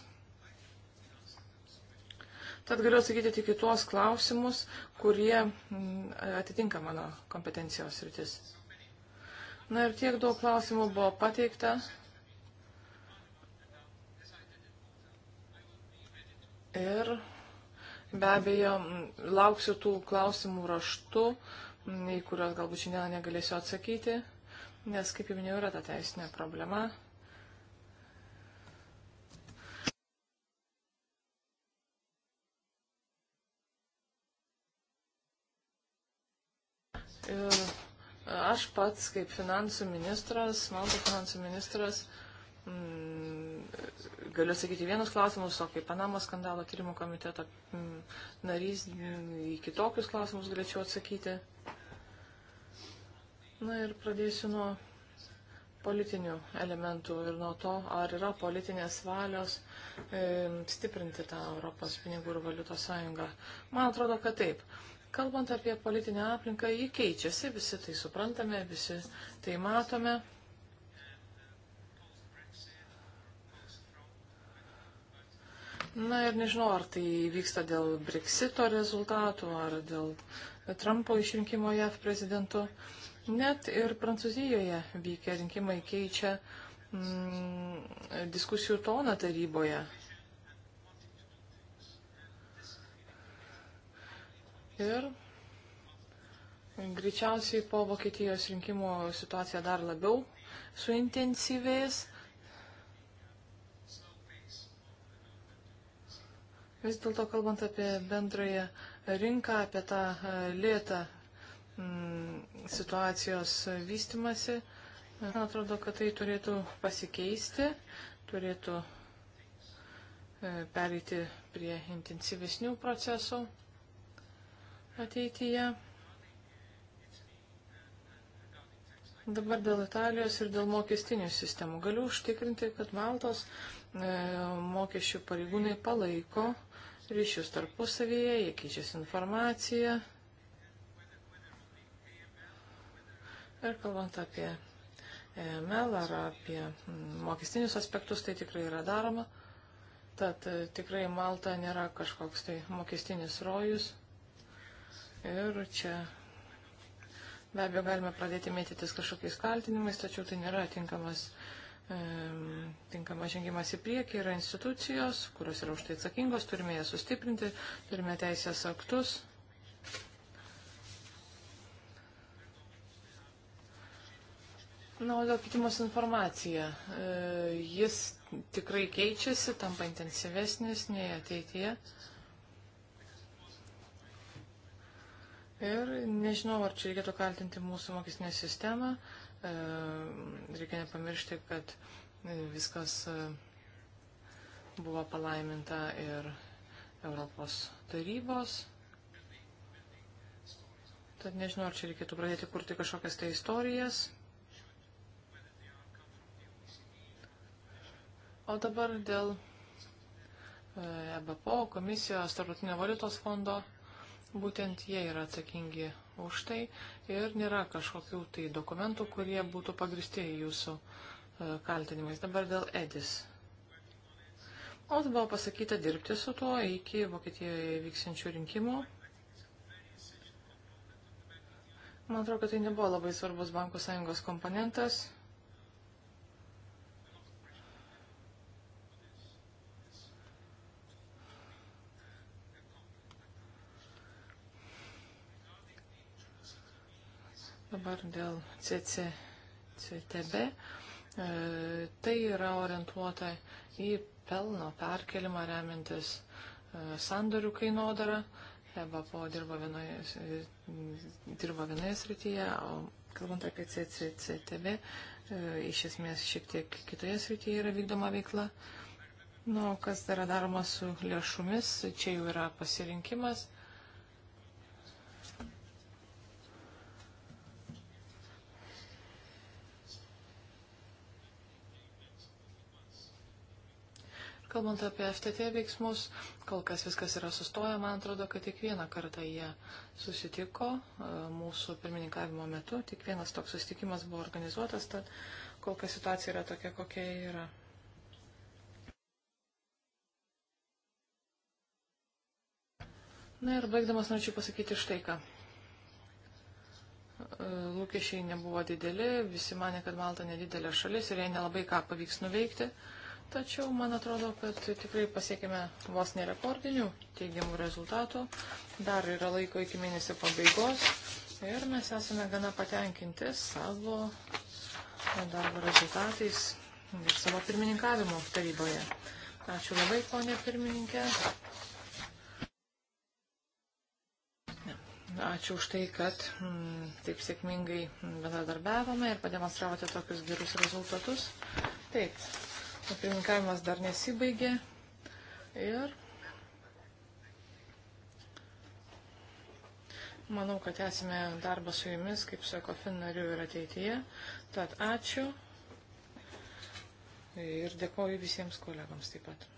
Speaker 1: Tad galiu atsakyti tik į tuos klausimus, kurie mm, atitinka mano kompetencijos rytis. Na ir tiek daug klausimų buvo pateikta. Ir be abejo, mm, lauksiu tų klausimų raštu, mm, į kuriuos galbūt šiandien negalėsiu atsakyti, nes, kaip jau minėjau, yra ta teisinė problema. Ir aš pats, kaip finansų ministras, Malto finansų ministras, m, mm, galiu sakyti vienus klausimus, o kaip Panamos skandalo tyrimų komiteto m, mm, narys m, mm, į kitokius klausimus galėčiau atsakyti. Na ir pradėsiu nuo politinių elementų ir nuo to, ar yra politinės valios e, stiprinti tą Europos pinigų ir valiutos sąjungą. Man atrodo, kad taip. E, Kalbant apie politinę aplinką, ji keičiasi, visi tai suprantame, visi tai matome. Na ir nežinau, ar tai vyksta dėl Brexito rezultatų, ar dėl Trumpo išrinkimo JAV prezidentu. Net ir Prancūzijoje vykę rinkimai keičia mm, diskusijų toną taryboje. Ir greičiausiai po Vokietijos rinkimų situacija dar labiau suintensyvės. Vis dėlto kalbant apie bendrąją rinką, apie tą e, lėtą mm, situacijos vystimasi, man atrodo, kad tai turėtų pasikeisti, turėtų e, pereiti prie intensyvesnių procesų ateityje. Dabar dėl Italijos ir dėl mokestinių sistemų. Galiu užtikrinti, kad Maltos e, mokesčių pareigūnai palaiko ryšius tarpusavyje, jie keičiasi informaciją. Ir kalbant apie EML ar apie mokestinius aspektus, tai tikrai yra daroma. Tad e, tikrai Malta nėra kažkoks tai mokestinis rojus. Ir čia be abejo galime pradėti mėtytis kažkokiais kaltinimais, tačiau tai nėra tinkamas, e, tinkamas žengimas į priekį. Yra institucijos, kurios yra už tai atsakingos, turime jas sustiprinti, turime teisės aktus. Na, o dėl kitimos informacija. E, jis tikrai keičiasi, tampa intensyvesnis nei ateityje. Ir nežinau, ar čia reikėtų kaltinti mūsų mokestinę sistemą. E, reikia nepamiršti, kad e, viskas e, buvo palaiminta ir Europos tarybos. Tad nežinau, ar čia reikėtų pradėti kurti kažkokias tai istorijas. O dabar dėl EBPO komisijos, Tarptautinio valiutos fondo. Būtent jie yra atsakingi už tai ir nėra kažkokių tai dokumentų, kurie būtų pagristi jūsų e, kaltinimais. Dabar dėl Edis. Mums buvo pasakyta dirbti su tuo iki Vokietijoje vyksinčių rinkimų. Man atrodo, kad tai nebuvo labai svarbus bankų sąjungos komponentas. Dabar dėl CCCTB. E, tai yra orientuota į pelno perkelimą remintis e, sandorių kainodarą. EBPO dirba vienoje, e, dirba vienoje srityje, o kalbant apie CCCTB, iš esmės šiek tiek kitoje srityje yra vykdoma veikla. Na, nu, kas yra daroma su lėšumis, čia jau yra pasirinkimas. Kalbant apie FTT veiksmus, kol kas viskas yra sustoję, man atrodo, kad tik vieną kartą jie susitiko e, mūsų pirmininkavimo metu, tik vienas toks susitikimas buvo organizuotas, tad kol kas situacija yra tokia, kokia yra. Na ir baigdamas norėčiau pasakyti štai ką. E, lūkesčiai nebuvo dideli, visi mane, kad Malta nedidelė šalis ir jai nelabai ką pavyks nuveikti. Tačiau man atrodo, kad tikrai pasiekime vos nerekordinių teigiamų rezultatų. Dar yra laiko iki mėnesio pabaigos ir mes esame gana patenkinti savo darbo rezultatais ir savo pirmininkavimo taryboje. Ačiū labai, ponė pirmininkė. Ačiū už tai, kad m, mm, taip sėkmingai bendradarbiavome ir pademonstravote tokius gerus rezultatus. Taip, Pirmininkavimas dar nesibaigė. Ir manau, kad esame darbą su jumis, kaip su ECOFIN nariu ir ateityje. Tad ačiū ir dėkoju visiems kolegams taip pat.